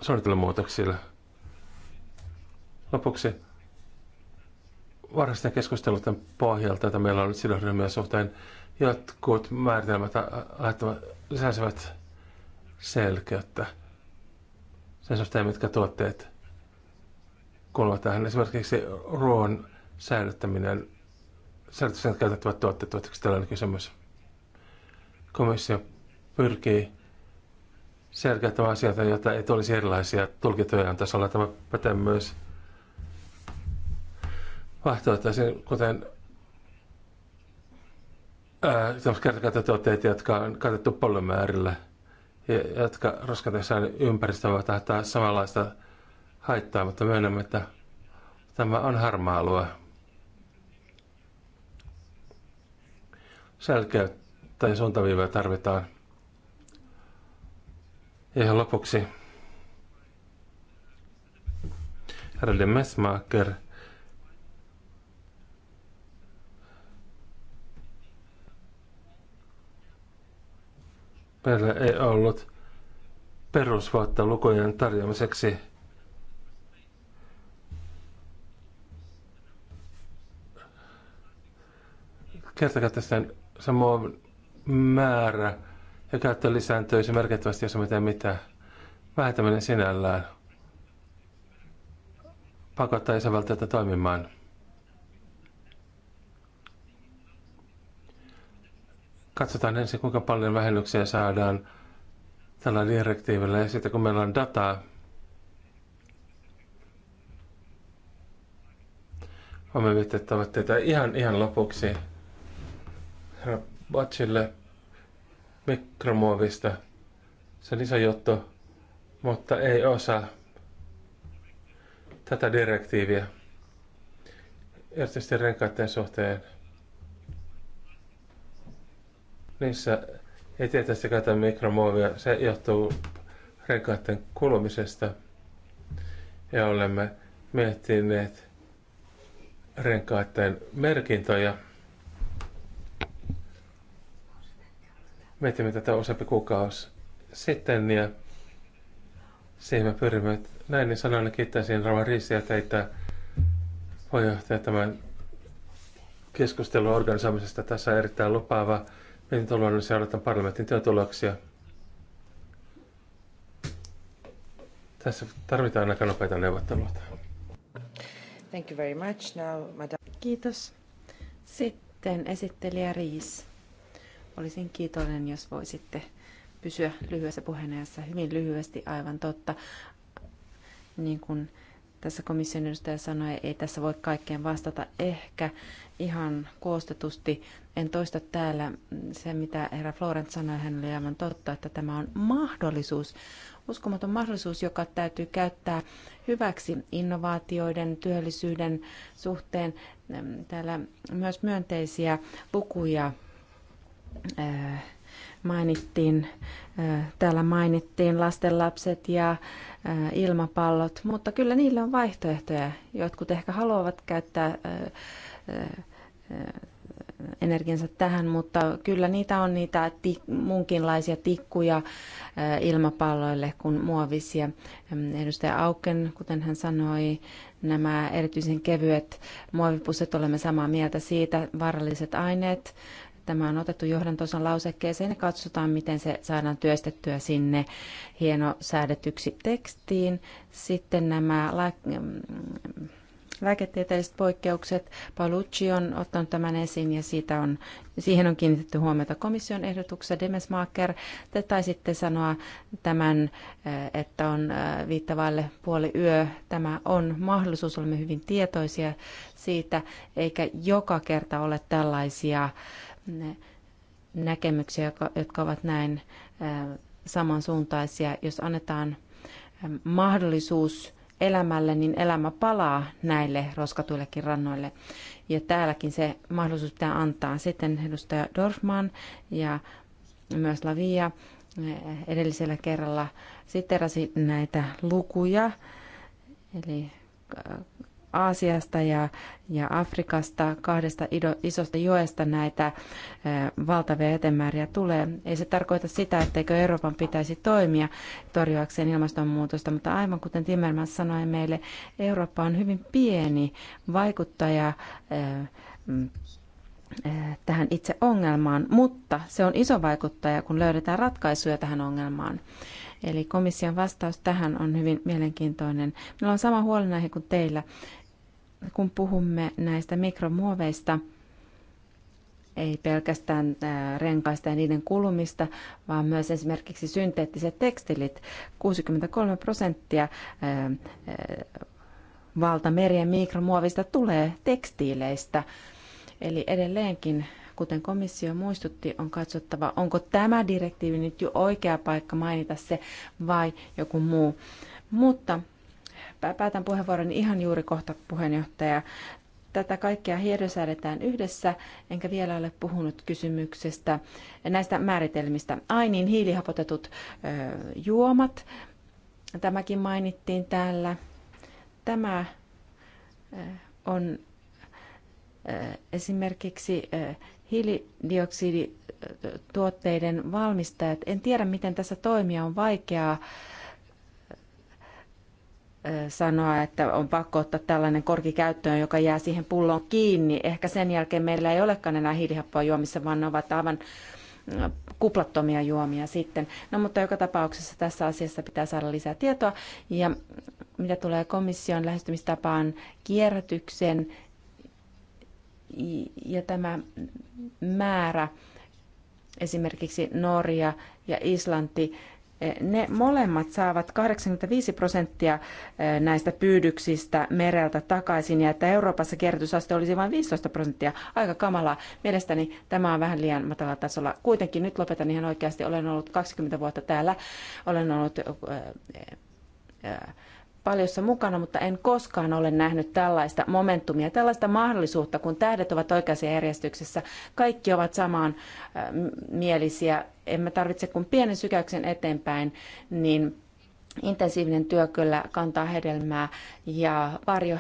suunnittelumuutoksille. Lopuksi varhaisten keskustelujen pohjalta, että meillä on nyt sidosryhmien suhteen, jotkut määritelmät lisäisivät selkeyttä sen suhteen, mitkä tuotteet kuuluvat tähän. Esimerkiksi ruoan säilyttäminen, säilyttämisen käytettävät tuotteet, oliko tällainen kysymys? Komissio pyrkii selkeyttämään asioita, joita ei tulisi erilaisia tulkintojen tasolla. Tämä pätee myös vaihtoehtoisiin, kuten kertakäyttötuotteet, jotka on katettu polymäärillä ja jotka roskatessaan ympäristöä tahtaa samanlaista haittaa, mutta myönnämme, että tämä on harmaa alue. Selkeyttä ja suuntaviivoja tarvitaan. Ja ihan lopuksi. Herra Messmaker – Meillä ei ollut perusvuotta lukujen tarjoamiseksi. Kertokaa tästä samoa määrä ja käyttö lisääntyisi merkittävästi, jos mitään mitään. Vähentäminen sinällään pakottaa isävaltiota toimimaan. Katsotaan ensin, kuinka paljon vähennyksiä saadaan tällä direktiivillä ja sitten kun meillä on dataa, voimme miettiä teitä ihan, ihan lopuksi. Herra Batchille mikromuovista. Se on iso juttu, mutta ei osa tätä direktiiviä. Erityisesti renkaiden suhteen Niissä ei tietysti käytä mikromuovia. Se johtuu renkaiden kulumisesta. Ja olemme miettineet renkaiden merkintöjä. Mietimme tätä useampi kuukausi sitten ja siihen me pyrimme. Näin niin sanoin, niin kiittäisin Rauha Riisiä teitä puheenjohtaja tämän keskustelun organisoimisesta. Tässä on erittäin lupaava Mietintöluonnon seurata parlamentin työtuloksia. Tässä tarvitaan aika nopeita neuvotteluita. Thank you very much. Now, madam. Kiitos. Sitten esittelijä Riis. Olisin kiitollinen, jos voisitte pysyä lyhyessä puheenajassa hyvin lyhyesti, aivan totta. Niin kuin tässä komission edustaja sanoi, ei tässä voi kaikkeen vastata ehkä ihan koostetusti. En toista täällä se, mitä herra Florent sanoi, hänelle oli aivan totta, että tämä on mahdollisuus, uskomaton mahdollisuus, joka täytyy käyttää hyväksi innovaatioiden, työllisyyden suhteen. Täällä myös myönteisiä lukuja äh, mainittiin, äh, täällä mainittiin lastenlapset ja äh, ilmapallot, mutta kyllä niillä on vaihtoehtoja. Jotkut ehkä haluavat käyttää energiansa tähän, mutta kyllä niitä on niitä tik- munkinlaisia tikkuja äh, ilmapalloille kuin muovisia. Ähm, edustaja Auken, kuten hän sanoi, nämä erityisen kevyet muovipusset, olemme samaa mieltä siitä, vaaralliset aineet, Tämä on otettu johdantosan lausekkeeseen ja katsotaan, miten se saadaan työstettyä sinne hieno säädetyksi tekstiin. Sitten nämä lääketieteelliset poikkeukset. Palucci on ottanut tämän esiin ja siitä on, siihen on kiinnitetty huomiota komission ehdotuksessa. Demesmaker, te taisitte sanoa tämän, eh, että on eh, viittavalle puoli yö. Tämä on mahdollisuus, olemme hyvin tietoisia siitä, eikä joka kerta ole tällaisia eh, näkemyksiä, jotka ovat näin samansuuntaisia, jos annetaan mahdollisuus elämälle, niin elämä palaa näille roskatuillekin rannoille. Ja täälläkin se mahdollisuus pitää antaa. Sitten edustaja Dorfman ja myös Lavia eh, edellisellä kerralla siterasi näitä lukuja, eli Aasiasta ja, ja Afrikasta, kahdesta isosta joesta näitä valtavia jätemääriä tulee. Ei se tarkoita sitä, etteikö Euroopan pitäisi toimia torjuakseen ilmastonmuutosta, mutta aivan kuten Timmermans sanoi meille, Eurooppa on hyvin pieni vaikuttaja mm, tähän itse ongelmaan, mutta se on iso vaikuttaja, kun löydetään ratkaisuja tähän ongelmaan. Eli komission vastaus tähän on hyvin mielenkiintoinen. Meillä on sama näihin kuin teillä, kun puhumme näistä mikromuoveista, ei pelkästään äh, renkaista ja niiden kulumista, vaan myös esimerkiksi synteettiset tekstilit. 63 prosenttia äh, äh, valtamerien mikromuovista tulee tekstiileistä. Eli edelleenkin, kuten komissio muistutti, on katsottava, onko tämä direktiivi nyt jo oikea paikka mainita se vai joku muu. Mutta päätän puheenvuoron ihan juuri kohta puheenjohtaja. Tätä kaikkea hiedosäädetään yhdessä, enkä vielä ole puhunut kysymyksestä näistä määritelmistä. Ai niin, hiilihapotetut ö, juomat, tämäkin mainittiin täällä. Tämä ö, on ö, esimerkiksi ö, hiilidioksidituotteiden valmistajat. En tiedä, miten tässä toimia on vaikeaa sanoa, että on pakko ottaa tällainen korki käyttöön, joka jää siihen pulloon kiinni. Ehkä sen jälkeen meillä ei olekaan enää hiilihappoa juomissa, vaan ne ovat aivan kuplattomia juomia sitten. No mutta joka tapauksessa tässä asiassa pitää saada lisää tietoa. Ja mitä tulee komission lähestymistapaan kierrätyksen ja tämä määrä, esimerkiksi Norja ja Islanti Eh, ne molemmat saavat 85 prosenttia eh, näistä pyydyksistä mereltä takaisin ja että Euroopassa kierrätysaste olisi vain 15 prosenttia. Aika kamalaa. Mielestäni tämä on vähän liian matalalla tasolla. Kuitenkin nyt lopetan ihan oikeasti. Olen ollut 20 vuotta täällä. Olen ollut eh, paljossa mukana, mutta en koskaan ole nähnyt tällaista momentumia, tällaista mahdollisuutta, kun tähdet ovat oikeassa järjestyksessä. Kaikki ovat samaan mielisiä. Emme tarvitse kuin pienen sykäyksen eteenpäin, niin intensiivinen työ kyllä kantaa hedelmää ja varjo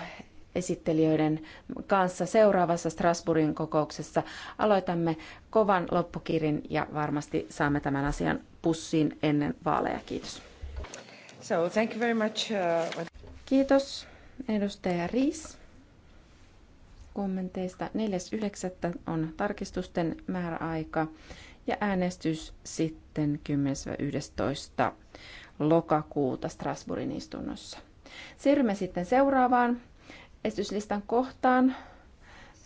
esittelijöiden kanssa seuraavassa Strasbourgin kokouksessa. Aloitamme kovan loppukirin ja varmasti saamme tämän asian pussiin ennen vaaleja. Kiitos. So, thank you very much. Uh... Kiitos edustaja Riis kommenteista. 4.9. on tarkistusten määräaika ja äänestys sitten 10.11. lokakuuta Strasbourgin istunnossa. Siirrymme sitten seuraavaan esityslistan kohtaan.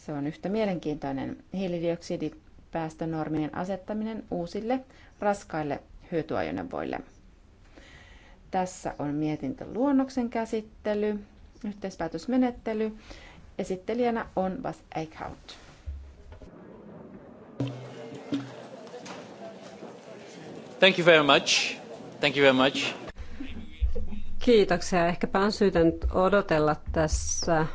Se on yhtä mielenkiintoinen hiilidioksidipäästönormien asettaminen uusille raskaille hyötyajoneuvoille. Tässä on mietintöluonnoksen käsittely, yhteispäätösmenettely. Esittelijänä on Bas Eichhout. Thank you very much. Thank you very much. Kiitoksia. Ehkäpä on syytä nyt odotella tässä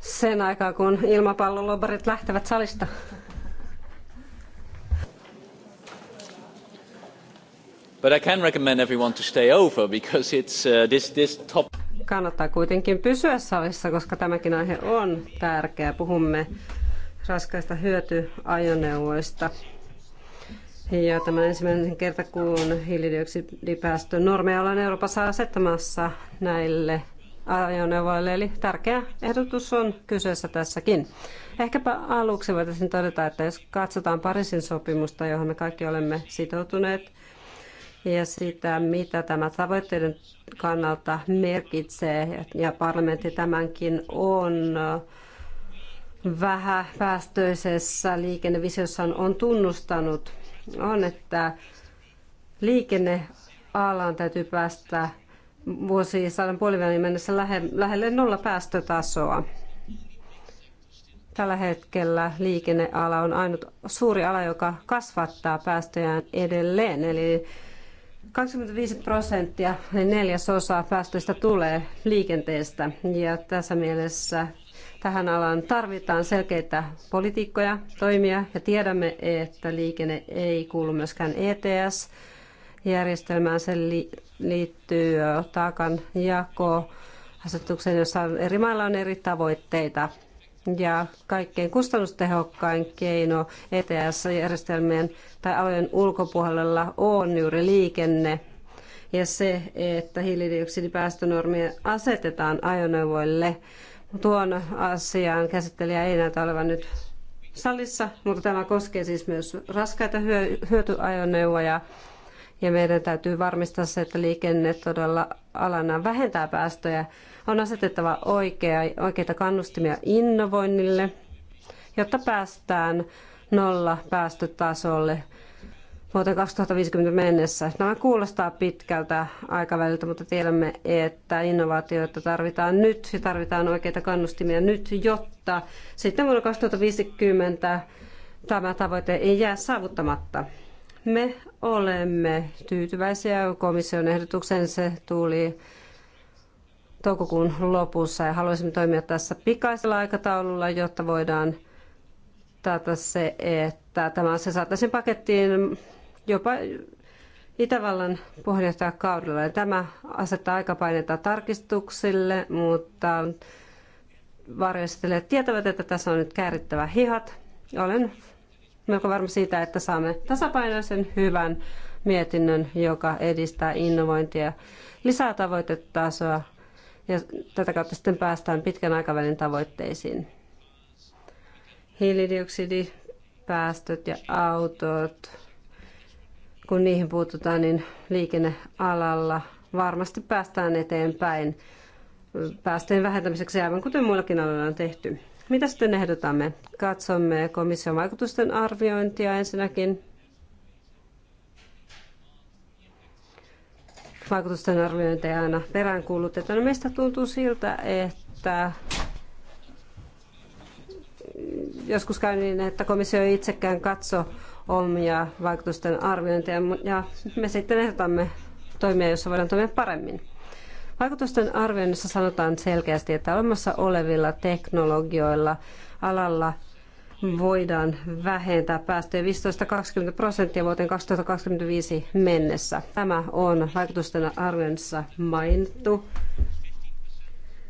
sen aikaa, kun ilmapallolobarit lähtevät salista. But I can recommend everyone to stay over because it's uh, this, this top... Kannattaa kuitenkin pysyä salissa, koska tämäkin aihe on tärkeä. Puhumme raskaista hyötyajoneuvoista. Ja tämä ensimmäinen kerta, kun hiilidioksidipäästön normeja ollaan Euroopassa asettamassa näille ajoneuvoille, eli tärkeä ehdotus on kyseessä tässäkin. Ehkäpä aluksi voitaisiin todeta, että jos katsotaan Pariisin sopimusta, johon me kaikki olemme sitoutuneet, ja sitä, mitä tämä tavoitteiden kannalta merkitsee. Ja parlamentti tämänkin on äh, vähäpäästöisessä liikennevisiossa on tunnustanut, on, että liikennealan täytyy päästä vuosisadan puolivälin mennessä lähelle nolla päästötasoa. Tällä hetkellä liikenneala on ainut suuri ala, joka kasvattaa päästöjään edelleen. Eli 25 prosenttia, eli niin neljäsosaa päästöistä tulee liikenteestä. Ja tässä mielessä tähän alaan tarvitaan selkeitä politiikkoja, toimia ja tiedämme, että liikenne ei kuulu myöskään ETS-järjestelmään. Se liittyy taakan jako asetukseen, jossa eri mailla on eri tavoitteita. Ja kaikkein kustannustehokkain keino ETS-järjestelmien tai alojen ulkopuolella on juuri liikenne. Ja se, että hiilidioksidipäästönormia asetetaan ajoneuvoille, tuon asian käsittelijä ei näytä olevan nyt salissa, mutta tämä koskee siis myös raskaita hyötyajoneuvoja ja meidän täytyy varmistaa se, että liikenne todella alana vähentää päästöjä. On asetettava oikea, oikeita kannustimia innovoinnille, jotta päästään nolla päästötasolle vuoteen 2050 mennessä. Nämä kuulostaa pitkältä aikaväliltä, mutta tiedämme, että innovaatioita tarvitaan nyt ja tarvitaan oikeita kannustimia nyt, jotta sitten vuonna 2050 tämä tavoite ei jää saavuttamatta. Me olemme tyytyväisiä komission ehdotukseen. Se tuli toukokuun lopussa ja haluaisimme toimia tässä pikaisella aikataululla, jotta voidaan taata se, että tämä asia saataisiin pakettiin jopa Itävallan puheenjohtajakaudella. Tämä asettaa painetta tarkistuksille, mutta varjostelijat tietävät, että tässä on nyt käärittävä hihat. Olen melko varma siitä, että saamme tasapainoisen hyvän mietinnön, joka edistää innovointia, lisää tavoitetasoa ja tätä kautta sitten päästään pitkän aikavälin tavoitteisiin. Hiilidioksidipäästöt ja autot, kun niihin puututaan, niin liikennealalla varmasti päästään eteenpäin päästöjen vähentämiseksi, aivan kuten muillakin aloilla on tehty. Mitä sitten ehdotamme? Katsomme komission vaikutusten arviointia ensinnäkin. Vaikutusten arviointeja aina peräänkuulutetaan. No meistä tuntuu siltä, että joskus käy niin, että komissio ei itsekään katso omia vaikutusten arviointeja ja me sitten ehdotamme toimia, joissa voidaan toimia paremmin. Vaikutusten arvioinnissa sanotaan selkeästi, että olemassa olevilla teknologioilla alalla voidaan vähentää päästöjä 15-20 prosenttia vuoteen 2025 mennessä. Tämä on vaikutusten arvioinnissa mainittu.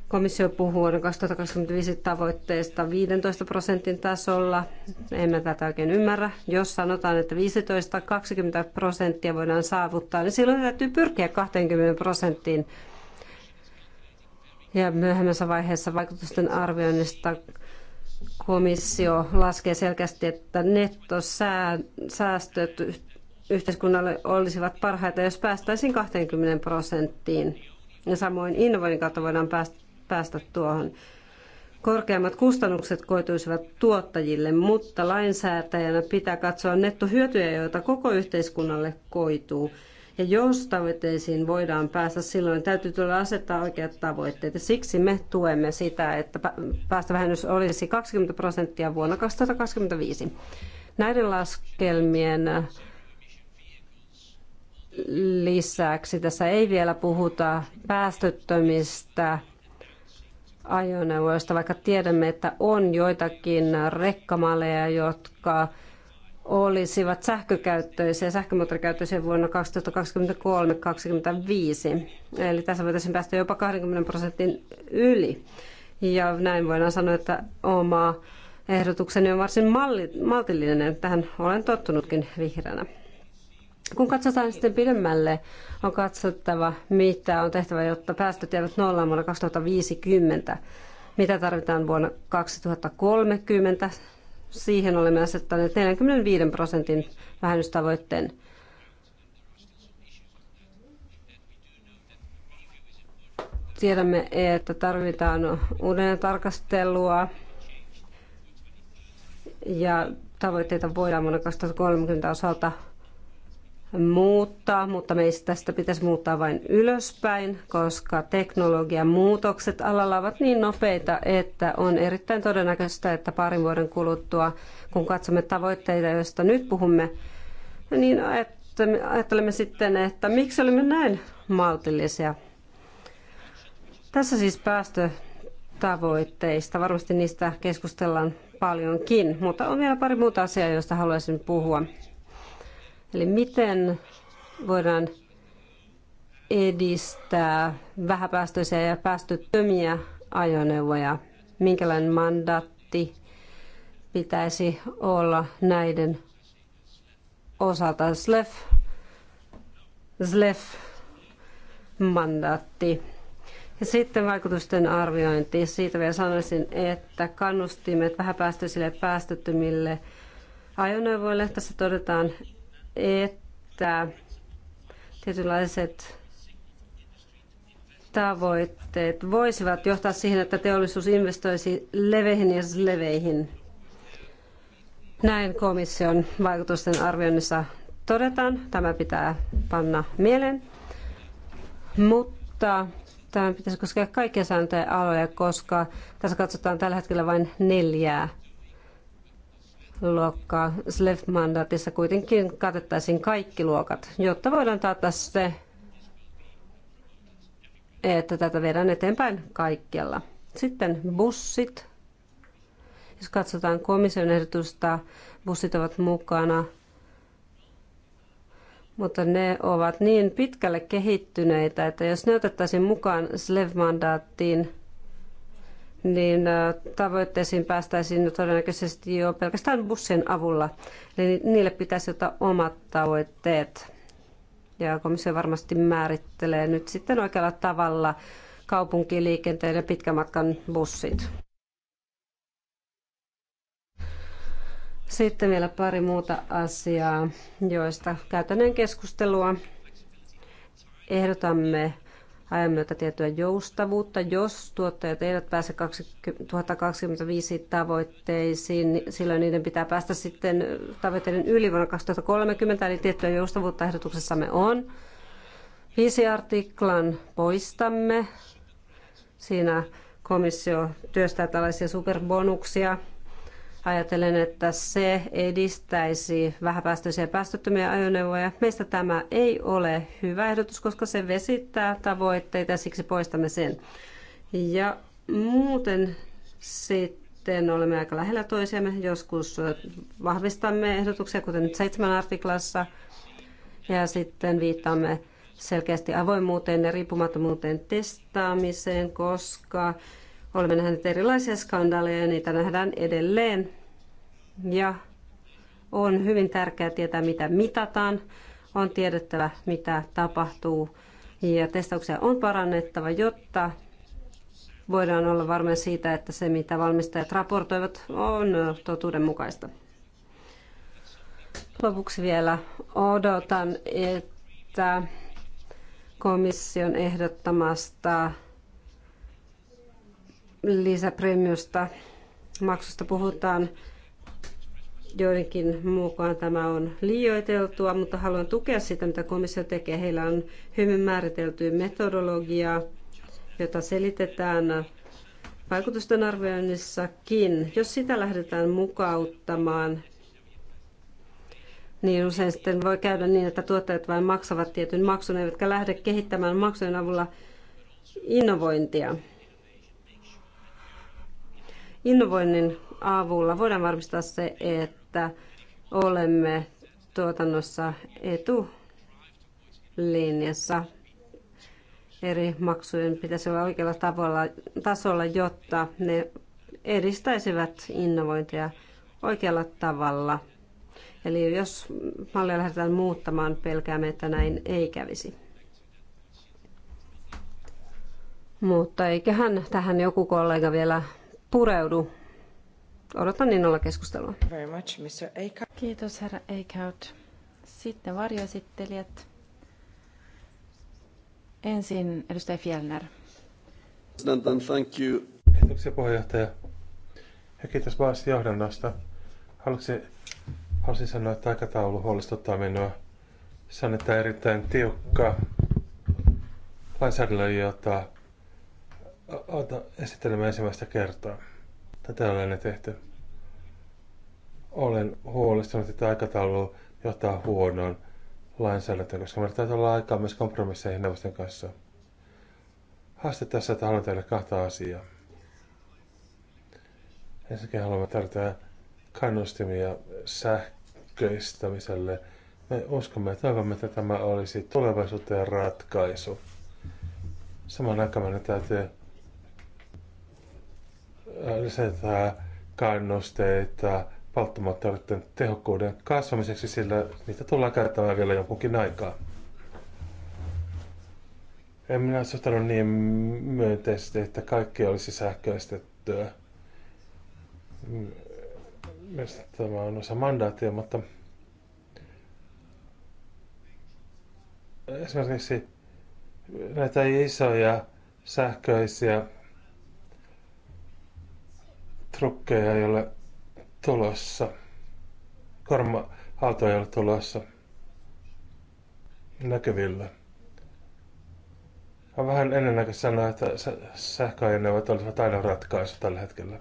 Komissio puhuu vuoden 2025 tavoitteesta 15 prosentin tasolla. Emme tätä oikein ymmärrä. Jos sanotaan, että 15-20 prosenttia voidaan saavuttaa, niin silloin täytyy pyrkiä 20 prosenttiin ja myöhemmässä vaiheessa vaikutusten arvioinnista komissio laskee selkeästi, että nettosäästöt yhteiskunnalle olisivat parhaita, jos päästäisiin 20 prosenttiin. Ja samoin innovoinnin kautta voidaan päästä tuohon. Korkeammat kustannukset koituisivat tuottajille, mutta lainsäätäjänä pitää katsoa nettohyötyjä, joita koko yhteiskunnalle koituu – ja jos tavoitteisiin voidaan päästä, silloin täytyy tulla asettaa oikeat tavoitteet. Ja siksi me tuemme sitä, että päästövähennys olisi 20 prosenttia vuonna 2025. Näiden laskelmien lisäksi tässä ei vielä puhuta päästöttömistä ajoneuvoista, vaikka tiedämme, että on joitakin rekkamaleja, jotka olisivat sähkökäyttöisiä, sähkömoottorikäyttöisiä vuonna 2023-2025. Eli tässä voitaisiin päästä jopa 20 prosentin yli. Ja näin voidaan sanoa, että oma ehdotukseni on varsin malli, maltillinen. Tähän olen tottunutkin vihreänä. Kun katsotaan sitten pidemmälle, on katsottava, mitä on tehtävä, jotta päästöt jäävät nollaan vuonna 2050. Mitä tarvitaan vuonna 2030 siihen olemme asettaneet 45 prosentin vähennystavoitteen. Tiedämme, että tarvitaan uuden tarkastelua ja tavoitteita voidaan vuonna 2030 osalta muuttaa, mutta meistä tästä pitäisi muuttaa vain ylöspäin, koska teknologian muutokset alalla ovat niin nopeita, että on erittäin todennäköistä, että parin vuoden kuluttua, kun katsomme tavoitteita, joista nyt puhumme, niin ajattelemme sitten, että miksi olimme näin maltillisia. Tässä siis päästötavoitteista. Varmasti niistä keskustellaan paljonkin, mutta on vielä pari muuta asiaa, joista haluaisin puhua. Eli miten voidaan edistää vähäpäästöisiä ja päästöttömiä ajoneuvoja? Minkälainen mandaatti pitäisi olla näiden osalta? SLEF, SLEF mandaatti. Ja sitten vaikutusten arviointi. Siitä vielä sanoisin, että kannustimet vähäpäästöisille ja päästöttömille ajoneuvoille. Tässä todetaan, että tietynlaiset tavoitteet voisivat johtaa siihen, että teollisuus investoisi leveihin ja leveihin. Näin komission vaikutusten arvioinnissa todetaan. Tämä pitää panna mieleen. Mutta tämä pitäisi koskea kaikkia sääntöjä aloja, koska tässä katsotaan tällä hetkellä vain neljää luokkaa SLEF-mandaatissa kuitenkin katettaisiin kaikki luokat, jotta voidaan taata se, että tätä viedään eteenpäin kaikkialla. Sitten bussit. Jos katsotaan komission ehdotusta, bussit ovat mukana, mutta ne ovat niin pitkälle kehittyneitä, että jos ne otettaisiin mukaan SLEV-mandaattiin, niin tavoitteisiin päästäisiin todennäköisesti jo pelkästään bussien avulla. Eli niille pitäisi ottaa omat tavoitteet. Ja komissio varmasti määrittelee nyt sitten oikealla tavalla kaupunkiliikenteen ja pitkän matkan bussit. Sitten vielä pari muuta asiaa, joista käytännön keskustelua ehdotamme ajan myötä tiettyä joustavuutta. Jos tuottajat eivät pääse 2025 tavoitteisiin, niin silloin niiden pitää päästä sitten tavoitteiden yli vuonna 2030, eli tiettyä joustavuutta ehdotuksessamme on. Viisi artiklan poistamme. Siinä komissio työstää tällaisia superbonuksia, Ajattelen, että se edistäisi vähäpäästöisiä päästöttömiä ajoneuvoja. Meistä tämä ei ole hyvä ehdotus, koska se vesittää tavoitteita ja siksi poistamme sen. Ja muuten sitten olemme aika lähellä toisiamme. Joskus vahvistamme ehdotuksia, kuten nyt seitsemän artiklassa, ja sitten viittaamme selkeästi avoimuuteen ja riippumattomuuteen testaamiseen, koska Olemme nähneet erilaisia skandaaleja ja niitä nähdään edelleen. Ja on hyvin tärkeää tietää, mitä mitataan. On tiedettävä, mitä tapahtuu. Ja testauksia on parannettava, jotta voidaan olla varmoja siitä, että se, mitä valmistajat raportoivat, on totuudenmukaista. Lopuksi vielä odotan, että komission ehdottamasta lisäpremiosta maksusta puhutaan. Joidenkin mukaan tämä on liioiteltua, mutta haluan tukea sitä, mitä komissio tekee. Heillä on hyvin määritelty metodologia, jota selitetään vaikutusten arvioinnissakin. Jos sitä lähdetään mukauttamaan, niin usein sitten voi käydä niin, että tuottajat vain maksavat tietyn maksun, eivätkä lähde kehittämään maksujen avulla innovointia innovoinnin avulla voidaan varmistaa se, että olemme tuotannossa etulinjassa. Eri maksujen pitäisi olla oikealla tavalla, tasolla, jotta ne edistäisivät innovointia oikealla tavalla. Eli jos mallia lähdetään muuttamaan, pelkäämme, että näin ei kävisi. Mutta eiköhän tähän joku kollega vielä pureudu. Odotan innolla keskustelua. Very much, Mr. Kiitos, herra Eichhout. Sitten varjoesittelijät. Ensin edustaja Fjellner. Thank you. Kiitoksia puheenjohtaja. Ja kiitos Vaas johdannosta. Haluaisin, haluaisin sanoa, että aikataulu huolestuttaa minua. Se on erittäin tiukka lainsäädäntö, jota Ota, esittelemään ensimmäistä kertaa. Tätä olen ne tehty. Olen huolestunut, että aikataulu johtaa huonoon lainsäädäntöön, koska meillä täytyy olla aikaa myös kompromisseihin neuvoston kanssa. Haaste tässä, että haluan teille kahta asiaa. Ensinnäkin haluamme tarjota kannustimia sähköistämiselle. Me uskomme ja toivomme, että tämä olisi tulevaisuuteen ratkaisu. Samaan aikaan meidän täytyy lisätä kannusteita polttomoottoreiden tehokkuuden kasvamiseksi, sillä niitä tullaan käyttämään vielä jonkunkin aikaa. En minä suhtanut niin myönteisesti, että kaikki olisi sähköistettyä. Mielestäni tämä on osa mandaatia, mutta esimerkiksi näitä isoja sähköisiä trukkeja ei ole tulossa. Korma-autoja ei ole tulossa näkyvillä. On vähän ennennäköistä sanoa, että sähköajoneuvot olisivat aina ratkaisu tällä hetkellä.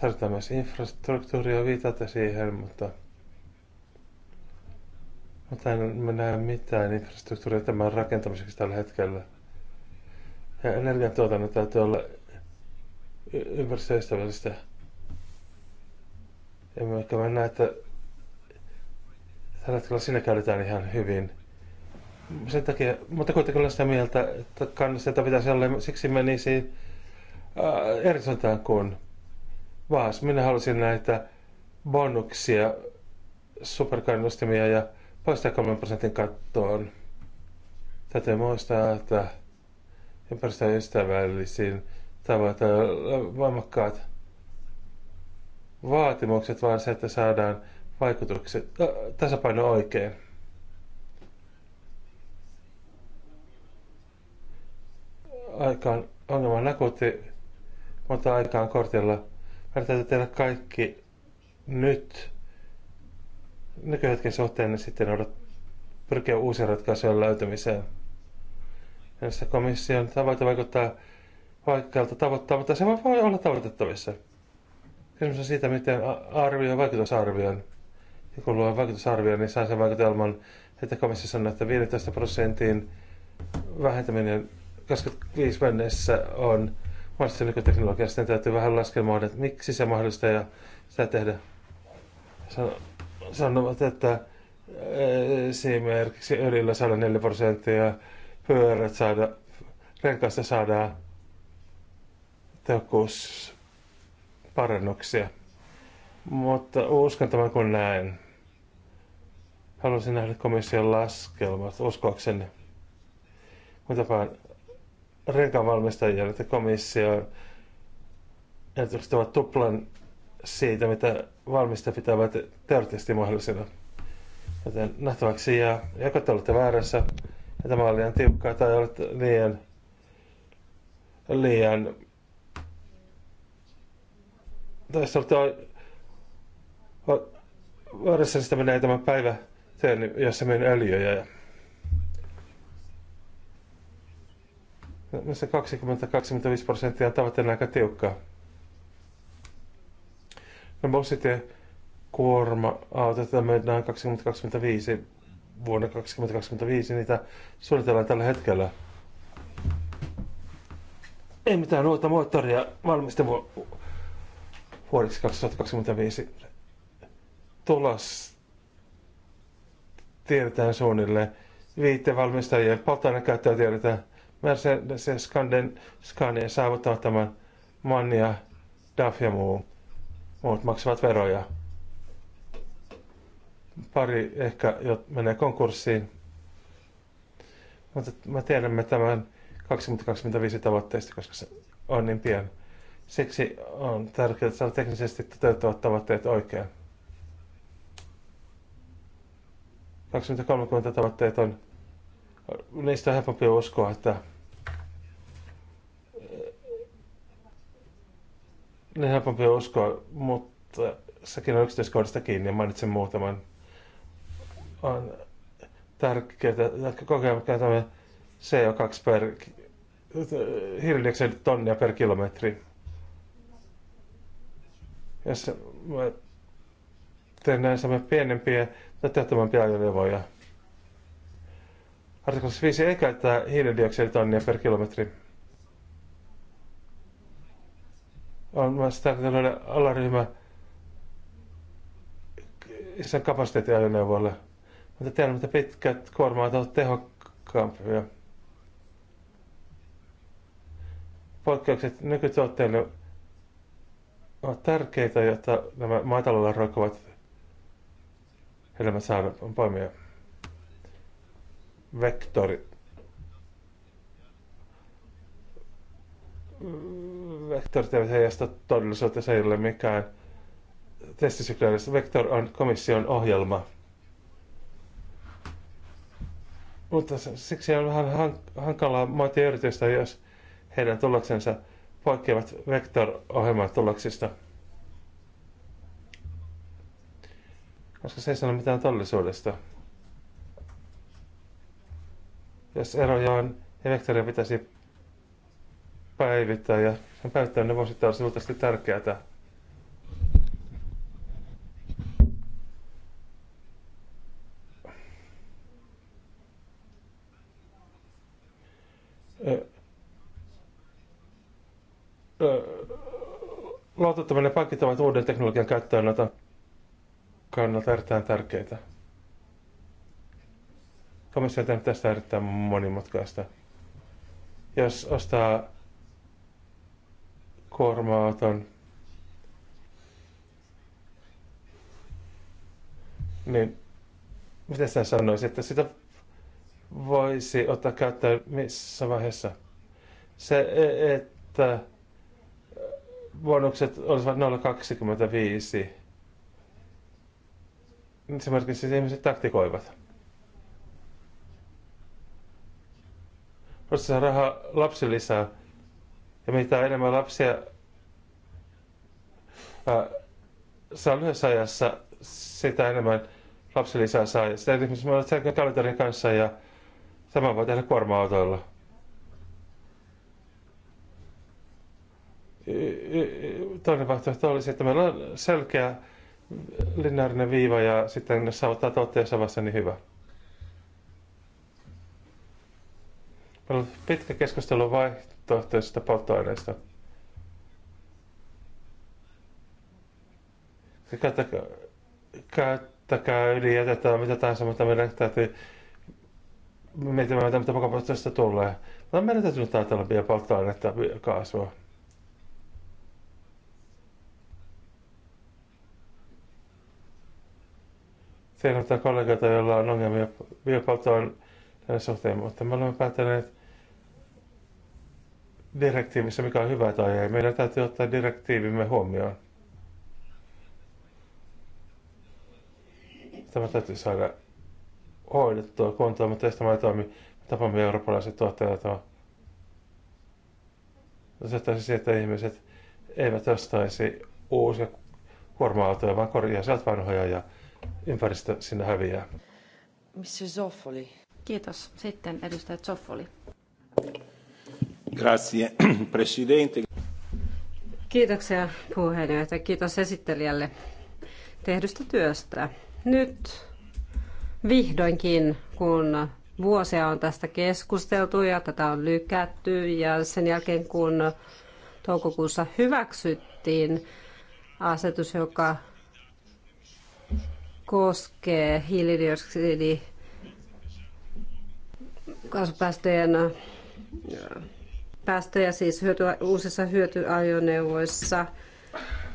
Tarvitaan myös infrastruktuuria viitata siihen, mutta, mutta en mä näe mitään infrastruktuuria tämän rakentamiseksi tällä hetkellä. Ja energiantuotannon täytyy olla ympäristöystävällistä. mä ehkä näe, että tällä hetkellä siinä käytetään ihan hyvin. Sen takia, mutta kuitenkin olen sitä mieltä, että kannusteita pitäisi olla, siksi menisi äh, eri suuntaan kuin vaas. Minä halusin näitä bonuksia, superkannustimia ja poistaa 3 prosentin kattoon. Täytyy muistaa, että ympäristöystävällisin tavoite voimakkaat vaatimukset, vaan se, että saadaan vaikutukset, tasapaino oikein. Aikaan ongelma on akuutti, mutta aikaan kortilla. Meidän täytyy tehdä kaikki nyt nykyhetken suhteen niin sitten odot, pyrkiä uusien ratkaisujen löytämiseen. Näissä komission tavoite vaikuttaa vaikealta tavoittaa, mutta se voi olla tavoitettavissa. Kysymys on siitä, miten arvioi vaikutusarvion. Ja kun luo vaikutusarvion, niin saa sen vaikutelman, että komissio sanoo, että 15 prosentin vähentäminen 25 mennessä on mahdollista nykyteknologiaa. Sitten täytyy vähän laskelmoida, että miksi se mahdollista ja sitä tehdä. Sanovat, että esimerkiksi öljyllä saadaan 4 prosenttia, pyörät saada, renkaista saadaan tehokkuusparannuksia. Mutta uskon tämän kun näen. Haluaisin nähdä komission laskelmat, uskoakseni. Mä tapaan renkaanvalmistajia, että komissio ehdotukset ovat tuplan siitä, mitä valmistajat pitävät teoreettisesti mahdollisena. Joten nähtäväksi jää, joko te olette väärässä että tämä on liian tiukkaa tai olette liian, liian tuo... vuodessa sitä menee tämä päivä teen, niin jossa menen öljyjä. Ja... No, no Missä 20-25 prosenttia on tavoitteena aika tiukkaa. No bussit ja kuorma-autot, meillä on 2025 vuonna 2025, niitä suunnitellaan tällä hetkellä. Ei mitään uutta moottoria valmistelua vuodeksi 2025 tulos tiedetään suunnilleen. Viitevalmistajien käyttöä tiedetään. Mercedes ja Skanden, Scania saavuttavat tämän Mannia, DAF ja muu. Muut maksavat veroja. Pari ehkä jo menee konkurssiin. Mutta me tiedämme tämän 2025 tavoitteista, koska se on niin pieni. Siksi on tärkeää saada teknisesti toteuttavat tavoitteet oikein. 2030 tavoitteet on, niistä on helpompi uskoa, että ne on helpompi uskoa, mutta sekin on yksityiskohdista kiinni ja mainitsen muutaman. On tärkeää, että kokeilemme käytämme CO2 per hiilidioksidi tonnia per kilometri jos tehdään semmoinen pienempiä tai tehtävämpiä ajoneuvoja. Artiklassa 5 ei käyttää hiilidioksiditonnia per kilometri. On myös tällainen löydä alaryhmä sen kapasiteetin ajoneuvoille. Mutta tiedän, että pitkät kuormaat ovat tehokkaampia. Poikkeukset nykytuotteille ovat tärkeitä, jotta nämä maatalolla roikkuvat hedelmät saadaan poimia. Vektori. Vektorit eivät heijasta todellisuutta, se ei ole mikään testisykleellistä. Vektor on komission ohjelma. Mutta siksi on vähän hankalaa moittia yritystä, jos heidän tuloksensa – poikkeavat vektor ohjelman tuloksista. Koska se ei sano mitään todellisuudesta. Jos eroja on, ja vektoria pitäisi päivittää ja sen päivittäminen niin voisi olla luultavasti tärkeää Luotottaminen pankit ovat uuden teknologian käyttöönoton kannalta erittäin tärkeitä. Komissio on tehnyt tästä erittäin monimutkaista. Jos ostaa kuorma-auton, niin miten sinä sanoisit, että sitä voisi ottaa käyttöön missä vaiheessa? Se, e, että bonukset olisivat 0,25. Se merkitsee, että ihmiset taktikoivat. Voisi saada rahaa lapsilisää. Ja mitä enemmän lapsia ää, äh, saa lyhyessä ajassa, sitä enemmän lapsilisää saa. Ja sitä esimerkiksi me olemme kalenterin kanssa ja saman voi tehdä kuorma-autoilla. toinen vaihtoehto olisi, että meillä on selkeä lineaarinen viiva ja sitten ne saavuttaa tavoitteensa vasta, niin hyvä. Meillä on pitkä keskustelu vaihtoehtoisista polttoaineista. Käyttäkää, käyttäkää yli jätettä mitä tahansa, mutta meidän täytyy miettimään, mitä pakopolttoista tulee. meidän täytyy nyt ajatella biopolttoainetta, kaasua. ottaa kollegoita, joilla on ongelmia biopolttoon suhteen, mutta me olemme päättäneet direktiivissä, mikä on hyvä tai ei. Meidän täytyy ottaa direktiivimme huomioon. Tämä täytyy saada hoidettua kuntoon, mutta tämä ei toimi. Tapamme eurooppalaiset tuottajat. taisi se, että ihmiset eivät ostaisi uusia kuorma-autoja, vaan sieltä vanhoja ja ympäristö sinne häviää. Mr. Zoffoli. Kiitos. Sitten edustaja Zoffoli. Grazie, presidente. Kiitoksia puheenjohtaja. Kiitos esittelijälle tehdystä työstä. Nyt vihdoinkin, kun vuosia on tästä keskusteltu ja tätä on lykätty ja sen jälkeen kun toukokuussa hyväksyttiin asetus, joka koskee hiilidioksidi kaasupäästöjen päästöjä siis hyöty, uusissa hyötyajoneuvoissa.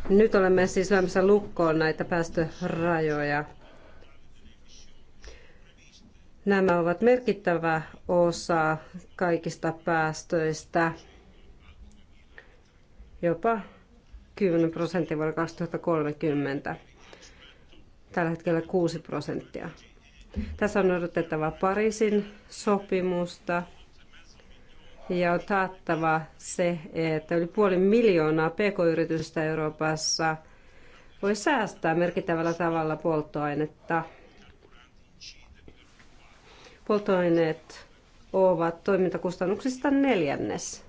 Nyt olemme siis lyömässä lukkoon näitä päästörajoja. Nämä ovat merkittävä osa kaikista päästöistä, jopa 10 prosenttia vuonna 2030 tällä hetkellä 6 prosenttia. Tässä on odotettava Pariisin sopimusta ja on taattava se, että yli puoli miljoonaa pk-yritystä Euroopassa voi säästää merkittävällä tavalla polttoainetta. Polttoaineet ovat toimintakustannuksista neljännes.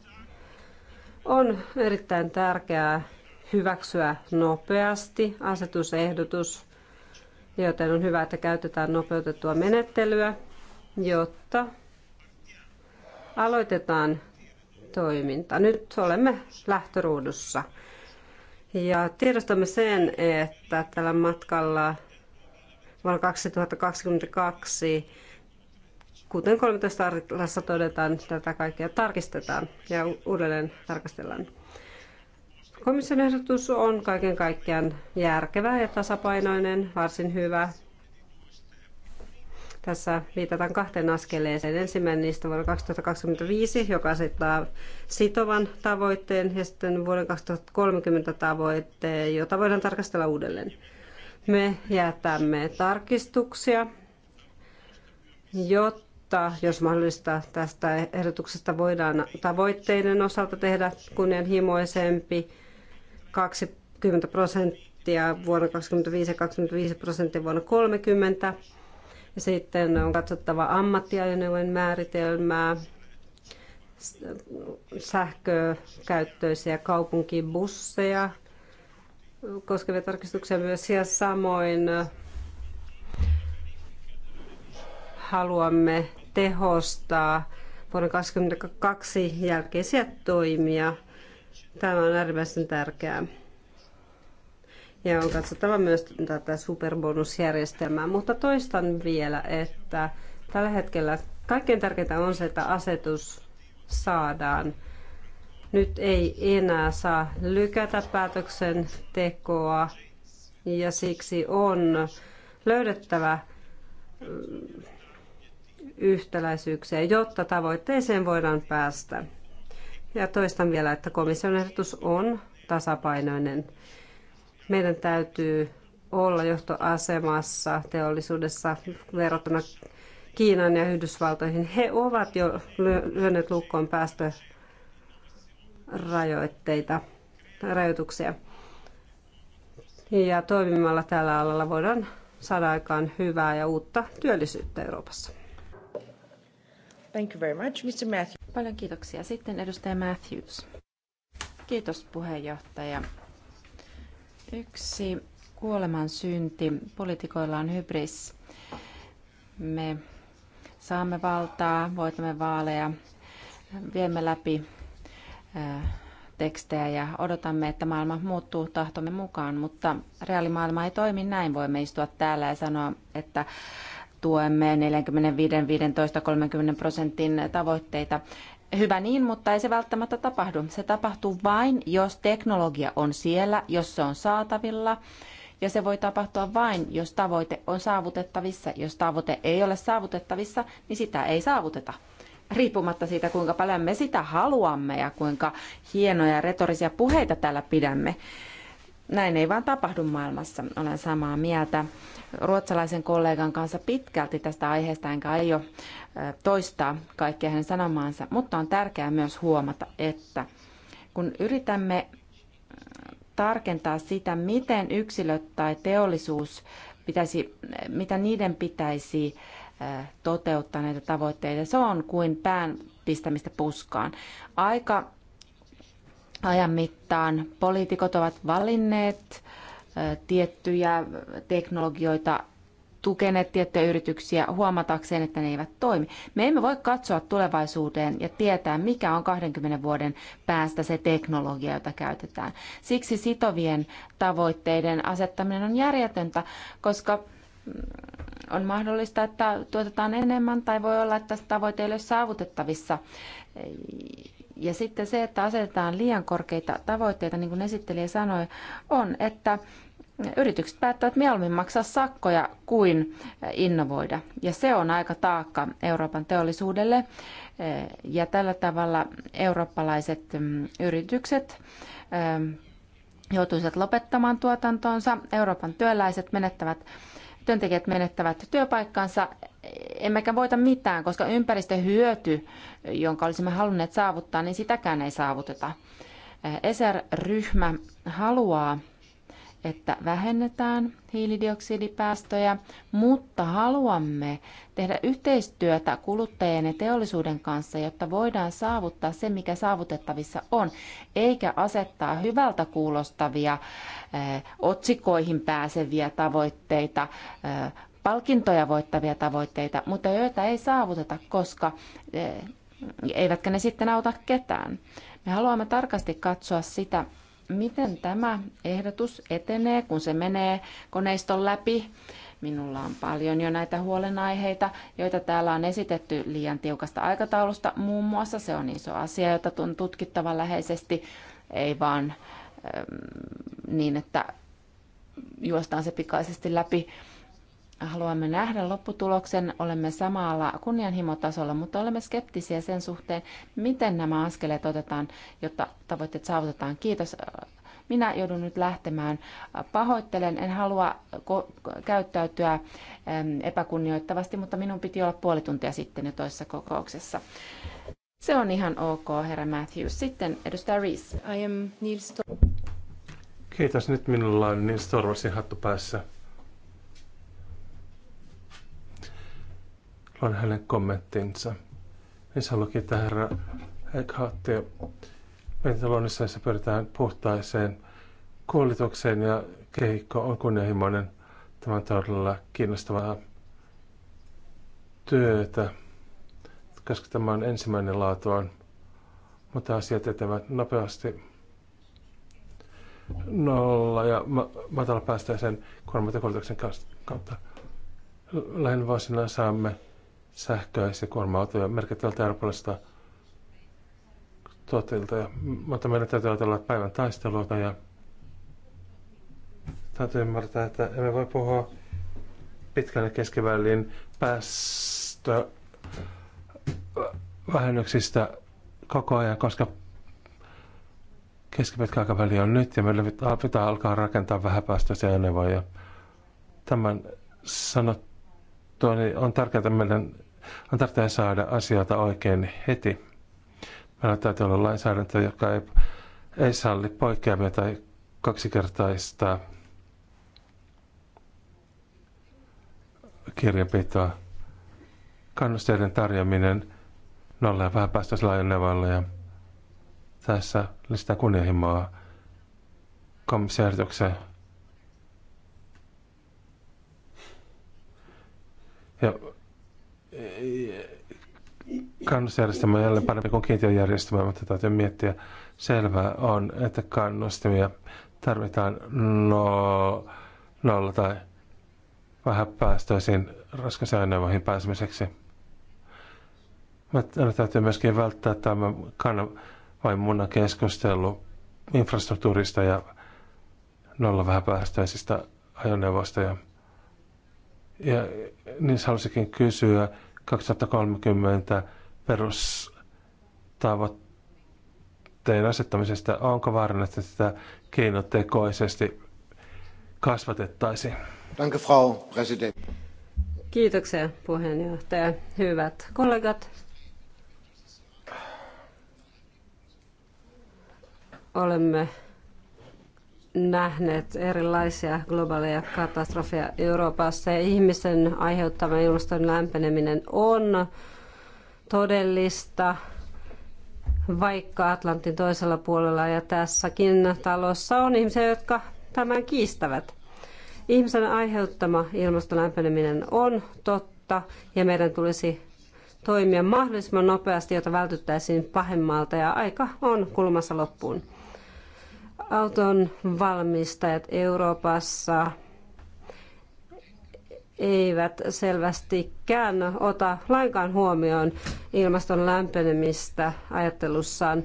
On erittäin tärkeää hyväksyä nopeasti asetusehdotus, joten on hyvä, että käytetään nopeutettua menettelyä, jotta aloitetaan toiminta. Nyt olemme lähtöruudussa. Ja tiedostamme sen, että tällä matkalla vuonna 2022, kuten 13 artiklassa todetaan, tätä kaikkea tarkistetaan ja uudelleen tarkastellaan. Komission ehdotus on kaiken kaikkiaan järkevä ja tasapainoinen, varsin hyvä. Tässä viitataan kahteen askeleeseen. Ensimmäinen niistä vuonna 2025, joka asettaa sitovan tavoitteen, ja sitten vuoden 2030 tavoitteen, jota voidaan tarkastella uudelleen. Me jätämme tarkistuksia, jotta, jos mahdollista, tästä ehdotuksesta voidaan tavoitteiden osalta tehdä kunnianhimoisempi, 20 prosenttia vuonna 2025 ja 25 prosenttia vuonna 30. Ja sitten on katsottava ammattiajoneuvojen määritelmää, sähkökäyttöisiä kaupunkibusseja koskevia tarkistuksia myös ja samoin haluamme tehostaa vuoden 2022 jälkeisiä toimia – Tämä on äärimmäisen tärkeää. Ja on katsottava myös tätä superbonusjärjestelmää, mutta toistan vielä, että tällä hetkellä kaikkein tärkeintä on se, että asetus saadaan. Nyt ei enää saa lykätä päätöksen tekoa ja siksi on löydettävä mm, yhtäläisyyksiä, jotta tavoitteeseen voidaan päästä. Ja toistan vielä, että komission ehdotus on tasapainoinen. Meidän täytyy olla johtoasemassa teollisuudessa verrattuna Kiinan ja Yhdysvaltoihin. He ovat jo lyöneet lukkoon päästörajoitteita, rajoituksia. Ja toimimalla tällä alalla voidaan saada aikaan hyvää ja uutta työllisyyttä Euroopassa. Thank you very much, Mr. Matthews. Paljon kiitoksia. Sitten edustaja Matthews. Kiitos puheenjohtaja. Yksi kuoleman synti poliitikoilla on hybris. Me saamme valtaa, voitamme vaaleja, viemme läpi tekstejä ja odotamme, että maailma muuttuu tahtomme mukaan, mutta reaalimaailma ei toimi näin. Voimme istua täällä ja sanoa, että tuemme 45, 15, 30 prosentin tavoitteita. Hyvä niin, mutta ei se välttämättä tapahdu. Se tapahtuu vain, jos teknologia on siellä, jos se on saatavilla. Ja se voi tapahtua vain, jos tavoite on saavutettavissa. Jos tavoite ei ole saavutettavissa, niin sitä ei saavuteta riippumatta siitä, kuinka paljon me sitä haluamme ja kuinka hienoja retorisia puheita täällä pidämme. Näin ei vaan tapahdu maailmassa, olen samaa mieltä ruotsalaisen kollegan kanssa pitkälti tästä aiheesta, enkä aio toistaa kaikkea hänen sanomaansa, mutta on tärkeää myös huomata, että kun yritämme tarkentaa sitä, miten yksilöt tai teollisuus pitäisi, mitä niiden pitäisi toteuttaa näitä tavoitteita. Se on kuin pään pistämistä puskaan. Aika ajan mittaan poliitikot ovat valinneet tiettyjä teknologioita tukeneet tiettyjä yrityksiä huomatakseen, että ne eivät toimi. Me emme voi katsoa tulevaisuuteen ja tietää, mikä on 20 vuoden päästä se teknologia, jota käytetään. Siksi sitovien tavoitteiden asettaminen on järjetöntä, koska mm, on mahdollista, että tuotetaan enemmän tai voi olla, että tavoite ei ole saavutettavissa. Ja sitten se, että asetetaan liian korkeita tavoitteita, niin kuin esittelijä sanoi, on, että yritykset päättävät mieluummin maksaa sakkoja kuin innovoida. Ja se on aika taakka Euroopan teollisuudelle. Ja tällä tavalla eurooppalaiset mm, yritykset ähm, joutuisivat lopettamaan tuotantonsa. Euroopan työläiset menettävät, työntekijät menettävät työpaikkansa, emmekä voita mitään, koska ympäristöhyöty, jonka olisimme halunneet saavuttaa, niin sitäkään ei saavuteta. Äh, ESER-ryhmä haluaa että vähennetään hiilidioksidipäästöjä, mutta haluamme tehdä yhteistyötä kuluttajien ja teollisuuden kanssa, jotta voidaan saavuttaa se, mikä saavutettavissa on, eikä asettaa hyvältä kuulostavia eh, otsikoihin pääseviä tavoitteita, eh, palkintoja voittavia tavoitteita, mutta joita ei saavuteta, koska eh, eivätkä ne sitten auta ketään. Me haluamme tarkasti katsoa sitä, miten tämä ehdotus etenee, kun se menee koneiston läpi. Minulla on paljon jo näitä huolenaiheita, joita täällä on esitetty liian tiukasta aikataulusta. Muun muassa se on iso asia, jota on tutkittava läheisesti, ei vaan ähm, niin, että juostaan se pikaisesti läpi haluamme nähdä lopputuloksen, olemme samalla kunnianhimotasolla, mutta olemme skeptisiä sen suhteen, miten nämä askeleet otetaan, jotta tavoitteet saavutetaan. Kiitos. Minä joudun nyt lähtemään. Pahoittelen, en halua käyttäytyä epäkunnioittavasti, mutta minun piti olla puoli tuntia sitten jo toisessa kokouksessa. Se on ihan ok, herra Matthews. Sitten edustaja Rees. I am Nils Kiitos. Nyt minulla on Nils Torvasin hattu päässä. luen hänen kommenttinsa. Ensin luki kiittää herra Eckhartia. Pentalonissa pyritään puhtaiseen kuolitukseen ja kehikko on kunnianhimoinen. Tämä on todella kiinnostavaa työtä, koska tämä on ensimmäinen laatuaan, mutta asiat etävät nopeasti nolla ja matala päästäisen kuormatekoulutuksen kautta. vuosina saamme sähköisiä kuorma-autoja merkittävältä eurooppalaisilta tuotteilta. Mutta meidän täytyy ajatella päivän taisteluita ja täytyy ymmärtää, että emme voi puhua pitkälle keskivälin päästö vähennyksistä koko ajan, koska keskipitkä aikaväli on nyt ja meillä pitää alkaa rakentaa vähäpäästöisiä ajoneuvoja. Tämän sanottua niin on tärkeää meidän on tärkeää saada asioita oikein heti. Meillä täytyy olla lainsäädäntö, joka ei, ei salli poikkeamia tai kaksikertaista kirjanpitoa. Kannusteiden tarjoaminen nolla ja vähän päästäisiin laajenevalle ja tässä lisää kunnianhimoa komissiaehdotukseen. Ja kannustajärjestelmä on jälleen parempi kuin kiintiöjärjestelmä, mutta täytyy miettiä. Selvää on, että kannustimia tarvitaan no, nolla tai vähän päästöisiin raskasaineuvoihin pääsemiseksi. Mutta täytyy myöskin välttää tämä kannan vai munan keskustelu infrastruktuurista ja nolla vähäpäästöisistä ajoneuvoista. Ja, ja niin halusikin kysyä, 2030 perustavoitteen asettamisesta, onko vaarana, että sitä keinotekoisesti kasvatettaisiin? Danke, Frau Kiitoksia puheenjohtaja. Hyvät kollegat. Olemme nähneet erilaisia globaaleja katastrofeja Euroopassa ja ihmisen aiheuttama ilmaston lämpeneminen on todellista, vaikka Atlantin toisella puolella ja tässäkin talossa on ihmisiä, jotka tämän kiistävät. Ihmisen aiheuttama ilmaston lämpeneminen on totta ja meidän tulisi toimia mahdollisimman nopeasti, jotta vältyttäisiin pahemmalta ja aika on kulmassa loppuun. Auton valmistajat Euroopassa eivät selvästikään ota lainkaan huomioon ilmaston lämpenemistä ajattelussaan,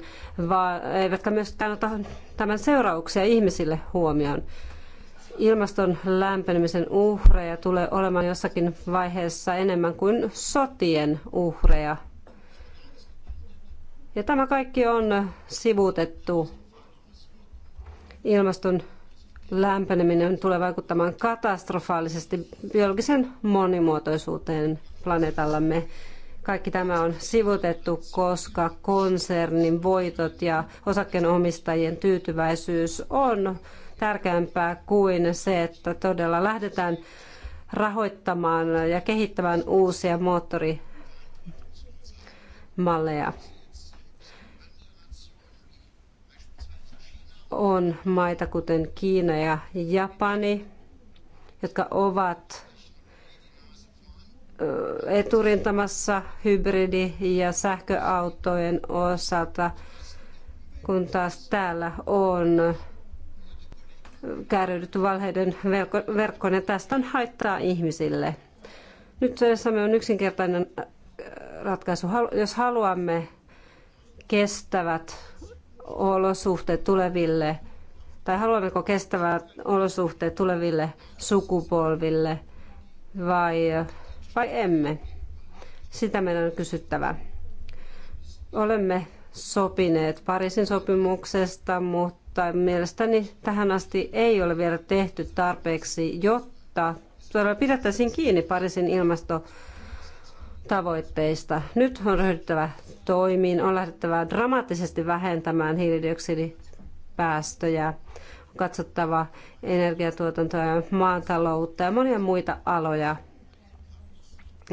vaan eivätkä myöskään ota tämän seurauksia ihmisille huomioon. Ilmaston lämpenemisen uhreja tulee olemaan jossakin vaiheessa enemmän kuin sotien uhreja. Ja tämä kaikki on sivutettu ilmaston lämpeneminen tulee vaikuttamaan katastrofaalisesti biologisen monimuotoisuuteen planeetallamme. Kaikki tämä on sivutettu, koska konsernin voitot ja osakkeenomistajien tyytyväisyys on tärkeämpää kuin se, että todella lähdetään rahoittamaan ja kehittämään uusia moottorimalleja. on maita kuten Kiina ja Japani, jotka ovat eturintamassa hybridi- ja sähköautojen osalta, kun taas täällä on kärrydytty valheiden verkkoon ja tästä on haittaa ihmisille. Nyt se on yksinkertainen ratkaisu. Jos haluamme kestävät olosuhteet tuleville, tai haluammeko kestävät olosuhteet tuleville sukupolville vai, vai emme? Sitä meidän on kysyttävä. Olemme sopineet Pariisin sopimuksesta, mutta mielestäni tähän asti ei ole vielä tehty tarpeeksi, jotta pidettäisiin kiinni Pariisin ilmasto tavoitteista. Nyt on ryhdyttävä toimiin, on lähdettävä dramaattisesti vähentämään hiilidioksidipäästöjä, on katsottava energiatuotantoa ja maataloutta ja monia muita aloja,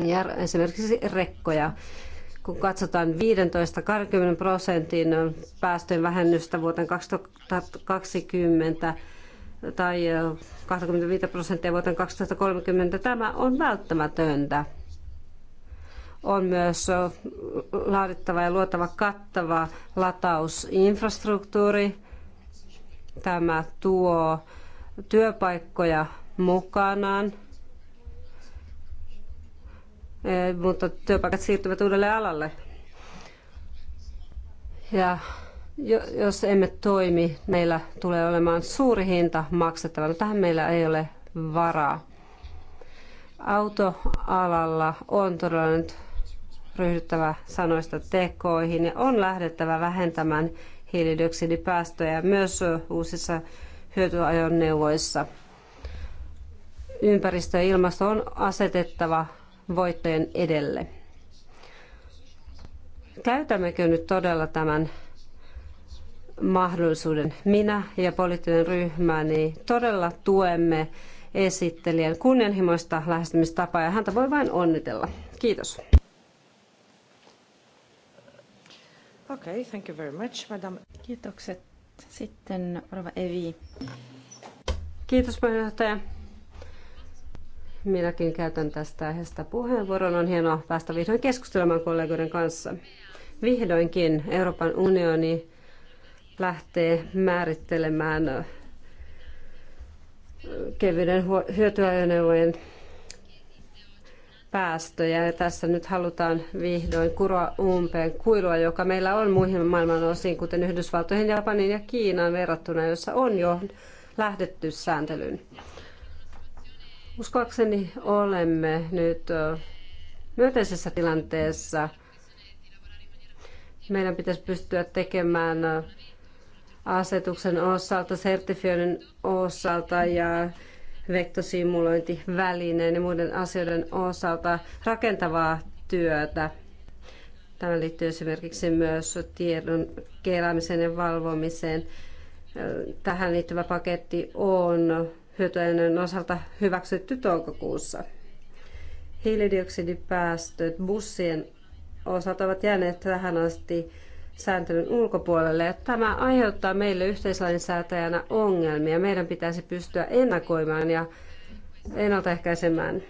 ja esimerkiksi rekkoja. Kun katsotaan 15-20 prosentin päästöjen vähennystä vuoteen 2020, tai 25 prosenttia vuoteen 2030. Tämä on välttämätöntä on myös laadittava ja luotava kattava latausinfrastruktuuri. Tämä tuo työpaikkoja mukanaan, e, mutta työpaikat siirtyvät uudelle alalle. Ja jos emme toimi, meillä tulee olemaan suuri hinta maksettavana. Tähän meillä ei ole varaa autoalalla on todella nyt ryhdyttävä sanoista tekoihin ja on lähdettävä vähentämään hiilidioksidipäästöjä myös uusissa hyötyajoneuvoissa. Ympäristö ja ilmasto on asetettava voittojen edelle. Käytämmekö nyt todella tämän mahdollisuuden? Minä ja poliittinen ryhmäni todella tuemme esittelijän kunnianhimoista lähestymistapaa ja häntä voi vain onnitella. Kiitos. Okay, thank you very much, madam. Kiitokset. Sitten Rova Evi. Kiitos puheenjohtaja. Minäkin käytän tästä aiheesta puheenvuoron. On hienoa päästä vihdoin keskustelemaan kollegoiden kanssa. Vihdoinkin Euroopan unioni lähtee määrittelemään kevyiden hyötyajoneuvojen päästöjä. Ja tässä nyt halutaan vihdoin kuroa umpeen kuilua, joka meillä on muihin maailman osiin, kuten Yhdysvaltoihin, Japaniin ja Kiinaan verrattuna, jossa on jo lähdetty sääntelyyn. Uskoakseni olemme nyt myönteisessä tilanteessa. Meidän pitäisi pystyä tekemään asetuksen osalta, sertifioinnin osalta ja vektosimulointivälineen ja muiden asioiden osalta rakentavaa työtä. Tämä liittyy esimerkiksi myös tiedon keräämiseen ja valvomiseen. Tähän liittyvä paketti on hyötyäinen osalta hyväksytty toukokuussa. Hiilidioksidipäästöt bussien osalta ovat jääneet tähän asti sääntelyn ulkopuolelle. Ja tämä aiheuttaa meille yhteislainsäätäjänä ongelmia. Meidän pitäisi pystyä ennakoimaan ja ennaltaehkäisemään.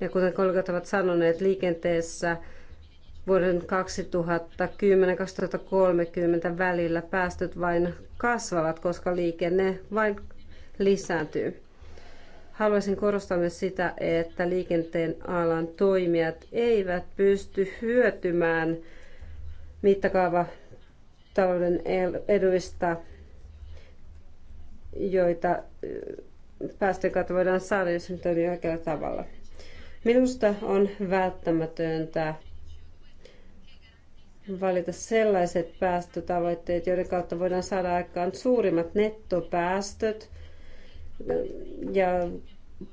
Ja kuten kollegat ovat sanoneet, liikenteessä vuoden 2010-2030 välillä päästöt vain kasvavat, koska liikenne vain lisääntyy. Haluaisin korostaa myös sitä, että liikenteen alan toimijat eivät pysty hyötymään mittakaava talouden eduista, joita päästöjen kautta voidaan saada, jos ne toimii oikealla tavalla. Minusta on välttämätöntä valita sellaiset päästötavoitteet, joiden kautta voidaan saada aikaan suurimmat nettopäästöt – ja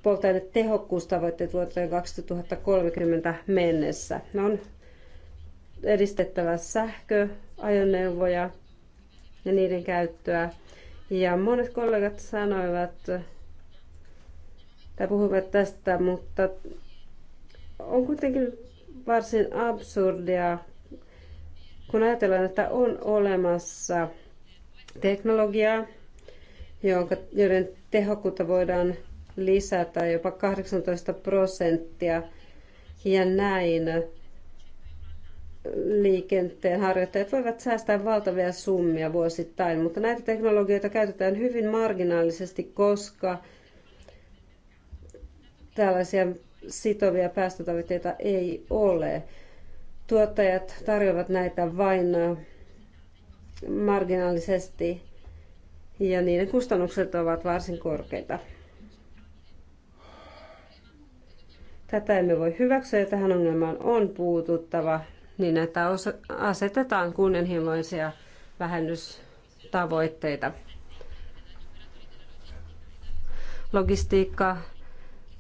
polttoainetehokkuustavoitteet vuoteen 2030 mennessä. On edistettävä sähköajoneuvoja ja niiden käyttöä. Ja monet kollegat sanoivat tai puhuivat tästä, mutta on kuitenkin varsin absurdia, kun ajatellaan, että on olemassa teknologiaa, joiden tehokkuutta voidaan lisätä jopa 18 prosenttia ja näin liikenteen harjoittajat voivat säästää valtavia summia vuosittain, mutta näitä teknologioita käytetään hyvin marginaalisesti, koska tällaisia sitovia päästötavoitteita ei ole. Tuottajat tarjoavat näitä vain marginaalisesti ja niiden kustannukset ovat varsin korkeita. Tätä emme voi hyväksyä ja tähän ongelmaan on puututtava niin, että asetetaan kunnianhimoisia vähennystavoitteita. Logistiikka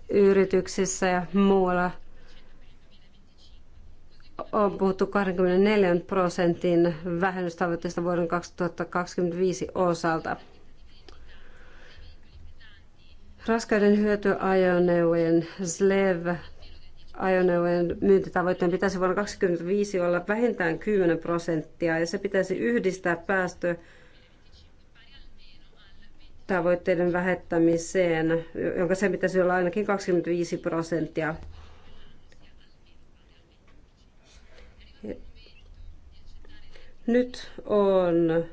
yrityksissä ja muualla – on puhuttu 24 prosentin vähennystavoitteesta vuoden 2025 osalta. Raskaiden hyötyajoneuvojen SLEV ajoneuvojen myyntitavoitteen pitäisi vuonna 2025 olla vähintään 10 prosenttia ja se pitäisi yhdistää päästö tavoitteiden vähettämiseen, jonka sen pitäisi olla ainakin 25 prosenttia. Nyt on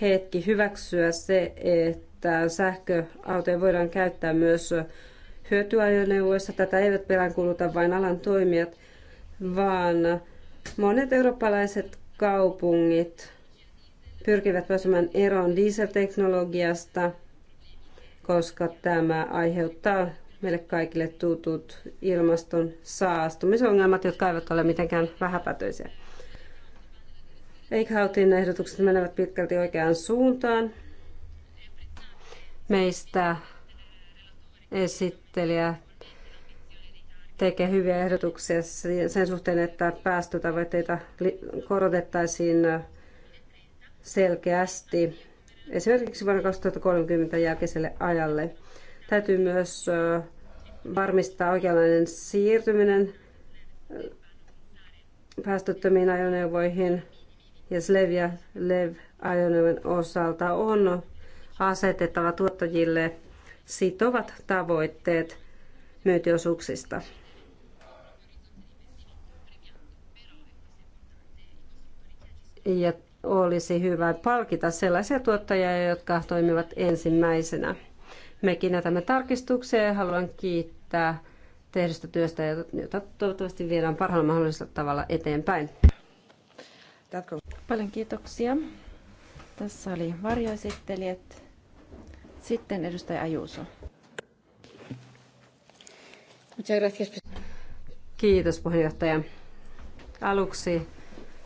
hetki hyväksyä se, että sähköautoja voidaan käyttää myös hyötyajoneuvoissa. Tätä eivät peräänkuuluta vain alan toimijat, vaan monet eurooppalaiset kaupungit pyrkivät pääsemään eroon dieselteknologiasta, koska tämä aiheuttaa meille kaikille tutut ilmaston saastumisongelmat, jotka eivät ole mitenkään vähäpätöisiä. Eichhautin ehdotukset menevät pitkälti oikeaan suuntaan. Meistä esittelijä tekee hyviä ehdotuksia sen suhteen, että päästötavoitteita korotettaisiin selkeästi esimerkiksi vuonna 2030 jälkeiselle ajalle. Täytyy myös varmistaa oikeanlainen siirtyminen päästöttömiin ajoneuvoihin – ja SLEV ja lev ajoneuvon osalta on asetettava tuottajille sitovat tavoitteet myyntiosuuksista. Ja olisi hyvä palkita sellaisia tuottajia, jotka toimivat ensimmäisenä. Mekin jätämme tarkistuksia ja haluan kiittää tehdystä työstä, jota toivottavasti viedään parhaalla mahdollisella tavalla eteenpäin. Paljon kiitoksia. Tässä oli varjoesittelijät. Sitten edustaja Ajuuso. Kiitos puheenjohtaja. Aluksi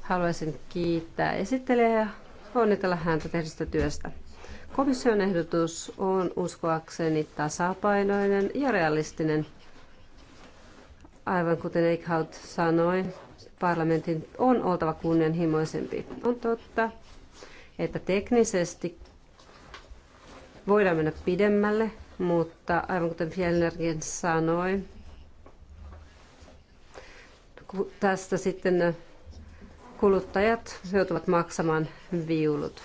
haluaisin kiittää esittelijää ja onnitella häntä tehdystä työstä. Komission ehdotus on uskoakseni tasapainoinen ja realistinen. Aivan kuten Eichhout sanoi, parlamentin on oltava kunnianhimoisempi. On totta, että teknisesti voidaan mennä pidemmälle, mutta aivan kuten Fjellnerkin sanoi, tästä sitten kuluttajat joutuvat maksamaan viulut.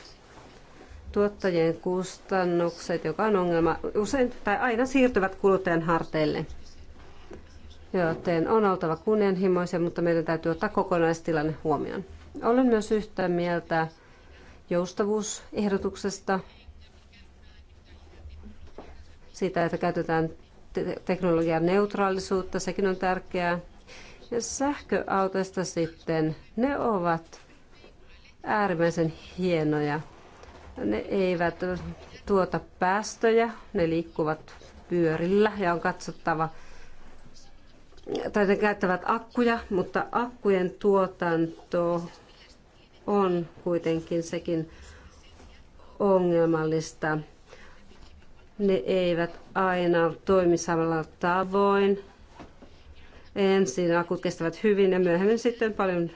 Tuottajien kustannukset, joka on ongelma, usein tai aina siirtyvät kuluttajan harteille joten on oltava kunnianhimoisia, mutta meidän täytyy ottaa kokonaistilanne huomioon. Olen myös yhtä mieltä joustavuusehdotuksesta, siitä, että käytetään te- teknologian neutraalisuutta, sekin on tärkeää. Ja sähköautoista sitten, ne ovat äärimmäisen hienoja. Ne eivät tuota päästöjä, ne liikkuvat pyörillä ja on katsottava, tai ne käyttävät akkuja, mutta akkujen tuotanto on kuitenkin sekin ongelmallista. Ne eivät aina toimi samalla tavoin. Ensin akut kestävät hyvin ja myöhemmin sitten paljon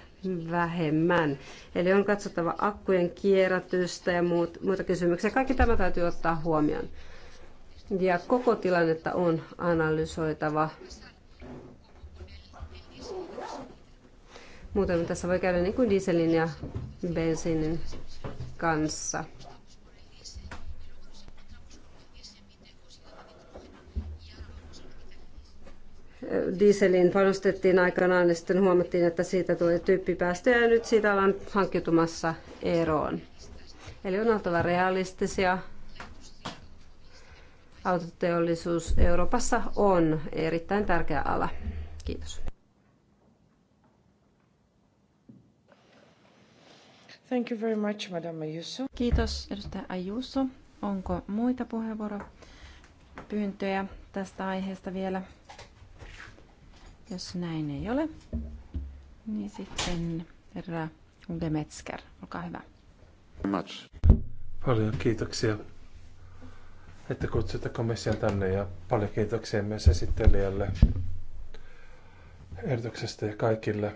vähemmän. Eli on katsottava akkujen kierrätystä ja muut, muita kysymyksiä. Kaikki tämä täytyy ottaa huomioon. Ja koko tilannetta on analysoitava Muuten tässä voi käydä niin kuin dieselin ja bensiinin kanssa. Dieselin panostettiin aikanaan ja sitten huomattiin, että siitä tulee tyyppipäästöjä ja nyt siitä ollaan hankkiutumassa eroon. Eli on oltava realistisia. Autoteollisuus Euroopassa on erittäin tärkeä ala. Kiitos. Thank you very much, Ayuso. Kiitos, edustaja Ayuso. Onko muita puheenvuoropyyntöjä tästä aiheesta vielä? Jos näin ei ole, niin sitten herra Demetsker, olkaa hyvä. Much. Paljon kiitoksia, että kutsutte komission tänne ja paljon kiitoksia myös esittelijälle ehdotuksesta ja kaikille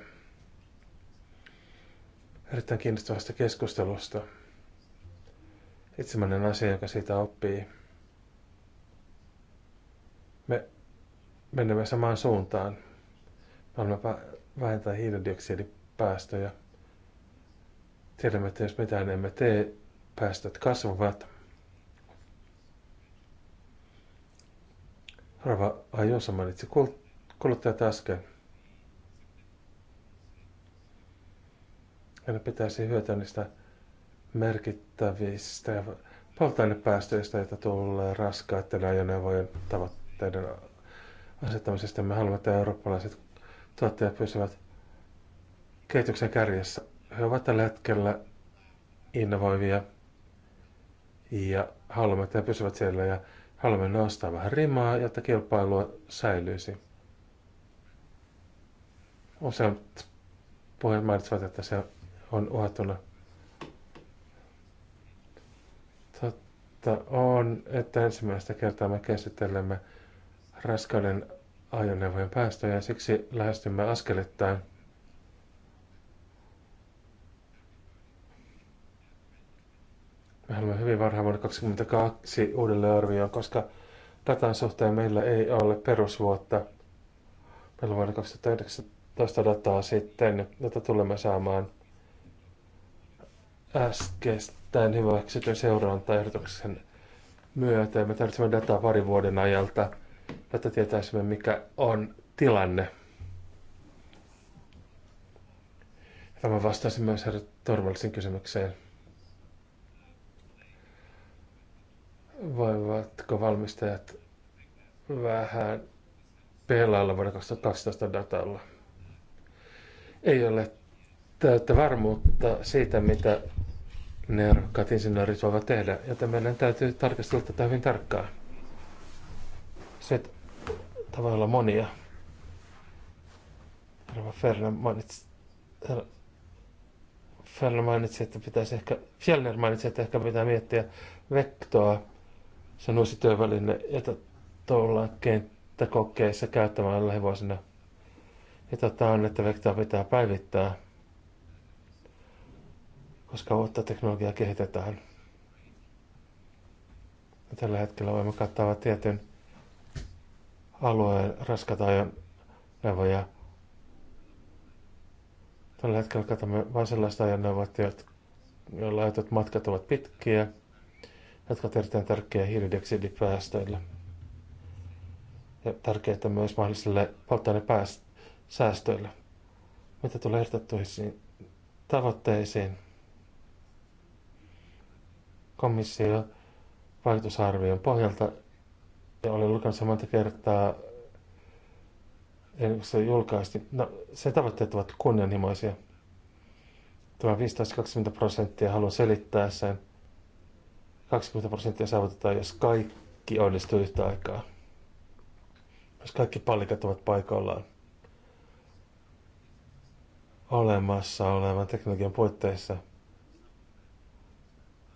erittäin kiinnostavasta keskustelusta. Itsemäinen asia, joka siitä oppii. Me menemme samaan suuntaan. Me haluamme vähentää hiilidioksidipäästöjä. Tiedämme, että jos mitään emme tee, päästöt kasvavat. Rava Ajosa mainitsi kuluttajat äsken. Meidän pitäisi hyötyä niistä merkittävistä polttoainepäästöistä, joita tulee raskaiden ajoneuvojen tavoitteiden asettamisesta. Me haluamme, että eurooppalaiset tuottajat pysyvät kehityksen kärjessä. He ovat tällä hetkellä innovoivia ja haluamme, että he pysyvät siellä ja haluamme nostaa vähän rimaa, jotta kilpailua säilyisi. Useat puheet mainitsivat, että se on uhattuna. Totta on, että ensimmäistä kertaa me käsittelemme raskauden ajoneuvojen päästöjä ja siksi lähestymme askelittain Me haluamme hyvin varhain vuonna 2022 uudelleen arvioon, koska datan suhteen meillä ei ole perusvuotta. Meillä on vuonna 2019 dataa sitten, jota tulemme saamaan äskeistään hyväksytyn seurantaehdotuksen myötä. Me tarvitsemme dataa parin vuoden ajalta, jotta tietäisimme, mikä on tilanne. Tämä vastasi myös herra Torvaldsin kysymykseen. Voivatko valmistajat vähän pelailla vuoden 2012 datalla? Ei ole täyttä varmuutta siitä, mitä nerokkaat insinöörit voivat tehdä, joten meidän täytyy tarkastella tätä hyvin tarkkaan. Se voi olla monia. Rava Ferner mainitsi, Ferner mainitsi, että pitäisi ehkä, Fjellner mainitsi, että ehkä pitää miettiä vektoa, sen uusi työväline, jota ollaan kenttäkokeissa käyttämään lähivuosina. Ja tota on, että vektoa pitää päivittää – koska uutta teknologiaa kehitetään. Ja tällä hetkellä voimme kattaa tietyn alueen raskata ajoneuvoja. Tällä hetkellä katsomme vain sellaista ajoneuvoja, joilla ajatut matkat ovat pitkiä, jotka ovat erittäin tärkeä hiilidioksidipäästöille. Ja tärkeitä myös mahdollisille polttoainepäästöille. Mitä tulee ehdotettuihin tavoitteisiin, komissio vaikutusarvion pohjalta ja olen lukenut sen monta kertaa ennen kuin se julkaistiin. No, sen tavoitteet ovat kunnianhimoisia. Tämä 15-20 prosenttia haluan selittää sen. 20 prosenttia saavutetaan, jos kaikki onnistuu yhtä aikaa. Jos kaikki palikat ovat paikallaan olemassa olevan teknologian puitteissa –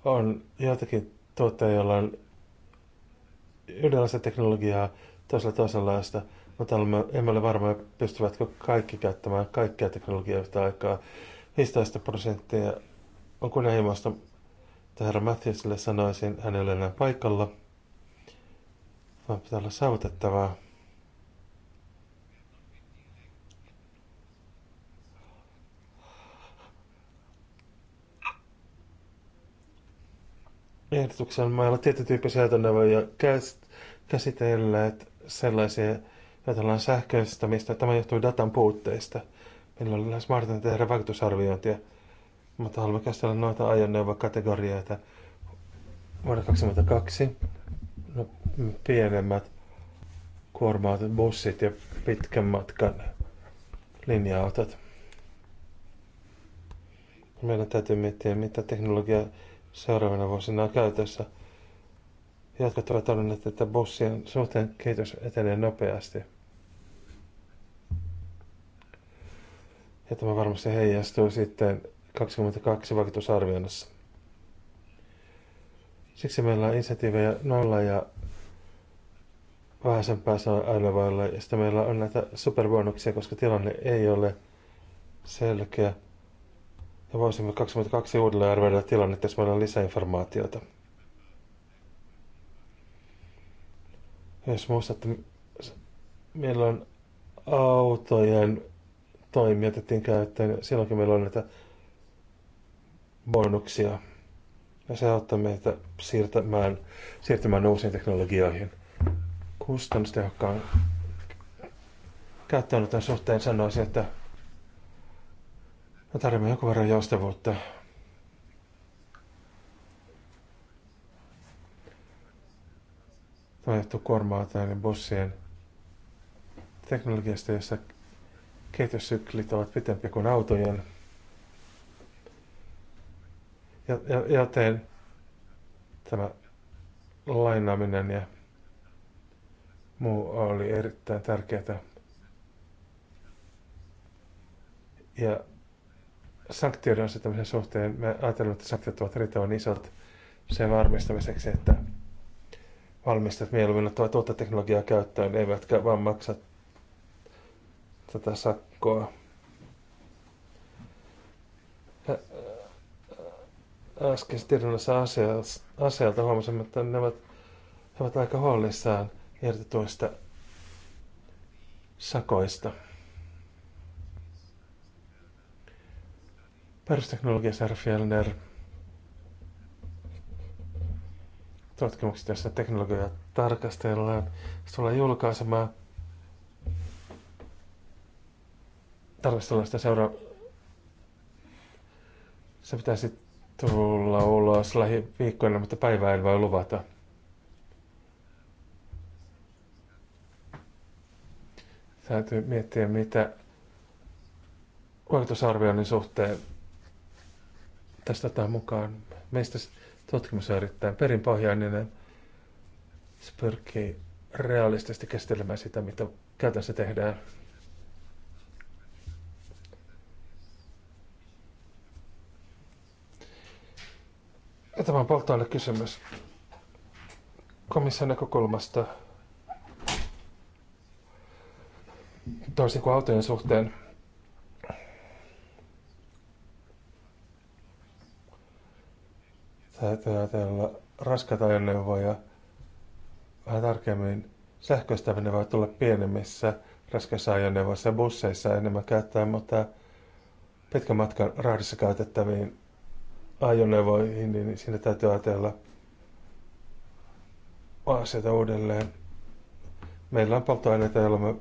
on joitakin tuottajia, joilla on yhdenlaista teknologiaa, toisella toisenlaista, mutta emme ole varmoja, pystyvätkö kaikki käyttämään kaikkia teknologiaa yhtä aikaa. 15 prosenttia on kunnianhimoista. Herra Matthewsille sanoisin, hän ei ole enää paikalla, vaan pitää olla saavutettavaa. ehdotuksen me ollaan tietyn ajoneuvoja käsitelleet sellaisia, joita ollaan sähköistämistä. Tämä johtuu datan puutteista. Meillä oli lähes mahdotonta tehdä vaikutusarviointia, mutta haluamme käsitellä noita ajoneuvokategorioita vuonna 2022. No, pienemmät kuorma bussit ja pitkän matkan linja-autot. Meidän täytyy miettiä, mitä teknologiaa seuraavina vuosina käytössä. Jotkut ovat todenneet, että bussien suhteen kehitys etenee nopeasti. Ja tämä varmasti heijastuu sitten 22 vaikutusarvioinnissa. Siksi meillä on insentiivejä nolla ja sen päässä ajoneuvoille. Ja sitten meillä on näitä superbonuksia, koska tilanne ei ole selkeä ja voisimme 22 uudelleen arvioida tilannetta, jos meillä on lisäinformaatiota. Jos muistatte, meillä on autojen toimia otettiin käyttöön silloinkin meillä on näitä bonuksia. Ja se auttaa meitä siirtämään, siirtymään uusiin teknologioihin. Kustannustehokkaan käyttöönoton suhteen sanoisin, että me tarvitsemme jonkun verran joustavuutta. Tämä kuormaa tänne bussien teknologiasta, jossa kehityssyklit ovat pitempiä kuin autojen. ja Joten tämä lainaaminen ja muu oli erittäin tärkeää. Ja sanktioiden asettamisen suhteen me ajattelemme, että sanktiot ovat riittävän isot sen varmistamiseksi, että valmistajat mieluummin ottavat tuota teknologiaa käyttöön, eivätkä vaan maksa tätä sakkoa. Äskeisessä tiedonnossa asialta huomasin, että ne ovat, he ovat aika huolissaan ehdotetuista sakoista. Perusteknologiasaari Fjellner. Tutkimuksessa tässä teknologiaa tarkastellaan. Sitten tullaan julkaisemaan. Tarkastellaan sitä seuraa. Se pitäisi tulla ulos lähiviikkoina, mutta päivää ei voi luvata. Täytyy miettiä, mitä vaikutusarvioinnin suhteen tästä tämän mukaan. Meistä tutkimus on erittäin perinpohjainen. Se pyrkii realistisesti käsittelemään sitä, mitä käytännössä tehdään. Ja tämä on polttoaine kysymys komission näkökulmasta. Toisin kuin autojen suhteen, täytyy ajatella raskaita ajoneuvoja vähän tarkemmin. Sähköistäminen voi tulla pienemmissä raskaissa ajoneuvoissa ja busseissa enemmän käyttää, mutta pitkän matkan raadissa käytettäviin ajoneuvoihin, niin siinä täytyy ajatella asioita uudelleen. Meillä on polttoaineita, joilla me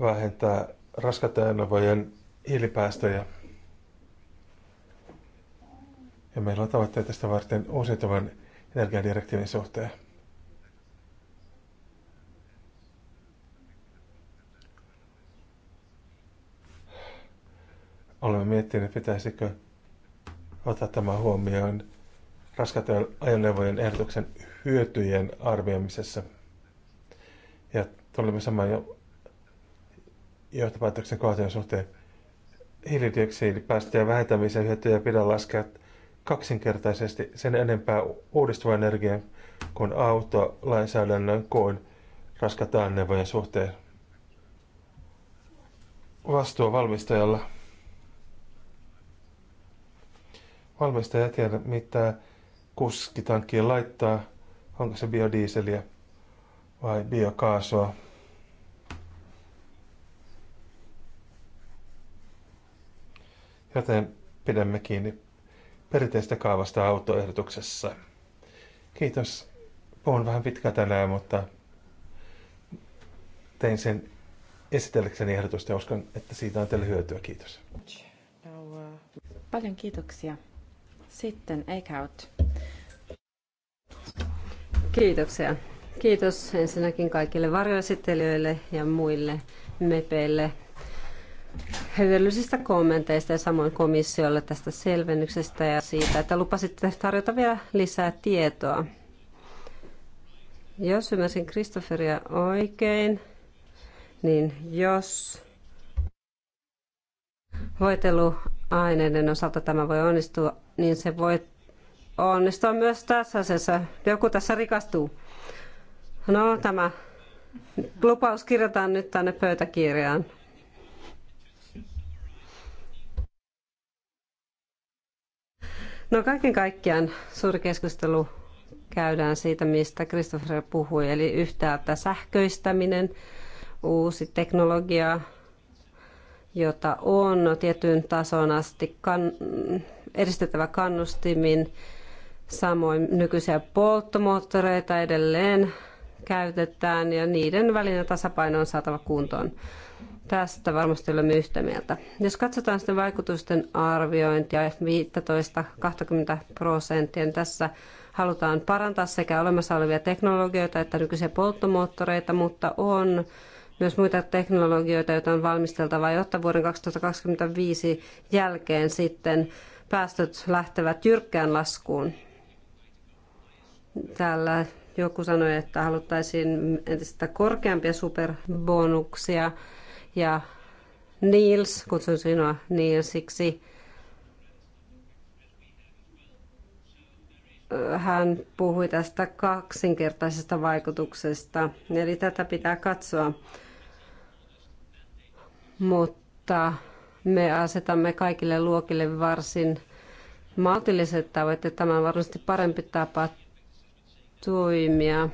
vähentää raskaita ajoneuvojen hiilipäästöjä ja meillä on tavoitteita tästä varten uusiutuvan energiadirektiivin suhteen. Olemme miettineet, pitäisikö ottaa tämä huomioon raskaiden ajoneuvojen ehdotuksen hyötyjen arvioimisessa. Ja tulemme saman jo johtopäätöksen kohteen suhteen hiilidioksidipäästöjen vähentämisen hyötyjä pidä laskea kaksinkertaisesti sen enempää uudistuvan energian kuin autolainsäädännön kuin raskataan neuvojen suhteen. Vastuu valmistajalla. Valmistaja tiedä, mitä kuskitankkiin laittaa, onko se biodieseliä vai biokaasua. Joten pidämme kiinni perinteistä kaavasta autoehdotuksessa. Kiitos. Puhun vähän pitkä tänään, mutta tein sen esitellekseni ehdotusta ja uskon, että siitä on teille hyötyä. Kiitos. Paljon kiitoksia. Sitten Eichhout. Kiitoksia. Kiitos ensinnäkin kaikille varjoesittelijöille ja muille mepeille hyödyllisistä kommenteista ja samoin komissiolle tästä selvennyksestä ja siitä, että lupasitte tarjota vielä lisää tietoa. Jos ymmärsin Kristofferia oikein, niin jos hoiteluaineiden osalta tämä voi onnistua, niin se voi onnistua myös tässä asiassa. Joku tässä rikastuu. No, tämä lupaus kirjataan nyt tänne pöytäkirjaan. No kaiken kaikkiaan suuri keskustelu käydään siitä, mistä Christopher puhui, eli yhtäältä sähköistäminen, uusi teknologia, jota on tietyn tason asti kan, edistettävä kannustimin, samoin nykyisiä polttomoottoreita edelleen käytetään ja niiden välinen tasapaino on saatava kuntoon. Tästä varmasti olemme yhtä mieltä. Jos katsotaan sitten vaikutusten arviointia 15-20 prosenttia, niin tässä halutaan parantaa sekä olemassa olevia teknologioita että nykyisiä polttomoottoreita, mutta on myös muita teknologioita, joita on valmisteltava, jotta vuoden 2025 jälkeen sitten päästöt lähtevät jyrkkään laskuun. Täällä joku sanoi, että haluttaisiin entistä korkeampia superbonuksia ja Niels, kutsun sinua Nielsiksi, hän puhui tästä kaksinkertaisesta vaikutuksesta, eli tätä pitää katsoa. Mutta me asetamme kaikille luokille varsin maltilliset tavoitteet. Tämä on varmasti parempi tapa toimia.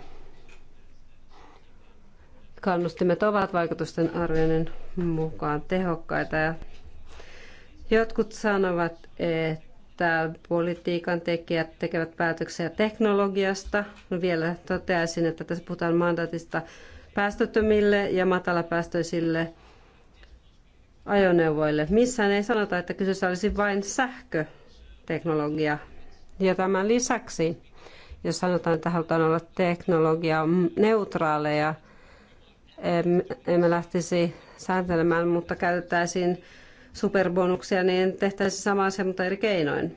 Kannustimet ovat vaikutusten arvioinnin mukaan tehokkaita ja jotkut sanovat, että politiikan tekijät tekevät päätöksiä teknologiasta. No vielä toteaisin, että tässä puhutaan mandaatista päästöttömille ja matalapäästöisille ajoneuvoille. Missään ei sanota, että kyseessä olisi vain sähköteknologia. Ja tämän lisäksi, jos sanotaan, että halutaan olla teknologia neutraaleja, emme lähtisi sääntelemään, mutta käytettäisiin superbonuksia, niin tehtäisiin sama asia, mutta eri keinoin.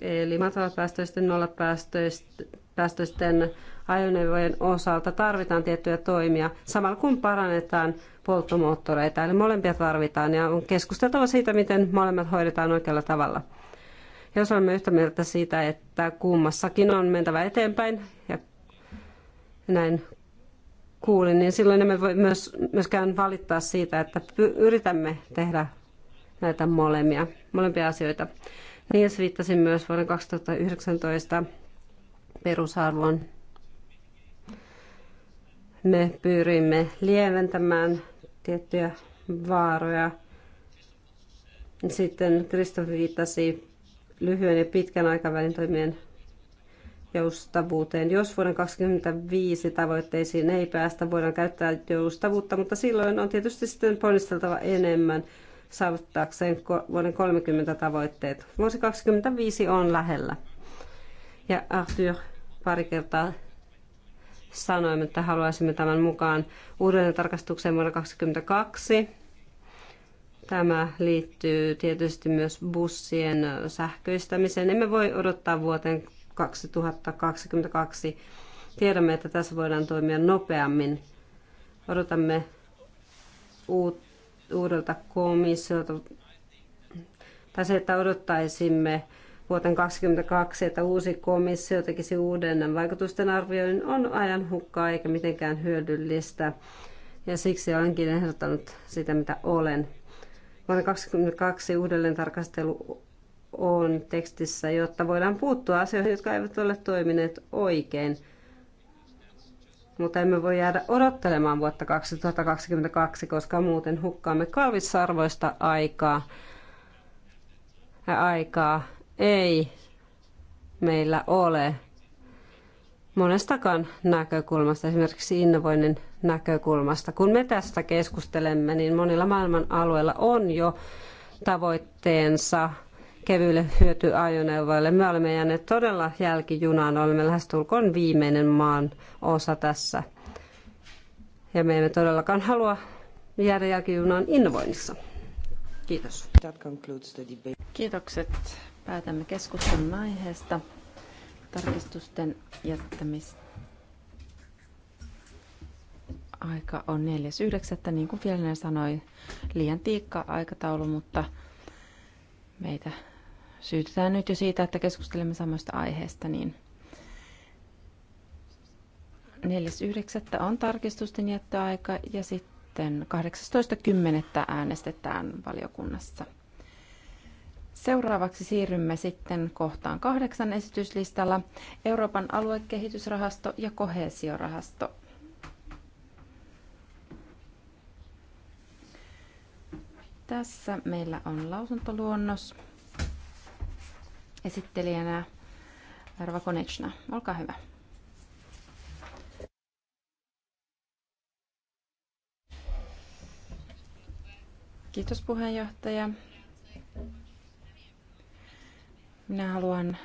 Eli matalapäästöisten, nollapäästöisten ajoneuvojen osalta tarvitaan tiettyjä toimia, samalla kun parannetaan polttomoottoreita. Eli molempia tarvitaan ja on keskusteltava siitä, miten molemmat hoidetaan oikealla tavalla. Jos olemme yhtä mieltä siitä, että kummassakin on mentävä eteenpäin ja näin kuulin, niin silloin emme voi myös, myöskään valittaa siitä, että yritämme tehdä näitä molemmia, molempia asioita. Niin viittasin myös vuoden 2019 perusarvon. Me pyrimme lieventämään tiettyjä vaaroja. Sitten Kristoffi viittasi lyhyen ja pitkän aikavälin toimien joustavuuteen. Jos vuoden 2025 tavoitteisiin ei päästä, voidaan käyttää joustavuutta, mutta silloin on tietysti sitten ponnisteltava enemmän saavuttaakseen vuoden 30 tavoitteet. Vuosi 2025 on lähellä. Ja Arthur pari kertaa sanoi, että haluaisimme tämän mukaan uudelleen tarkastukseen vuonna 2022. Tämä liittyy tietysti myös bussien sähköistämiseen. Emme voi odottaa vuoteen 2022. Tiedämme, että tässä voidaan toimia nopeammin. Odotamme uudelta komissiolta, tai se, että odottaisimme vuoteen 2022, että uusi komissio tekisi uuden vaikutusten arvioinnin, on ajan hukkaa eikä mitenkään hyödyllistä. Ja siksi olenkin ehdottanut sitä, mitä olen. Vuonna 2022 uudelleen tarkastelu on tekstissä, jotta voidaan puuttua asioihin, jotka eivät ole toimineet oikein. Mutta emme voi jäädä odottelemaan vuotta 2022, koska muuten hukkaamme kalvisarvoista aikaa. Ja aikaa ei meillä ole monestakaan näkökulmasta, esimerkiksi innovoinnin näkökulmasta. Kun me tästä keskustelemme, niin monilla maailman alueilla on jo tavoitteensa kevyille hyötyajoneuvoille. Me olemme jääneet todella jälkijunaan, olemme lähestulkoon viimeinen maan osa tässä. Ja me emme todellakaan halua jäädä jälkijunaan innovoinnissa. Kiitos. Kiitokset. Päätämme keskustelun aiheesta. Tarkistusten jättämistä. Aika on 4.9. niin kuin Fielinen sanoi, liian tiikka aikataulu, mutta meitä syytetään nyt jo siitä, että keskustelemme samasta aiheesta, niin 4.9. on tarkistusten jättöaika ja sitten 18.10. äänestetään valiokunnassa. Seuraavaksi siirrymme sitten kohtaan kahdeksan esityslistalla Euroopan aluekehitysrahasto ja kohesiorahasto. Tässä meillä on lausuntoluonnos esittelijänä Arva Konechna. Olkaa hyvä. Kiitos puheenjohtaja. Minä haluan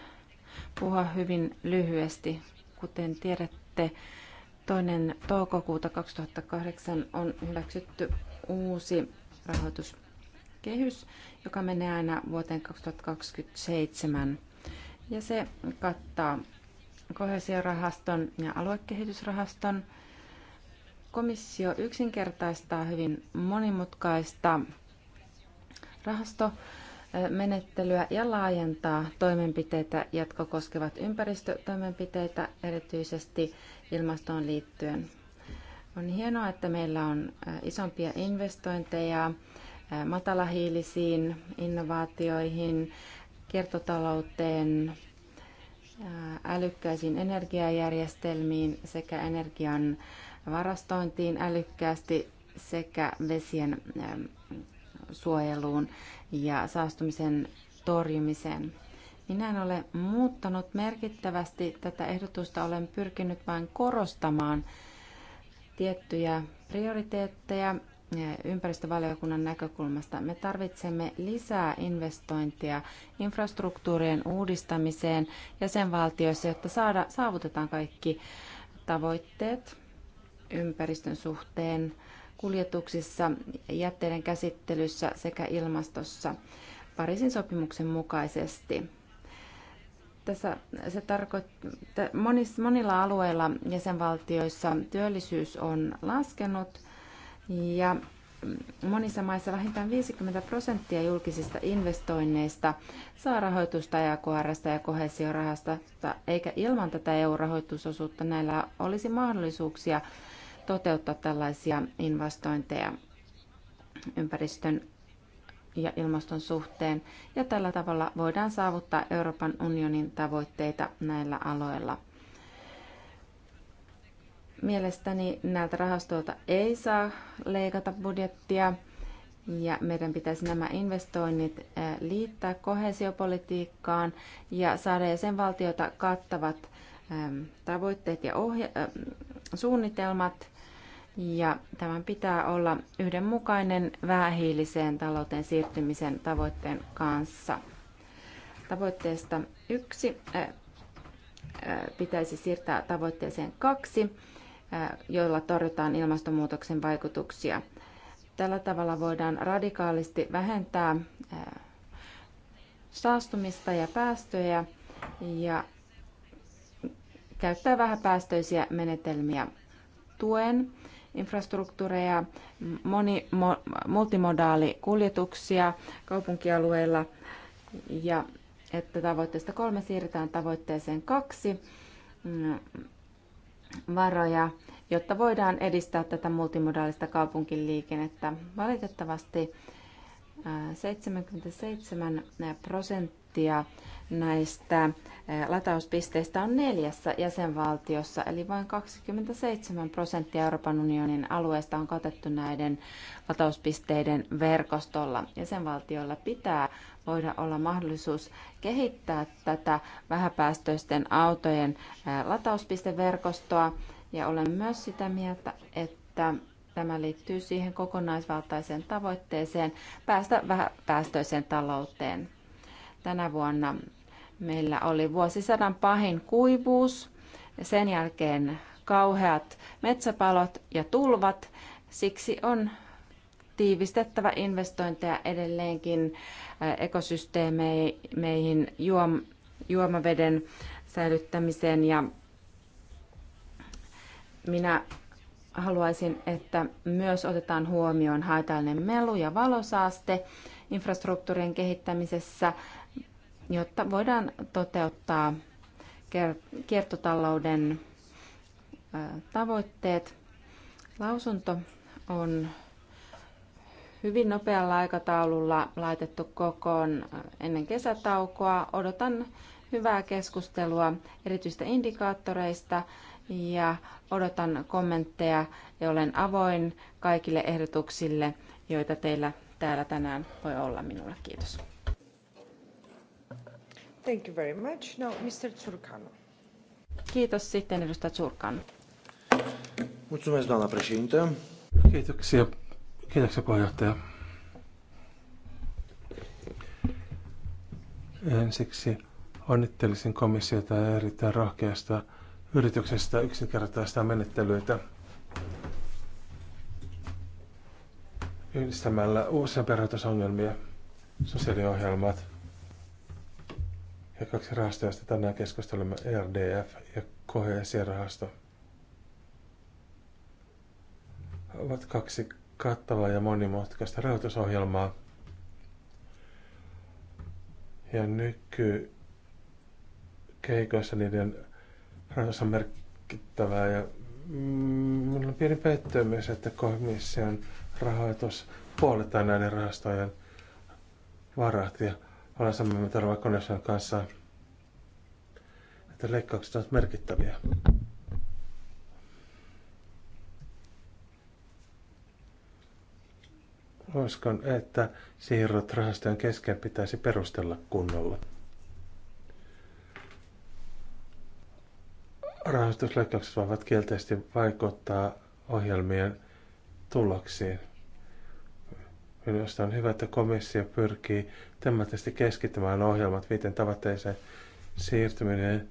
puhua hyvin lyhyesti. Kuten tiedätte, toinen toukokuuta 2008 on hyväksytty uusi rahoitus kehys, joka menee aina vuoteen 2027. Ja se kattaa kohesiorahaston ja aluekehitysrahaston. Komissio yksinkertaistaa hyvin monimutkaista rahastomenettelyä ja laajentaa toimenpiteitä, jotka koskevat ympäristötoimenpiteitä, erityisesti ilmastoon liittyen. On hienoa, että meillä on isompia investointeja matalahiilisiin innovaatioihin, kiertotalouteen, älykkäisiin energiajärjestelmiin sekä energian varastointiin älykkäästi sekä vesien suojeluun ja saastumisen torjumiseen. Minä en ole muuttanut merkittävästi tätä ehdotusta, olen pyrkinyt vain korostamaan tiettyjä prioriteetteja ympäristövaliokunnan näkökulmasta. Me tarvitsemme lisää investointia infrastruktuurien uudistamiseen jäsenvaltioissa, jotta saada, saavutetaan kaikki tavoitteet ympäristön suhteen, kuljetuksissa, jätteiden käsittelyssä sekä ilmastossa Pariisin sopimuksen mukaisesti. Tässä se tarkoittaa, monilla alueilla jäsenvaltioissa työllisyys on laskenut – ja monissa maissa vähintään 50 prosenttia julkisista investoinneista saa rahoitusta EAKRstä ja kohesiorahasta, eikä ilman tätä EU-rahoitusosuutta näillä olisi mahdollisuuksia toteuttaa tällaisia investointeja ympäristön ja ilmaston suhteen, ja tällä tavalla voidaan saavuttaa Euroopan unionin tavoitteita näillä aloilla – Mielestäni näiltä rahastoilta ei saa leikata budjettia ja meidän pitäisi nämä investoinnit eh, liittää kohesiopolitiikkaan ja saada jäsenvaltiota kattavat ehm, tavoitteet ja ohje- ehm, suunnitelmat. Ja tämän pitää olla yhdenmukainen vähähiiliseen talouteen siirtymisen tavoitteen kanssa. Tavoitteesta yksi eh, eh, pitäisi siirtää tavoitteeseen kaksi joilla torjutaan ilmastonmuutoksen vaikutuksia. Tällä tavalla voidaan radikaalisti vähentää saastumista ja päästöjä ja käyttää vähäpäästöisiä menetelmiä. Tuen infrastruktuureja, moni, mo, kuljetuksia kaupunkialueilla ja että tavoitteesta kolme siirretään tavoitteeseen kaksi mm, varoja, jotta voidaan edistää tätä multimodaalista kaupunkiliikennettä. Valitettavasti 77 äh, prosenttia näistä latauspisteistä on neljässä jäsenvaltiossa, eli vain 27 prosenttia Euroopan unionin alueesta on katettu näiden latauspisteiden verkostolla. Jäsenvaltioilla pitää voida olla mahdollisuus kehittää tätä vähäpäästöisten autojen latauspisteverkostoa, ja olen myös sitä mieltä, että Tämä liittyy siihen kokonaisvaltaiseen tavoitteeseen päästä vähäpäästöiseen talouteen. Tänä vuonna Meillä oli vuosisadan pahin kuivuus, sen jälkeen kauheat metsäpalot ja tulvat. Siksi on tiivistettävä investointeja edelleenkin äh, ekosysteemeihin, juom, juomaveden säilyttämiseen ja minä haluaisin, että myös otetaan huomioon haitallinen melu ja valosaaste infrastruktuurien kehittämisessä jotta voidaan toteuttaa kiertotalouden tavoitteet. Lausunto on hyvin nopealla aikataululla laitettu kokoon ennen kesätaukoa. Odotan hyvää keskustelua erityistä indikaattoreista ja odotan kommentteja ja olen avoin kaikille ehdotuksille, joita teillä täällä tänään voi olla minulle. Kiitos. Thank you very much. Now, Mr. Tsurcanu. Kiitos sitten edustaja Tsurkan. Mulțumesc, doamna președintă. Kiitoksia. Kiitoksia puheenjohtaja. Ensiksi onnittelisin komissiota erittäin rohkeasta yrityksestä yksinkertaistaa menettelyitä yhdistämällä uusia perheitä ongelmia, sosiaaliohjelmat ja kaksi rahastoa, josta tänään keskustelemme, ERDF ja kohesiorahasto, ovat kaksi kattavaa ja monimutkaista rahoitusohjelmaa. Ja nyky keikoissa niiden rahoitus on merkittävää ja mm, minulla on pieni pettymys, että komission rahoitus puolittaa näiden rahastojen varat ja olen samaa mieltä Ravakonesan kanssa, että leikkaukset ovat merkittäviä. Uskon, että siirrot rahastojen kesken pitäisi perustella kunnolla. Rahastusleikkaukset voivat kielteisesti vaikuttaa ohjelmien tuloksiin. Minusta on hyvä, että komissio pyrkii tämmöisesti keskittämään ohjelmat viiteen tavoitteeseen siirtyminen,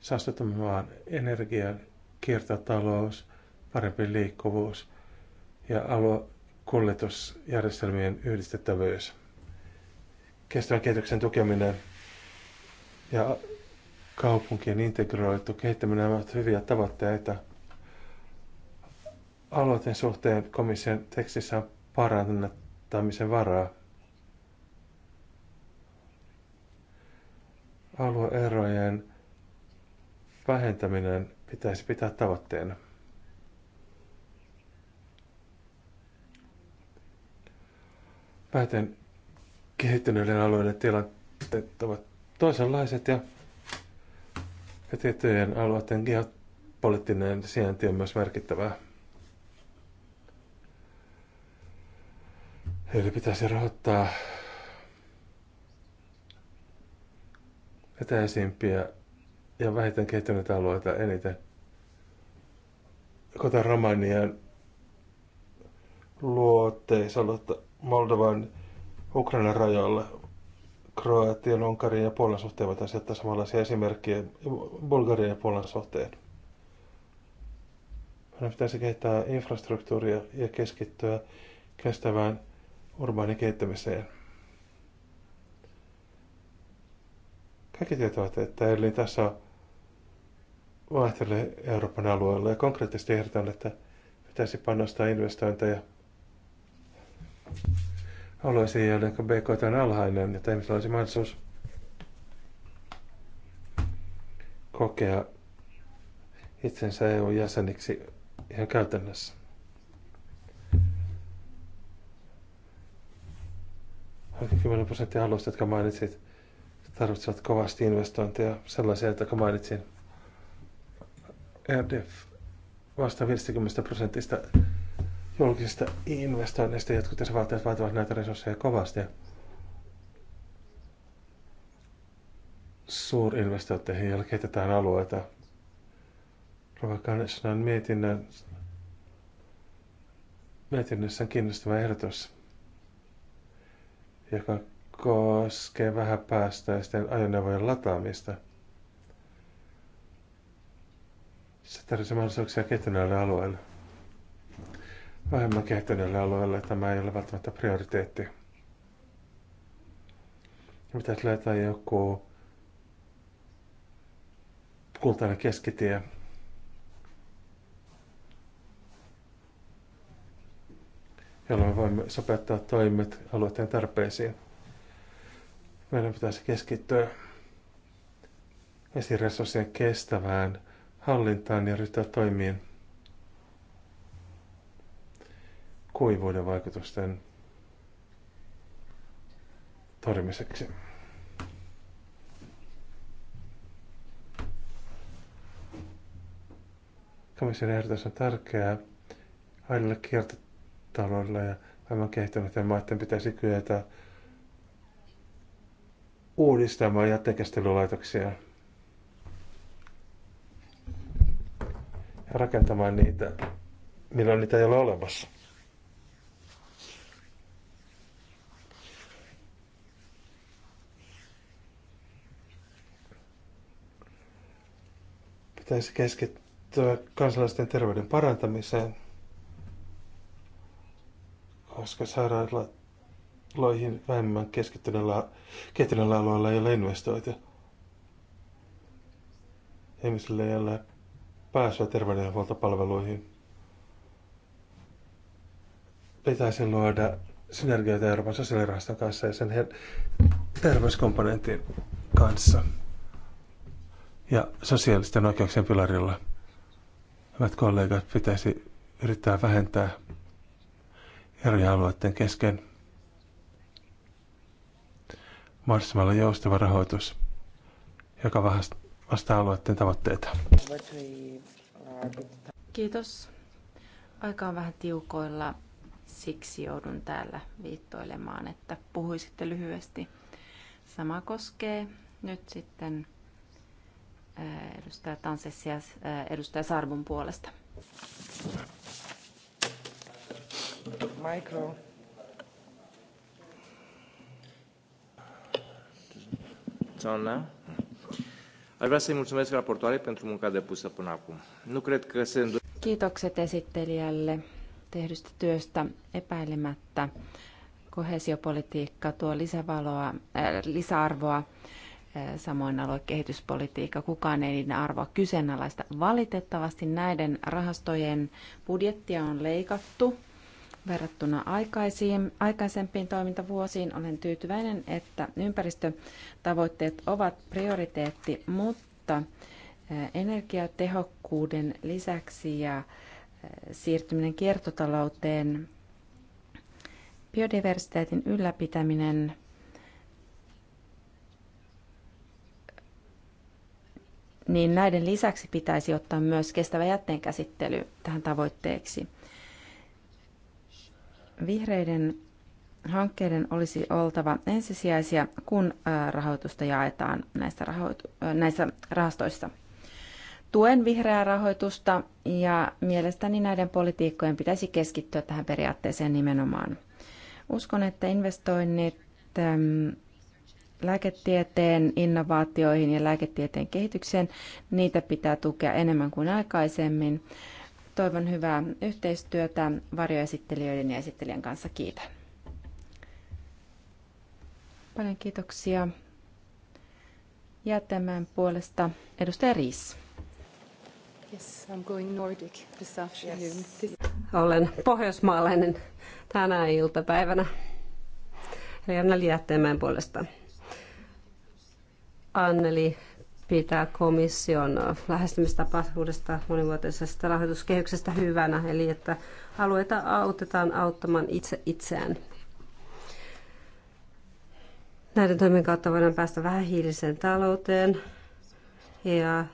saastuttamaan energia, kiertotalous, parempi liikkuvuus ja aluekuljetusjärjestelmien yhdistettävyys. Kestävän kehityksen tukeminen ja kaupunkien integroitu kehittäminen ovat hyviä tavoitteita. Aloitteen suhteen komission tekstissä on parannettu johtamisen varaa. Alueerojen vähentäminen pitäisi pitää tavoitteena. Päätän kehittyneiden alueiden tilanteet ovat toisenlaiset ja, ja tiettyjen alueiden geopoliittinen sijainti on myös merkittävää. Eli pitäisi rahoittaa etäisimpiä ja vähiten kehittyneitä alueita eniten. Kota Romanian luoteisaluetta Moldovan Ukrainan rajoilla. Kroatian, Unkarin ja Puolan suhteen voitaisiin jättää samanlaisia esimerkkejä Bulgarian ja Puolan suhteen. Meidän pitäisi kehittää infrastruktuuria ja keskittyä kestävään urbaani kehittämiseen. Kaikki tietävät, että eli tässä vaihtelee Euroopan alueella ja konkreettisesti ehdotan, että pitäisi panostaa investointeja jälleen, kun BKT on alhainen, että ihmisillä olisi mahdollisuus kokea itsensä EU-jäseniksi ihan käytännössä. 10 prosenttia alusta, jotka mainitsit, tarvitsevat kovasti investointeja, sellaisia, jotka mainitsin. RDF vasta 50 prosentista julkisista investoinneista, jotkut jäsenvaltiot vaativat näitä resursseja kovasti. Suurinvestointeihin jälkeen alueita. alueita. on mietinnön mietinnössä on kiinnostava ehdotus joka koskee vähäpäästöisten ajoneuvojen lataamista. Se tarvitsee mahdollisuuksia kehittyneille alueille. Vähemmän kehittyneille alueille tämä ei ole välttämättä prioriteetti. Pitäisi löytää joku kultainen keskitie. jolloin voimme sopeuttaa toimet alueiden tarpeisiin. Meidän pitäisi keskittyä vesiresurssien kestävään hallintaan ja ryhtyä toimiin kuivuuden vaikutusten torjumiseksi. Komission ehdotus on tärkeää aina kiertotaloudelle taloudella ja maailman kehittämättä maiden pitäisi kyetä uudistamaan jättekäsittelylaitoksia ja rakentamaan niitä, milloin niitä ei ole olemassa. Pitäisi keskittyä kansalaisten terveyden parantamiseen – koska sairaaloihin vähemmän keskittyneillä, kehittyneillä alueilla ei ole investoitu. Ihmisille ei ole pääsyä terveydenhuoltopalveluihin. Pitäisi luoda synergioita Euroopan sosiaalirahaston kanssa ja sen terveyskomponentin kanssa ja sosiaalisten oikeuksien pilarilla. Hyvät kollegat, pitäisi yrittää vähentää eri alueiden kesken. Mahdollisimman joustava rahoitus, joka vastaa alueiden tavoitteita. Kiitos. Aika on vähän tiukoilla, siksi joudun täällä viittoilemaan, että puhuisitte lyhyesti. Sama koskee nyt sitten edustaja Tansessias edustaja Sarvun puolesta. It's on now. Aș vrea să-i mulțumesc raportoare pentru munca depusă până acum. Nu cred că se Kiitokset esittelijälle tehdystä työstä epäilemättä. Kohesiopolitiikka tuo lisävaloa, äh, lisäarvoa, äh, samoin aluekehityspolitiikka. Kukaan ei niiden arvoa kyseenalaista. Valitettavasti näiden rahastojen budjettia on leikattu Verrattuna aikaisempiin toimintavuosiin olen tyytyväinen, että ympäristötavoitteet ovat prioriteetti, mutta energiatehokkuuden lisäksi ja siirtyminen kiertotalouteen, biodiversiteetin ylläpitäminen, niin näiden lisäksi pitäisi ottaa myös kestävä jätteen käsittely tähän tavoitteeksi. Vihreiden hankkeiden olisi oltava ensisijaisia, kun rahoitusta jaetaan näistä, rahoitu- näissä rahastoissa. Tuen vihreää rahoitusta ja mielestäni näiden politiikkojen pitäisi keskittyä tähän periaatteeseen nimenomaan. Uskon, että investoinnit lääketieteen innovaatioihin ja lääketieteen kehitykseen, niitä pitää tukea enemmän kuin aikaisemmin. Toivon hyvää yhteistyötä varjoesittelijöiden ja esittelijän kanssa. Kiitän. Paljon kiitoksia. Ja tämän puolesta edustaja Riis. Yes, I'm going Nordic this afternoon. Yes. Olen pohjoismaalainen tänä iltapäivänä. Eli Anneli puolesta. Anneli pitää komission lähestymistapa uudesta monivuotisesta rahoituskehyksestä hyvänä, eli että alueita autetaan auttamaan itse itseään. Näiden toimien kautta voidaan päästä hiiliseen talouteen ja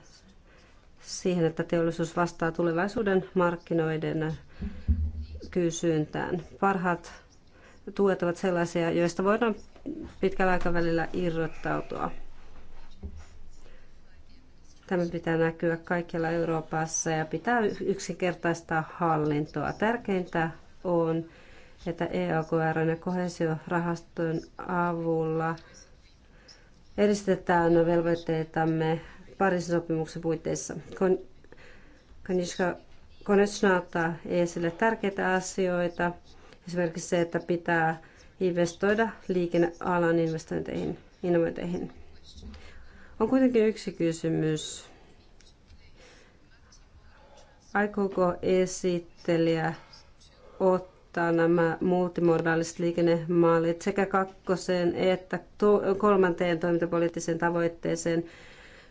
siihen, että teollisuus vastaa tulevaisuuden markkinoiden kysyntään. Parhaat tuet ovat sellaisia, joista voidaan pitkällä aikavälillä irrottautua. Tämä pitää näkyä kaikkialla Euroopassa ja pitää yksinkertaistaa hallintoa. Tärkeintä on, että EOKR ja kohesiorahaston avulla edistetään velvoitteitamme Pariisin sopimuksen puitteissa. Kon, Kanishka ottaa esille tärkeitä asioita, esimerkiksi se, että pitää investoida liikennealan investointeihin, innovointeihin. On kuitenkin yksi kysymys. Aikooko esittelijä ottaa nämä multimodaaliset liikennemallit sekä kakkoseen että kolmanteen toimintapoliittiseen tavoitteeseen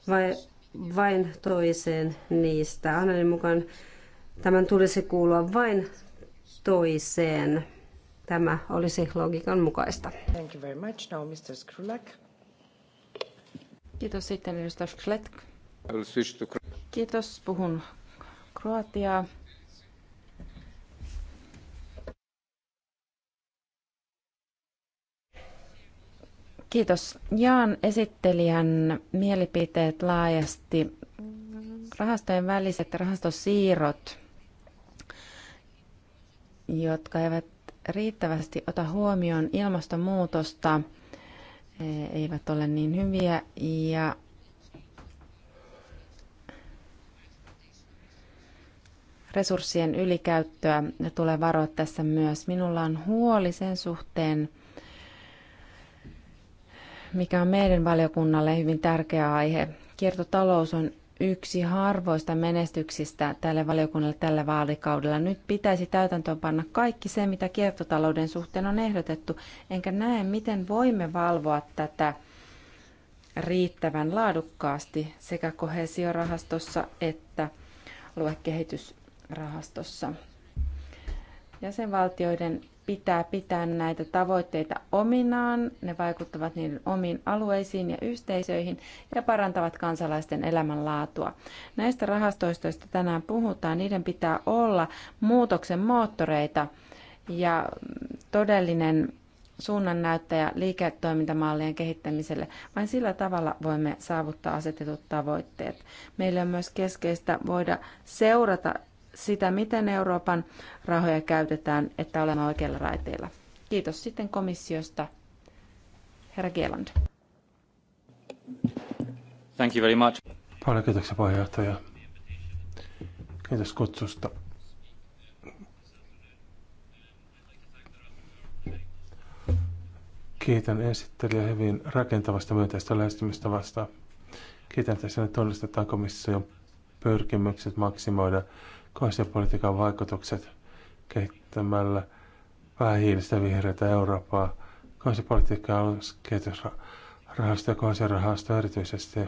vai vain toiseen niistä? Annelin mukaan tämän tulisi kuulua vain toiseen. Tämä olisi logiikan mukaista. Thank you very much. Now Mr. Skrulak. Kiitos sitten edustaja Schletk. Kiitos, puhun Kroatiaa. Kiitos. Jaan esittelijän mielipiteet laajasti. Rahastojen väliset rahastosiirrot, jotka eivät riittävästi ota huomioon ilmastonmuutosta – eivät ole niin hyviä ja resurssien ylikäyttöä tulee varoa tässä myös. Minulla on huoli sen suhteen, mikä on meidän valiokunnalle hyvin tärkeä aihe. Kiertotalous on yksi harvoista menestyksistä tälle valiokunnalle tällä vaalikaudella. Nyt pitäisi täytäntöön panna kaikki se, mitä kiertotalouden suhteen on ehdotettu, enkä näe, miten voimme valvoa tätä riittävän laadukkaasti sekä kohesiorahastossa että luekehitysrahastossa. Jäsenvaltioiden pitää pitää näitä tavoitteita ominaan, ne vaikuttavat niiden omiin alueisiin ja yhteisöihin ja parantavat kansalaisten elämänlaatua. Näistä rahastoista, joista tänään puhutaan, niiden pitää olla muutoksen moottoreita ja todellinen suunnannäyttäjä liiketoimintamallien kehittämiselle. Vain sillä tavalla voimme saavuttaa asetetut tavoitteet. Meillä on myös keskeistä voida seurata sitä, miten Euroopan rahoja käytetään, että olemme oikeilla raiteilla. Kiitos sitten komissiosta. Herra Gieland. Thank you very much. Paljon kiitoksia puheenjohtaja. Kiitos kutsusta. Kiitän esittelijä hyvin rakentavasta myönteistä lähestymistä vastaan. Kiitän, että sinne tunnistetaan komission pyrkimykset maksimoida kohesiopolitiikan vaikutukset kehittämällä vähähiilistä vihreitä Eurooppaa. Kohesiopolitiikka on kehitysrahasto ja kohesiorahasto erityisesti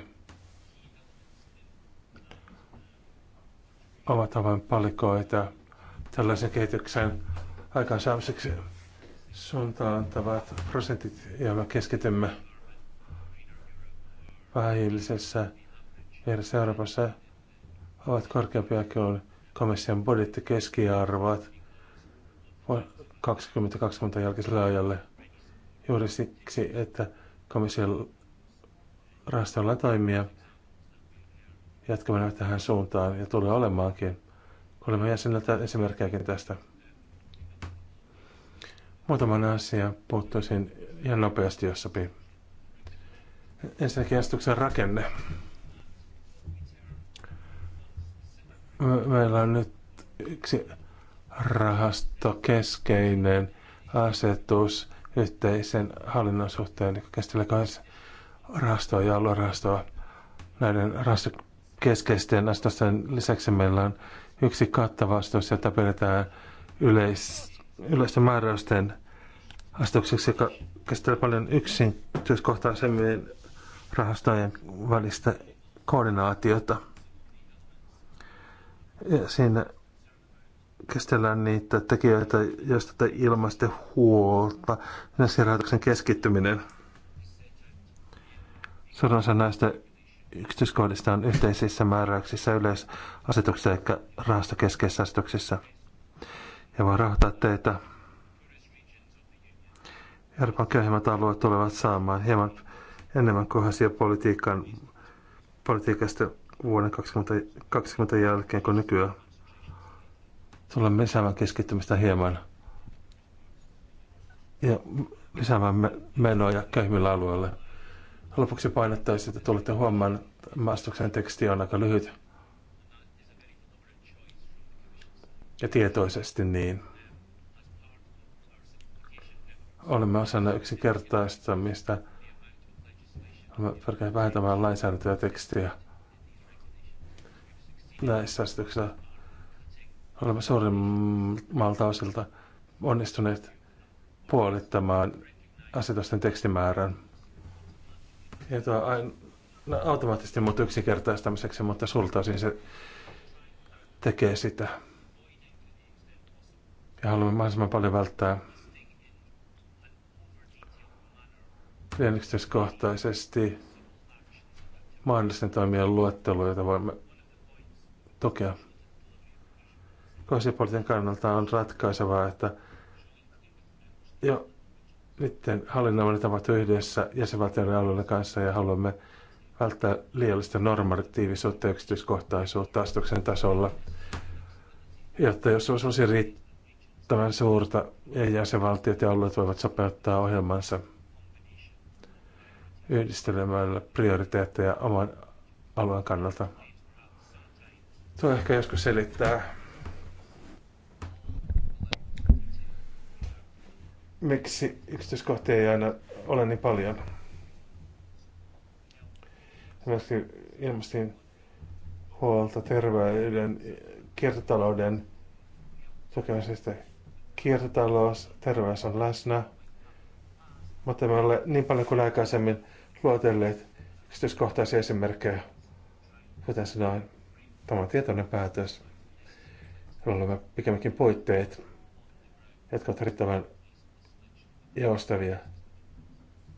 ovat palikoita tällaisen kehityksen aikaansaamiseksi suuntaan antavat prosentit, joilla keskitymme vähähiilisessä vieressä Euroopassa, ovat korkeampia kuin komission budjettikeskiarvot 2020 jälkeiselle ajalle juuri siksi, että komission rahastolla toimia jatkamana tähän suuntaan ja tulee olemaankin. Olemme jäseneltä esimerkkejäkin tästä. Muutaman asian puuttuisin ihan nopeasti, jos sopii. Ensinnäkin astuksen rakenne. meillä on nyt yksi rahastokeskeinen asetus yhteisen hallinnon suhteen, joka käsittelee myös rahastoa ja aluerahastoa. Näiden rahastokeskeisten asetusten lisäksi meillä on yksi kattava asetus, jota pidetään yleis, yleisten määräysten asetukseksi, joka käsittelee paljon yksityiskohtaisemmin rahastojen välistä koordinaatiota. Ja siinä käsitellään niitä tekijöitä, joista te ilmaiste huolta. Finanssirahoituksen keskittyminen. Suurin osa näistä yksityiskohdista on yhteisissä määräyksissä yleisasetuksissa eli rahastokeskeisissä asetuksissa. Ja voi rahoittaa teitä. Euroopan köyhimmät alueet tulevat saamaan hieman enemmän kohdaisia politiikan, politiikasta vuoden 2020, 20 jälkeen kuin nykyään. Tulee lisäämään keskittymistä hieman ja lisäämään menoja köyhimmillä alueilla. Lopuksi painottaisin, että tulette huomaan, että maastuksen teksti on aika lyhyt. Ja tietoisesti niin. Olemme osana yksinkertaistamista. Olemme pyrkineet vähentämään lainsäädäntöä tekstiä näissä asetuksissa olemme suurimmalta osilta onnistuneet puolittamaan asetusten tekstimäärän. Ja tuo aina no, automaattisesti mutta yksinkertaistamiseksi, mutta sulta osin se tekee sitä. Ja haluamme mahdollisimman paljon välttää yksityiskohtaisesti mahdollisten toimien luettelua, jota voimme tukea. Kohdallisen kannalta on ratkaisevaa, että jo niiden hallinnoimme tavat yhdessä jäsenvaltioiden alueiden kanssa ja haluamme välttää liiallista normatiivisuutta ja yksityiskohtaisuutta astuksen tasolla, jotta jos olisi olisi riittävän suurta ja jäsenvaltiot ja alueet voivat sopeuttaa ohjelmansa yhdistelemällä prioriteetteja oman alueen kannalta. Tuo ehkä joskus selittää. Miksi yksityiskohtia ei aina ole niin paljon? Esimerkiksi ilmastin huolta terveyden, kiertotalouden tukemisesta. Kiertotalous, terveys on läsnä, mutta me olemme niin paljon kuin aikaisemmin luotelleet yksityiskohtaisia esimerkkejä, kuten sanoin, Tämä on tietoinen päätös. Meillä on pikemminkin puitteet, jotka ovat riittävän joustavia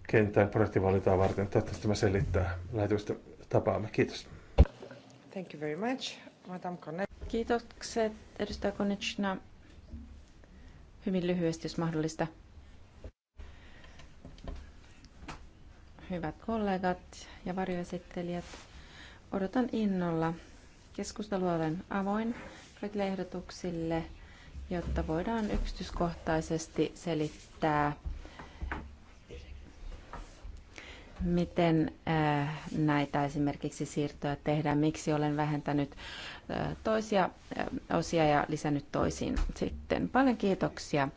kentän projektivalintaa varten. Toivottavasti tämä selittää lähetystä tapaamme. Kiitos. Thank you very much, Madame Kiitokset, edustaja Konechna. Hyvin lyhyesti, jos mahdollista. Hyvät kollegat ja varjoesittelijät, odotan innolla Keskustelu olen avoin kaikille ehdotuksille, jotta voidaan yksityiskohtaisesti selittää, miten äh, näitä esimerkiksi siirtoja tehdään, miksi olen vähentänyt äh, toisia äh, osia ja lisännyt toisiin sitten. Paljon kiitoksia.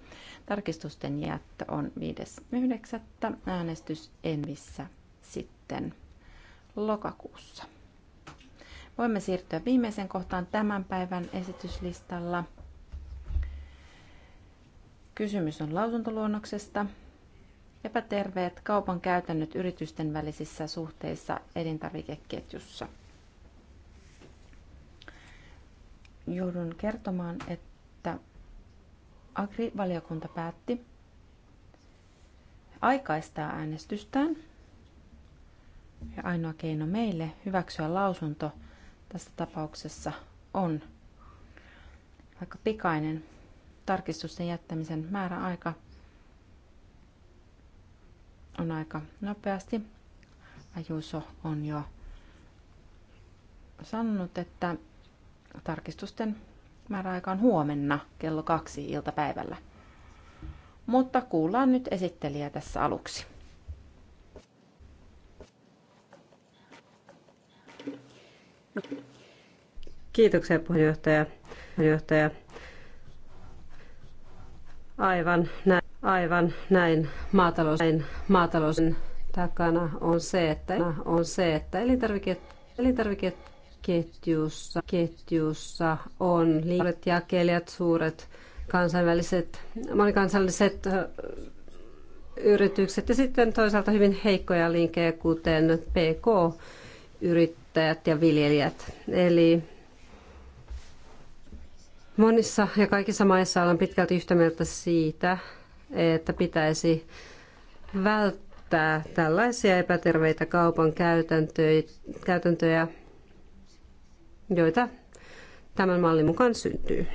Tarkistusten jättö on 5.9. äänestys Envissä sitten lokakuussa. Voimme siirtyä viimeisen kohtaan tämän päivän esityslistalla. Kysymys on lausuntoluonnoksesta. Epäterveet kaupan käytännöt yritysten välisissä suhteissa elintarvikeketjussa. Joudun kertomaan, että Agri-valiokunta päätti aikaistaa äänestystään. Ja ainoa keino meille hyväksyä lausunto – tässä tapauksessa on. Vaikka pikainen tarkistusten jättämisen määräaika on aika nopeasti. Ajuso on jo sanonut, että tarkistusten määräaika on huomenna kello kaksi iltapäivällä. Mutta kuullaan nyt esittelijä tässä aluksi. Kiitoksia puheenjohtaja. puheenjohtaja. Aivan näin, aivan näin. Maatalous, näin maatalousen takana on se, että, on se, että elintarviket, elintarviket ketjussa, ketjussa on liikat jakelijat, suuret kansainväliset, monikansalliset yritykset ja sitten toisaalta hyvin heikkoja linkkejä, kuten PK-yritykset kuluttajat ja viljelijät. Eli monissa ja kaikissa maissa ollaan pitkälti yhtä mieltä siitä, että pitäisi välttää tällaisia epäterveitä kaupan käytäntöjä, joita tämän mallin mukaan syntyy.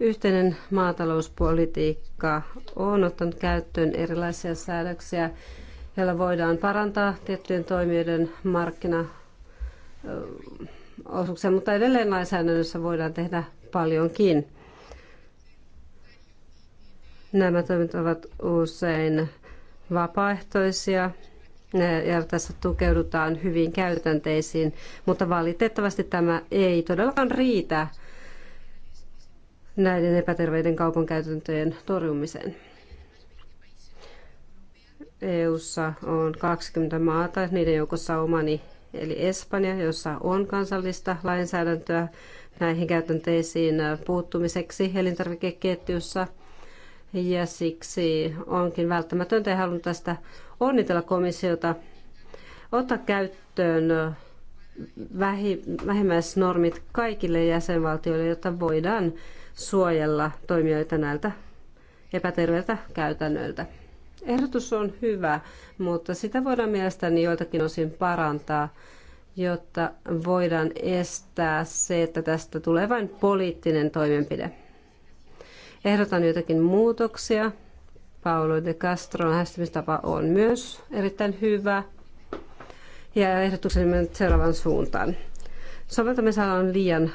Yhteinen maatalouspolitiikka on ottanut käyttöön erilaisia säädöksiä, joilla voidaan parantaa tiettyjen toimijoiden markkina osuuksia, mutta edelleen lainsäädännössä voidaan tehdä paljonkin. Nämä toimet ovat usein vapaaehtoisia ja tässä tukeudutaan hyvin käytänteisiin, mutta valitettavasti tämä ei todellakaan riitä näiden epäterveiden kaupankäytäntöjen torjumiseen. EU:ssa on 20 maata, niiden joukossa omani eli Espanja, jossa on kansallista lainsäädäntöä näihin käytänteisiin puuttumiseksi elintarvikeketjussa. Ja siksi onkin välttämätöntä ja haluan tästä onnitella komissiota ottaa käyttöön vähimmäisnormit kaikille jäsenvaltioille, jotta voidaan suojella toimijoita näiltä epäterveiltä käytännöiltä. Ehdotus on hyvä, mutta sitä voidaan mielestäni joiltakin osin parantaa, jotta voidaan estää se, että tästä tulee vain poliittinen toimenpide. Ehdotan joitakin muutoksia. Paulo de Castron lähestymistapa on myös erittäin hyvä. Ja ehdotuksen mennyt seuraavan suuntaan. Soveltamisala on liian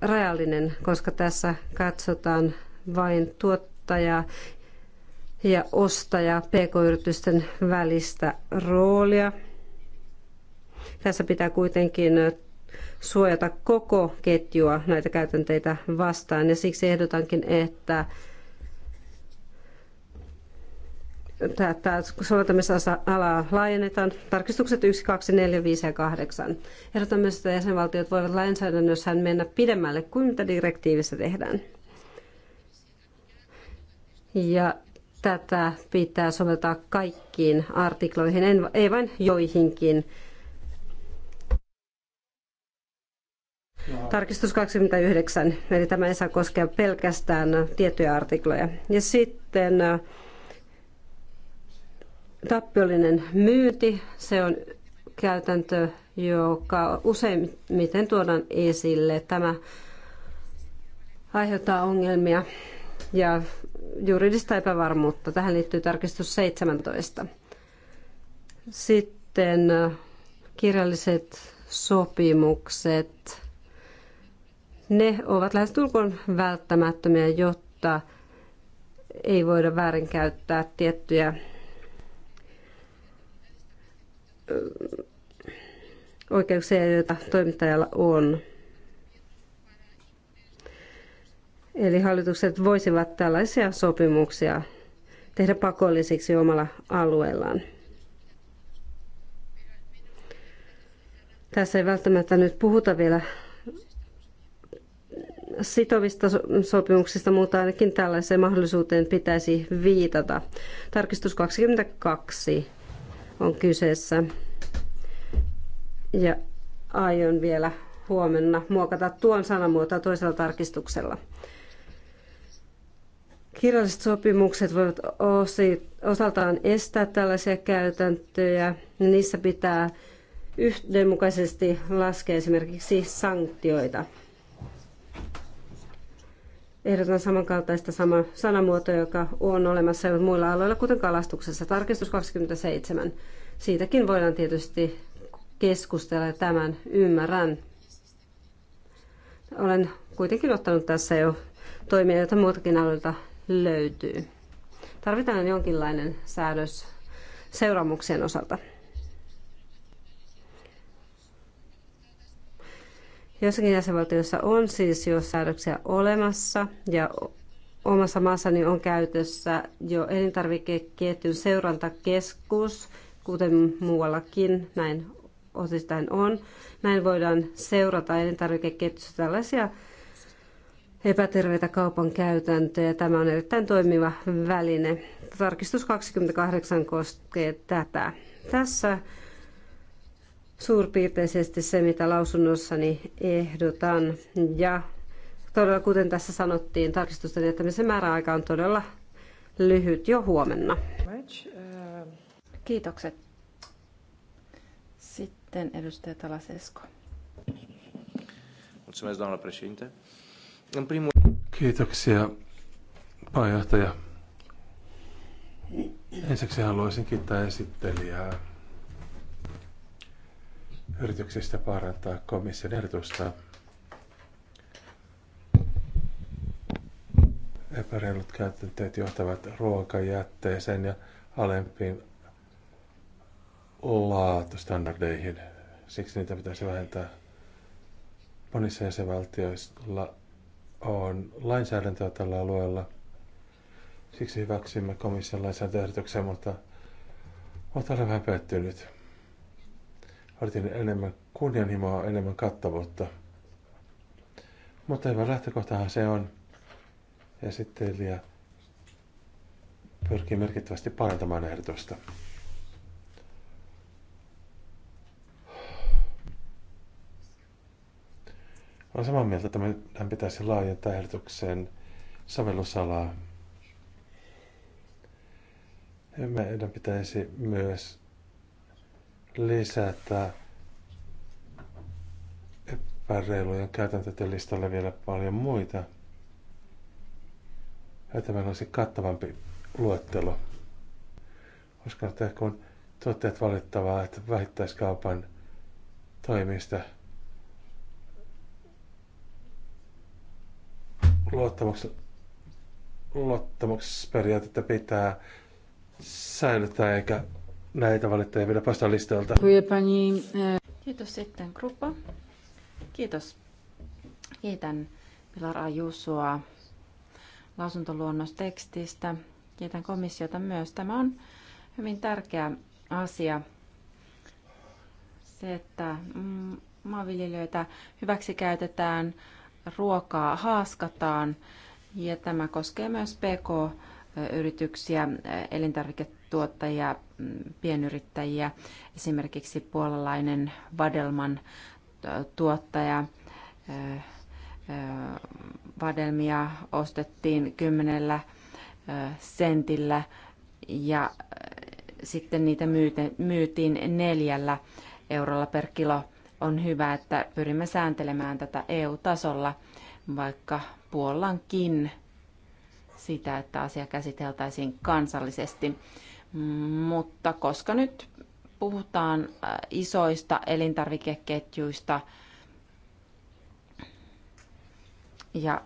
rajallinen, koska tässä katsotaan vain tuottajaa, ja ostaja pk-yritysten välistä roolia. Tässä pitää kuitenkin suojata koko ketjua näitä käytänteitä vastaan ja siksi ehdotankin, että tätä soveltamisalaa laajennetaan. Tarkistukset 1, 2, 4, 5 ja 8. Ehdotan myös, että jäsenvaltiot voivat lainsäädännössään mennä pidemmälle kuin mitä direktiivissä tehdään. Ja tätä pitää soveltaa kaikkiin artikloihin, en, ei vain joihinkin. Tarkistus 29, eli tämä ei saa koskea pelkästään tiettyjä artikloja. Ja sitten äh, tappiollinen myynti, se on käytäntö, joka useimmiten tuodaan esille. Tämä aiheuttaa ongelmia ja juridista epävarmuutta. Tähän liittyy tarkistus 17. Sitten kirjalliset sopimukset. Ne ovat lähes tulkoon välttämättömiä, jotta ei voida väärinkäyttää tiettyjä oikeuksia, joita toimittajalla on. Eli hallitukset voisivat tällaisia sopimuksia tehdä pakollisiksi omalla alueellaan. Tässä ei välttämättä nyt puhuta vielä sitovista sopimuksista, mutta ainakin tällaiseen mahdollisuuteen pitäisi viitata. Tarkistus 22 on kyseessä. Ja aion vielä huomenna muokata tuon sanamuotoa toisella tarkistuksella. Kirjalliset sopimukset voivat osaltaan estää tällaisia käytäntöjä. Niissä pitää yhdenmukaisesti laskea esimerkiksi sanktioita. Ehdotan samankaltaista sama sanamuotoa, joka on olemassa jo muilla aloilla, kuten kalastuksessa. Tarkistus 27. Siitäkin voidaan tietysti keskustella ja tämän ymmärrän. Olen kuitenkin ottanut tässä jo toimia, joita muutakin aloilta löytyy. Tarvitaan jonkinlainen säädös seuraamuksien osalta. Jossakin jäsenvaltiossa on siis jo säädöksiä olemassa ja omassa maassani on käytössä jo elintarvikeketjun seurantakeskus, kuten muuallakin näin osittain on. Näin voidaan seurata elintarvikeketjussa tällaisia epäterveitä kaupan käytäntöjä. Tämä on erittäin toimiva väline. Tarkistus 28 koskee tätä. Tässä suurpiirteisesti se, mitä lausunnossani ehdotan. Ja todella, kuten tässä sanottiin, tarkistusten jättämisen määräaika on todella lyhyt jo huomenna. Kiitokset. Sitten edustaja Talasesko. Mulțumesc, doamna președinte. Kiitoksia, pääjohtaja. Ensiksi haluaisin kiittää esittelijää yrityksistä parantaa komission ehdotusta. Epäreilut käytänteet johtavat ruokajätteeseen ja alempiin laatustandardeihin. Siksi niitä pitäisi vähentää monissa jäsenvaltioissa on lainsäädäntöä tällä alueella. Siksi hyväksymme komission lainsäädäntöehdotuksen, mutta mutta olen vähän pettynyt. Odotin enemmän kunnianhimoa, enemmän kattavuutta. Mutta hyvä lähtökohtahan se on. ja sitten pyrkii merkittävästi parantamaan ehdotusta. Olen samaa mieltä, että meidän pitäisi laajentaa ehdotuksen sovellusalaa. Ja meidän pitäisi myös lisätä epäreilujen käytäntöjen listalle vielä paljon muita. Että meillä olisi kattavampi luettelo. Koska kun tuotteet valittavat vähittäiskaupan toimista – luottamuksen, luottamusperiaatetta pitää säilyttää eikä näitä valittajia pidä poistaa listalta. E, Kiitos sitten Gruppa. Kiitos. Kiitän Pilar Ajusua lausuntoluonnostekstistä. Kiitän komissiota myös. Tämä on hyvin tärkeä asia. Se, että mm, maanviljelijöitä hyväksi käytetään, ruokaa haaskataan ja tämä koskee myös PK-yrityksiä, elintarviketuottajia, mm, pienyrittäjiä. Esimerkiksi puolalainen Vadelman tuottaja vadelmia ostettiin kymmenellä sentillä ja sitten niitä myytiin neljällä eurolla per kilo – on hyvä, että pyrimme sääntelemään tätä EU-tasolla, vaikka puollankin sitä, että asia käsiteltäisiin kansallisesti. Mutta koska nyt puhutaan äh, isoista elintarvikeketjuista ja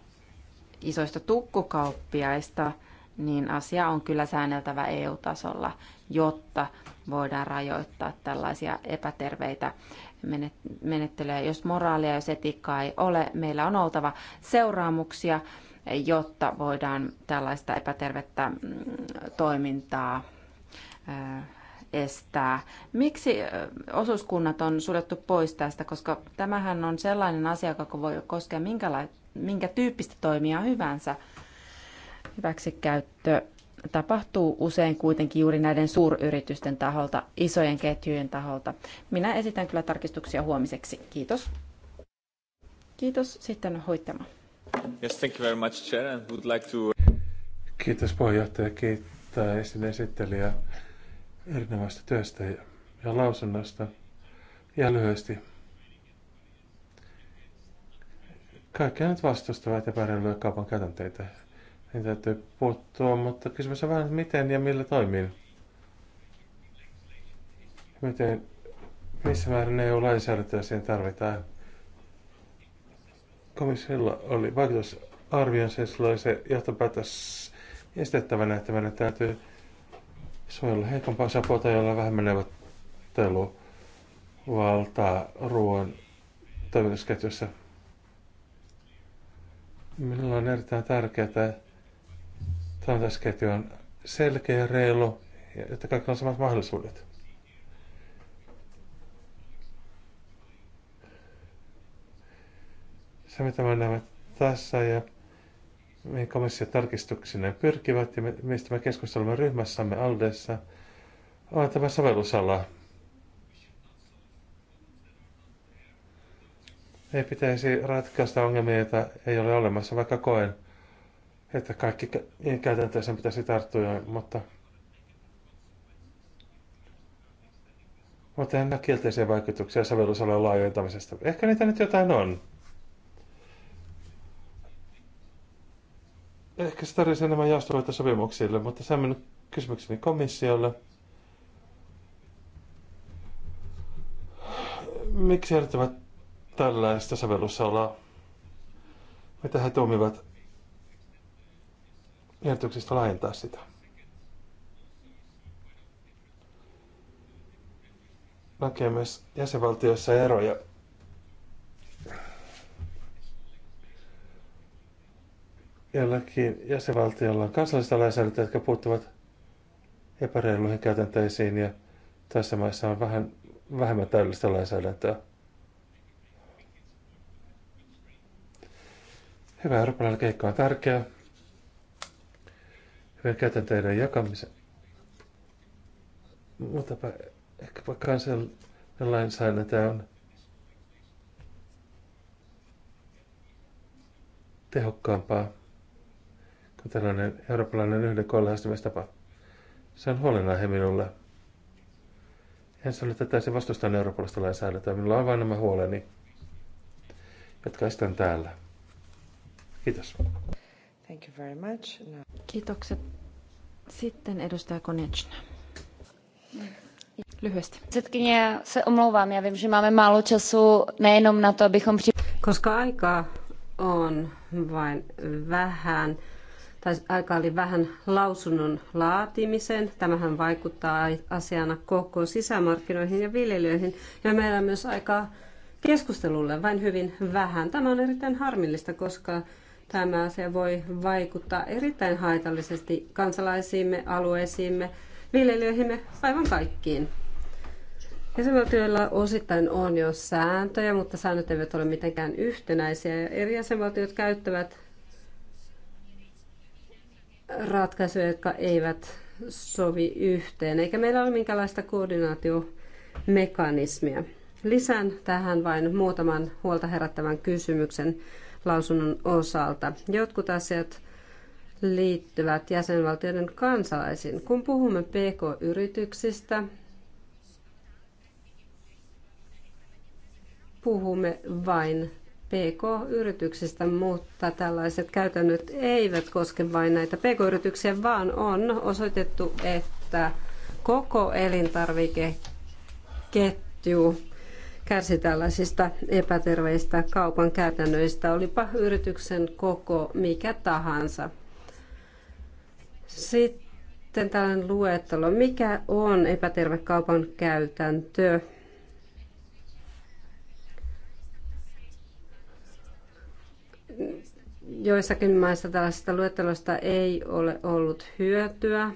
isoista tukkukauppiaista, niin asia on kyllä säänneltävä EU-tasolla, jotta voidaan rajoittaa tällaisia epäterveitä menettelyä. Jos moraalia, jos etiikkaa ei ole, meillä on oltava seuraamuksia, jotta voidaan tällaista epätervettä mm, toimintaa estää. Miksi osuuskunnat on suljettu pois tästä, koska tämähän on sellainen asia, joka voi koskea minkä, minkä tyyppistä toimia hyvänsä hyväksikäyttö tapahtuu usein kuitenkin juuri näiden suuryritysten taholta, isojen ketjujen taholta. Minä esitän kyllä tarkistuksia huomiseksi. Kiitos. Kiitos. Sitten hoitama. Yes, thank you very much, Chair, and would like to... Kiitos puheenjohtaja. Kiittää ensin esittelijä erinomaista työstä ja, ja lausunnosta. Ja lyhyesti. Kaikki nyt vastustavat epäreiluja kaupan käytänteitä niin täytyy puuttua, mutta kysymys on vähän, miten ja millä toimin. Miten, missä määrin EU-lainsäädäntöä siihen tarvitaan. Komissiolla oli vaikutusarvionsa ja silloin se johtopäätös estettävänä, että meidän täytyy suojella heikompaa sapota, jolla vähän neuvottelu valtaa ruoan toimitusketjussa. Minulla on erittäin tärkeää, Toimintasketju on selkeä ja reilu, että kaikilla on samat mahdollisuudet. Se, mitä me näemme tässä ja mihin komissio tarkistuksineen pyrkivät ja mistä me keskustelemme ryhmässämme Aldeessa, on tämä sovellusala. Ei pitäisi ratkaista ongelmia, joita ei ole olemassa, vaikka koen, että kaikki käytäntöön pitäisi tarttua, mutta, mutta en näe kielteisiä vaikutuksia sovellusalueen laajentamisesta. Ehkä niitä nyt jotain on. Ehkä se tarvitsisi enemmän joustavuutta sopimuksille, mutta se on minun kysymykseni komissiolle. Miksi järjestävät tällaista sovellusalaa? Mitä he toimivat? mieltyksistä laajentaa sitä. Näkee myös jäsenvaltioissa eroja. Jollakin jäsenvaltiolla on kansallista lainsäädäntöä, jotka puuttuvat epäreiluihin käytänteisiin ja tässä maissa on vähän vähemmän täydellistä lainsäädäntöä. Hyvä eurooppalainen keikka on tärkeä käytän teidän jakamisen. Muutapa ehkäpä kansanlainsäädäntö on tehokkaampaa kuin tällainen eurooppalainen yhden koon Se on huolenaihe minulle. En sano, että täysin vastustan eurooppalaista lainsäädäntöä. Minulla on vain nämä huoleni, jotka täällä. Kiitos. Thank you very much. No. Kiitokset. Sitten edustaja Konechna. Lyhyesti. Předsedkyně, se omlouvám, já vím, že máme málo času nejenom na to, abychom... Koska aikaa on vain vähän, tai aikaa oli vähän lausunnon laatimiseen. Tämähän vaikuttaa asiana koko sisämarkkinoihin ja viljelijöihin. Ja meillä on myös aikaa keskustelulle vain hyvin vähän. Tämä on erittäin harmillista, koska tämä asia voi vaikuttaa erittäin haitallisesti kansalaisiimme, alueisiimme, viljelijöihimme, aivan kaikkiin. Jäsenvaltioilla osittain on jo sääntöjä, mutta säännöt eivät ole mitenkään yhtenäisiä. Ja eri jäsenvaltiot käyttävät ratkaisuja, jotka eivät sovi yhteen, eikä meillä ole minkäänlaista koordinaatiomekanismia. Lisään tähän vain muutaman huolta herättävän kysymyksen lausunnon osalta. Jotkut asiat liittyvät jäsenvaltioiden kansalaisiin. Kun puhumme PK-yrityksistä, puhumme vain PK-yrityksistä, mutta tällaiset käytännöt eivät koske vain näitä PK-yrityksiä, vaan on osoitettu, että koko elintarvikeketju kärsi tällaisista epäterveistä kaupan käytännöistä, olipa yrityksen koko mikä tahansa. Sitten tällainen luettelo, mikä on epäterve kaupan käytäntö? Joissakin maissa tällaisesta luettelosta ei ole ollut hyötyä.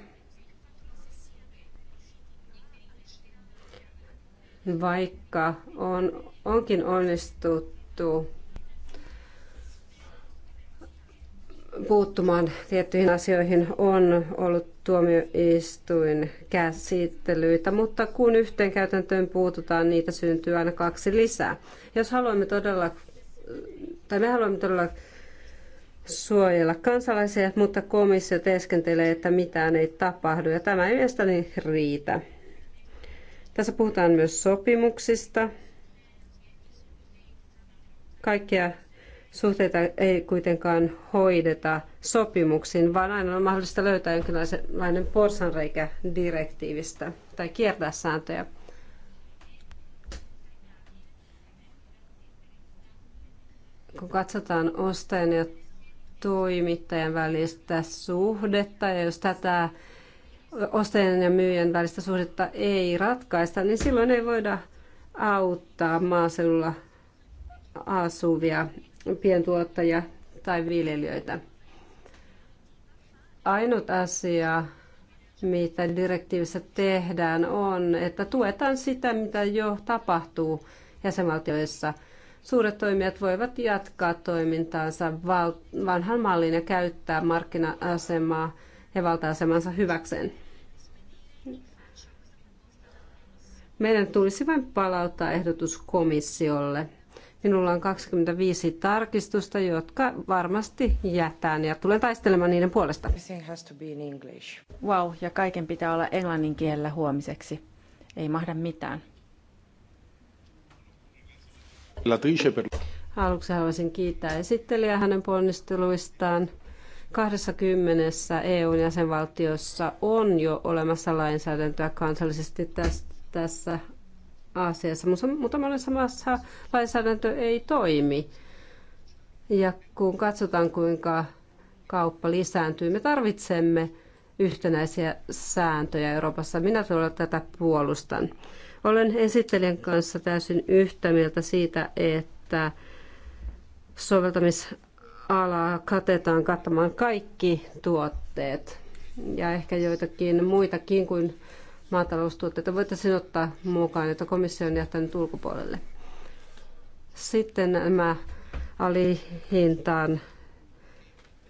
Vaikka on, onkin onnistuttu puuttumaan tiettyihin asioihin, on ollut tuomioistuin käsittelyitä, mutta kun yhteen käytäntöön puututaan, niitä syntyy aina kaksi lisää. Jos haluamme todella, tai me haluamme todella suojella kansalaisia, mutta komissio teeskentelee, että mitään ei tapahdu ja tämä ei mielestäni riitä. Tässä puhutaan myös sopimuksista. Kaikkia suhteita ei kuitenkaan hoideta sopimuksiin, vaan aina on mahdollista löytää jonkinlainen porsanreikä direktiivistä tai kiertää sääntöjä. Kun katsotaan ostajan ja toimittajan välistä suhdetta, ja jos tätä ostajan ja myyjän välistä suhdetta ei ratkaista, niin silloin ei voida auttaa maaseudulla asuvia pientuottajia tai viljelijöitä. Ainut asia, mitä direktiivissä tehdään, on, että tuetaan sitä, mitä jo tapahtuu jäsenvaltioissa. Suuret toimijat voivat jatkaa toimintaansa vanhan mallin ja käyttää markkina-asemaa ja valta-asemansa hyväkseen. Meidän tulisi vain palauttaa ehdotus komissiolle. Minulla on 25 tarkistusta, jotka varmasti jätään ja tulen taistelemaan niiden puolesta. Wow, ja kaiken pitää olla englannin kielellä huomiseksi. Ei mahda mitään. Aluksi haluaisin kiittää esittelijää hänen ponnisteluistaan. 20 EUn jäsenvaltiossa on jo olemassa lainsäädäntöä kansallisesti tästä tässä asiassa, mutta monessa maassa lainsäädäntö ei toimi. Ja kun katsotaan, kuinka kauppa lisääntyy, me tarvitsemme yhtenäisiä sääntöjä Euroopassa. Minä tuolla tätä puolustan. Olen esittelijän kanssa täysin yhtä mieltä siitä, että soveltamisalaa katetaan kattamaan kaikki tuotteet ja ehkä joitakin muitakin kuin maataloustuotteita voitaisiin ottaa mukaan, jota komissio on jättänyt ulkopuolelle. Sitten nämä alihintaan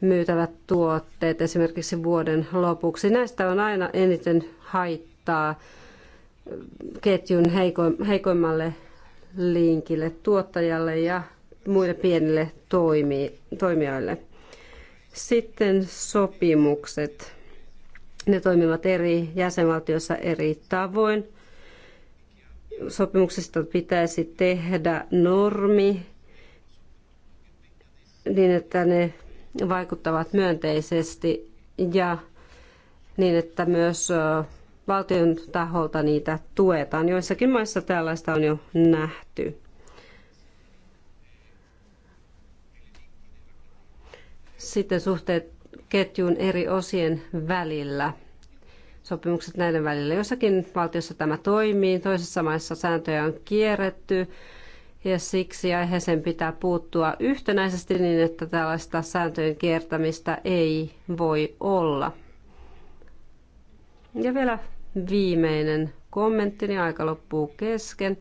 myytävät tuotteet esimerkiksi vuoden lopuksi. Näistä on aina eniten haittaa ketjun heikoimmalle linkille, tuottajalle ja muille pienille toimi, toimijoille. Sitten sopimukset. Ne toimivat eri jäsenvaltioissa eri tavoin. Sopimuksesta pitäisi tehdä normi niin, että ne vaikuttavat myönteisesti ja niin, että myös valtion taholta niitä tuetaan. Joissakin maissa tällaista on jo nähty. Sitten suhteet ketjun eri osien välillä, sopimukset näiden välillä. Jossakin valtiossa tämä toimii, toisessa maissa sääntöjä on kierretty ja siksi aiheeseen pitää puuttua yhtenäisesti niin, että tällaista sääntöjen kiertämistä ei voi olla. Ja vielä viimeinen niin aika loppuu kesken,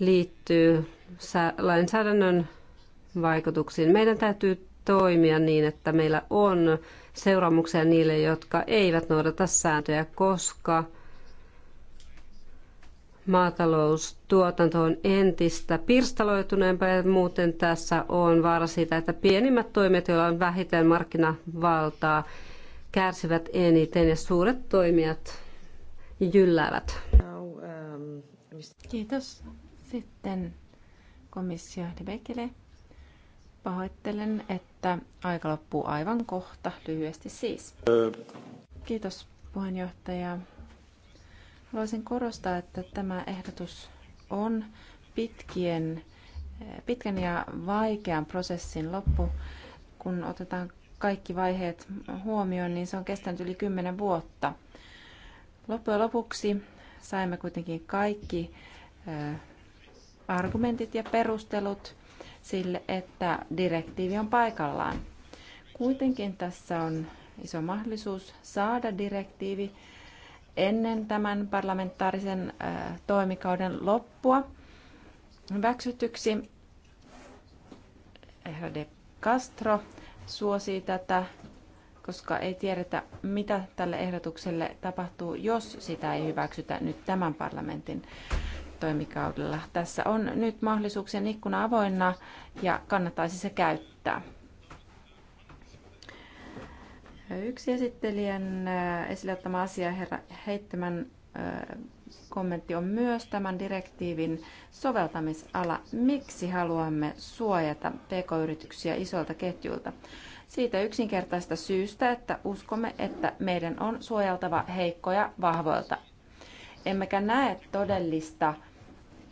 liittyy lainsäädännön vaikutuksiin. Meidän täytyy toimia niin, että meillä on seuraamuksia niille, jotka eivät noudata sääntöjä, koska maataloustuotanto on entistä pirstaloituneempaa ja muuten tässä on vaara siitä, että pienimmät toimijat, joilla on vähiten markkinavaltaa, kärsivät eniten ja suuret toimijat jylläävät. Kiitos. Sitten komissio Debekele. Pahoittelen, että aika loppuu aivan kohta, lyhyesti siis. Kiitos puheenjohtaja. Haluaisin korostaa, että tämä ehdotus on pitkien, pitkän ja vaikean prosessin loppu. Kun otetaan kaikki vaiheet huomioon, niin se on kestänyt yli kymmenen vuotta. Loppujen lopuksi saimme kuitenkin kaikki argumentit ja perustelut – sille, että direktiivi on paikallaan. Kuitenkin tässä on iso mahdollisuus saada direktiivi ennen tämän parlamentaarisen äh, toimikauden loppua hyväksytyksi. Herra de Castro suosii tätä, koska ei tiedetä, mitä tälle ehdotukselle tapahtuu, jos sitä ei hyväksytä nyt tämän parlamentin toimikaudella. Tässä on nyt mahdollisuuksien ikkuna avoinna ja kannattaisi se käyttää. Yksi esittelijän äh, esille ottama asia, herra Heittämän äh, kommentti on myös tämän direktiivin soveltamisala. Miksi haluamme suojata pk-yrityksiä isolta ketjulta. Siitä yksinkertaista syystä, että uskomme, että meidän on suojeltava heikkoja vahvoilta. Emmekä näe todellista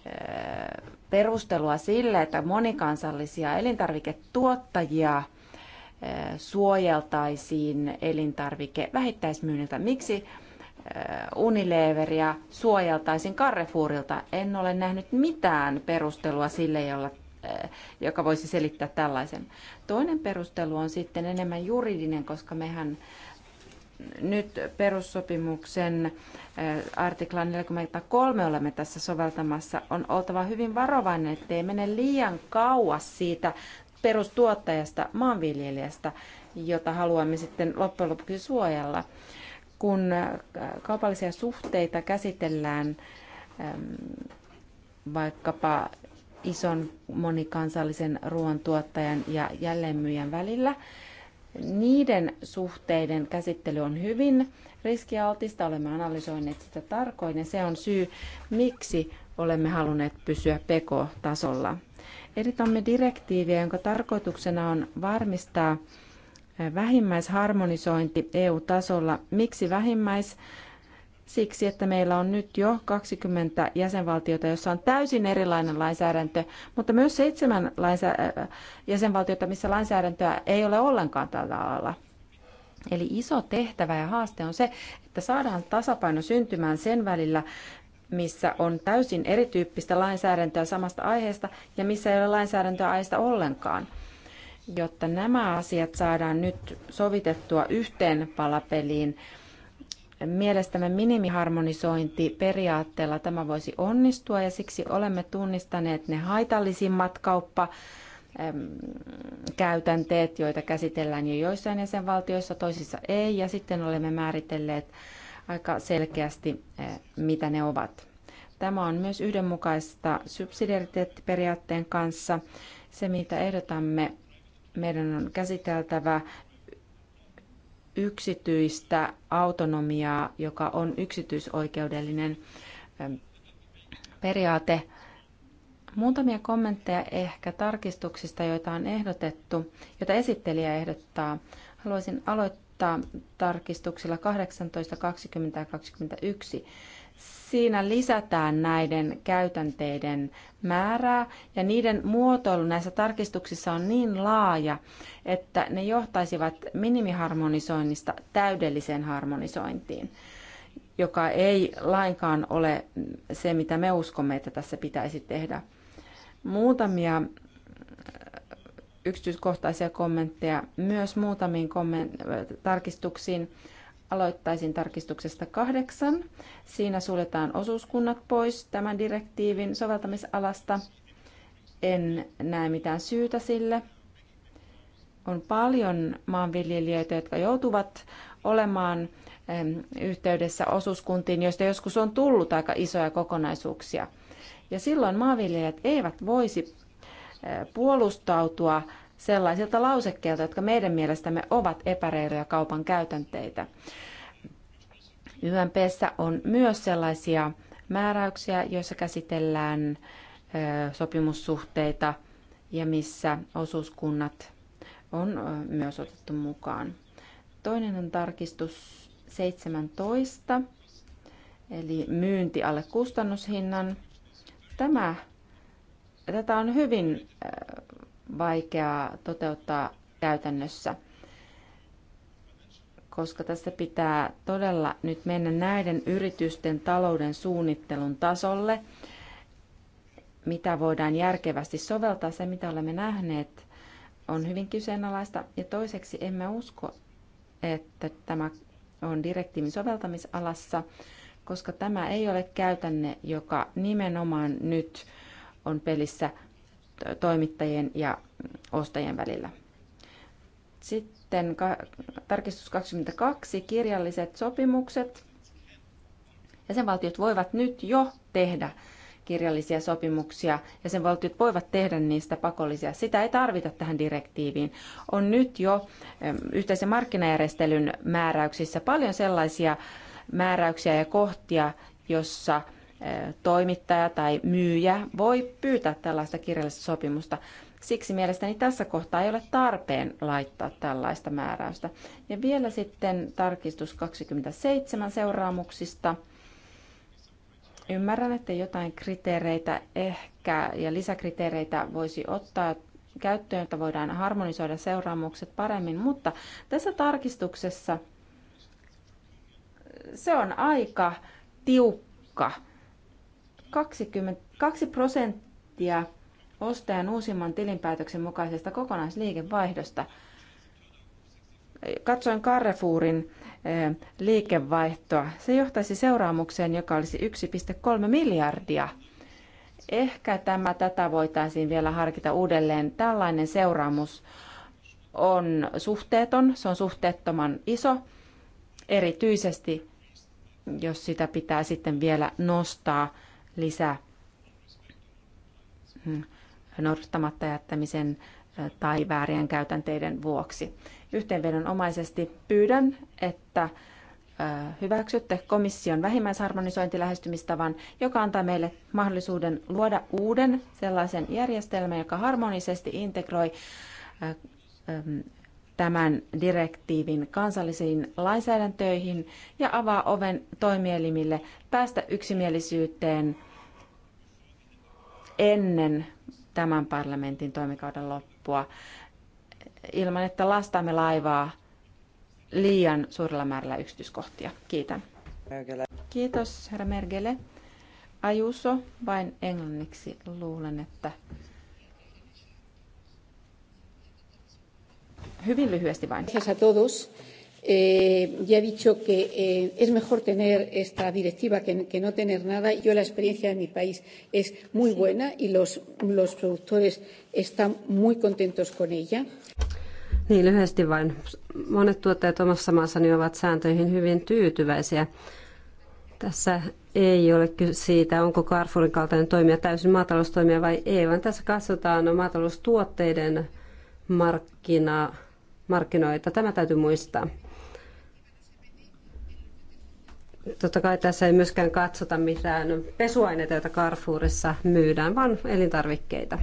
Eh, perustelua sille, että monikansallisia elintarviketuottajia eh, suojeltaisiin elintarvike vähittäismyynniltä. Miksi eh, Unileveria suojeltaisiin Carrefourilta? En ole nähnyt mitään perustelua sille, jolla, joka voisi selittää tällaisen. Toinen perustelu on sitten enemmän juridinen, koska mehän nyt perussopimuksen äh, artikla 43 olemme tässä soveltamassa, on oltava hyvin varovainen, ettei mene liian kauas siitä perustuottajasta, maanviljelijästä, jota haluamme sitten loppujen lopuksi suojella. Kun äh, kaupallisia suhteita käsitellään ähm, vaikkapa ison monikansallisen ruoantuottajan ja jälleenmyyjän välillä, niiden suhteiden käsittely on hyvin riskialtista, olemme analysoineet sitä tarkoin ja se on syy, miksi olemme halunneet pysyä PK-tasolla. Editomme direktiiviä, jonka tarkoituksena on varmistaa vähimmäisharmonisointi EU-tasolla. Miksi vähimmäis? siksi, että meillä on nyt jo 20 jäsenvaltiota, jossa on täysin erilainen lainsäädäntö, mutta myös seitsemän lainsä- äh, jäsenvaltiota, missä lainsäädäntöä ei ole ollenkaan tällä alalla. Eli iso tehtävä ja haaste on se, että saadaan tasapaino syntymään sen välillä, missä on täysin erityyppistä lainsäädäntöä samasta aiheesta ja missä ei ole lainsäädäntöä aiheesta ollenkaan. Jotta nämä asiat saadaan nyt sovitettua yhteen palapeliin, Mielestämme minimiharmonisointi periaatteella tämä voisi onnistua ja siksi olemme tunnistaneet ne haitallisimmat kauppa käytänteet, joita käsitellään jo joissain jäsenvaltioissa, toisissa ei, ja sitten olemme määritelleet aika selkeästi, mitä ne ovat. Tämä on myös yhdenmukaista subsidiariteettiperiaatteen kanssa. Se, mitä ehdotamme, meidän on käsiteltävä yksityistä autonomiaa, joka on yksityisoikeudellinen ähm, periaate. Muutamia kommentteja ehkä tarkistuksista, joita on ehdotettu, joita esittelijä ehdottaa. Haluaisin aloittaa tarkistuksilla 18, 20 ja 21. Siinä lisätään näiden käytänteiden määrää ja niiden muotoilu näissä tarkistuksissa on niin laaja, että ne johtaisivat minimiharmonisoinnista täydelliseen harmonisointiin, joka ei lainkaan ole se, mitä me uskomme, että tässä pitäisi tehdä. Muutamia äh, yksityiskohtaisia kommentteja myös muutamiin komment- äh, tarkistuksiin Aloittaisin tarkistuksesta kahdeksan. Siinä suljetaan osuuskunnat pois tämän direktiivin soveltamisalasta. En näe mitään syytä sille. On paljon maanviljelijöitä, jotka joutuvat olemaan yhteydessä osuuskuntiin, joista joskus on tullut aika isoja kokonaisuuksia. Ja silloin maanviljelijät eivät voisi eh, puolustautua sellaisilta lausekkeilta, jotka meidän mielestämme ovat epäreiluja kaupan käytänteitä. YMPssä on myös sellaisia määräyksiä, joissa käsitellään sopimussuhteita ja missä osuuskunnat on myös otettu mukaan. Toinen on tarkistus 17, eli myynti alle kustannushinnan. Tämä, tätä on hyvin vaikeaa toteuttaa käytännössä, koska tässä pitää todella nyt mennä näiden yritysten talouden suunnittelun tasolle, mitä voidaan järkevästi soveltaa, se mitä olemme nähneet, on hyvin kyseenalaista. Ja toiseksi emme usko, että tämä on direktiivin soveltamisalassa, koska tämä ei ole käytänne, joka nimenomaan nyt on pelissä toimittajien ja ostajien välillä. Sitten ka- tarkistus 22, kirjalliset sopimukset. Jäsenvaltiot voivat nyt jo tehdä kirjallisia sopimuksia, jäsenvaltiot voivat tehdä niistä pakollisia. Sitä ei tarvita tähän direktiiviin. On nyt jo yhteisen markkinajärjestelyn määräyksissä paljon sellaisia määräyksiä ja kohtia, jossa – toimittaja tai myyjä voi pyytää tällaista kirjallista sopimusta. Siksi mielestäni tässä kohtaa ei ole tarpeen laittaa tällaista määräystä. Ja vielä sitten tarkistus 27 seuraamuksista. Ymmärrän, että jotain kriteereitä ehkä ja lisäkriteereitä voisi ottaa käyttöön, jotta voidaan harmonisoida seuraamukset paremmin, mutta tässä tarkistuksessa se on aika tiukka 2 prosenttia ostajan uusimman tilinpäätöksen mukaisesta kokonaisliikevaihdosta. Katsoin Carrefourin eh, liikevaihtoa. Se johtaisi seuraamukseen, joka olisi 1,3 miljardia. Ehkä tämä tätä voitaisiin vielä harkita uudelleen. Tällainen seuraamus on suhteeton, se on suhteettoman iso, erityisesti jos sitä pitää sitten vielä nostaa lisää mm, noudattamatta jättämisen tai väärien käytänteiden vuoksi. Yhteenvedonomaisesti pyydän, että hyväksytte komission vähimmäisharmonisointilähestymistavan, joka antaa meille mahdollisuuden luoda uuden sellaisen järjestelmän, joka harmonisesti integroi tämän direktiivin kansallisiin lainsäädäntöihin ja avaa oven toimielimille päästä yksimielisyyteen ennen tämän parlamentin toimikauden loppua ilman, että lastaamme laivaa liian suurella määrällä yksityiskohtia. Kiitän. Mergele. Kiitos, herra Mergele. Ajuso, vain englanniksi luulen, että hyvin lyhyesti vain. Gracias a todos. Eh, ya he dicho que eh, es mejor tener esta directiva que, que no tener nada. Yo la experiencia de mi país es muy buena y los, los productores están muy contentos con ella. Niin lyhyesti vain. Monet tuottajat omassa maassani ovat sääntöihin hyvin tyytyväisiä. Tässä ei ole kyse siitä, onko Carrefourin kaltainen toimija täysin maataloustoimija vai ei, vaan tässä katsotaan maataloustuotteiden markkina, markkinoita. Tämä täytyy muistaa. Totta kai tässä ei myöskään katsota mitään pesuaineita, joita Carrefourissa myydään, vaan elintarvikkeita.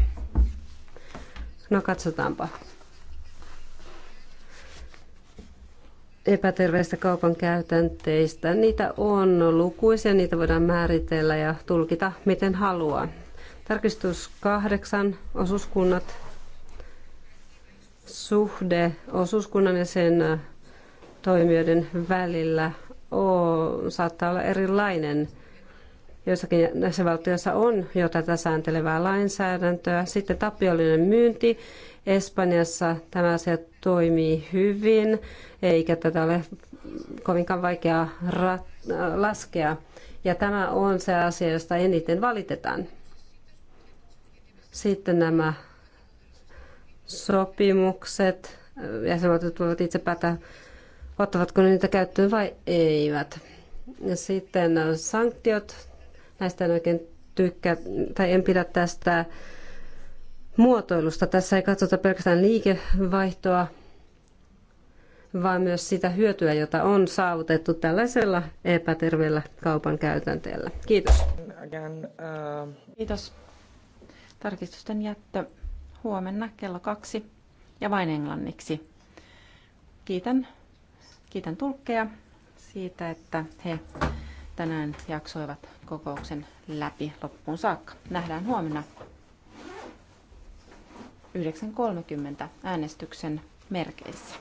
No katsotaanpa. Epäterveistä kaupan käytänteistä. Niitä on lukuisia, niitä voidaan määritellä ja tulkita miten haluaa. Tarkistus kahdeksan, osuuskunnat, suhde osuuskunnan ja sen toimijoiden välillä – saattaa olla erilainen. Joissakin näissä valtioissa on jo tätä sääntelevää lainsäädäntöä. Sitten tappiollinen myynti. Espanjassa tämä asia toimii hyvin, eikä tätä ole kovinkaan vaikeaa laskea. Ja tämä on se asia, josta eniten valitetaan. Sitten nämä sopimukset, jäsenvaltiot voivat itse päättää ottavatko ne niitä käyttöön vai eivät. Ja sitten sanktiot, näistä en oikein tykkää, tai en pidä tästä muotoilusta. Tässä ei katsota pelkästään liikevaihtoa, vaan myös sitä hyötyä, jota on saavutettu tällaisella epäterveellä kaupan käytänteellä. Kiitos. Again, uh... Kiitos. Tarkistusten jättö huomenna kello kaksi ja vain englanniksi. Kiitän Kiitän tulkkeja siitä, että he tänään jaksoivat kokouksen läpi loppuun saakka. Nähdään huomenna 9.30 äänestyksen merkeissä.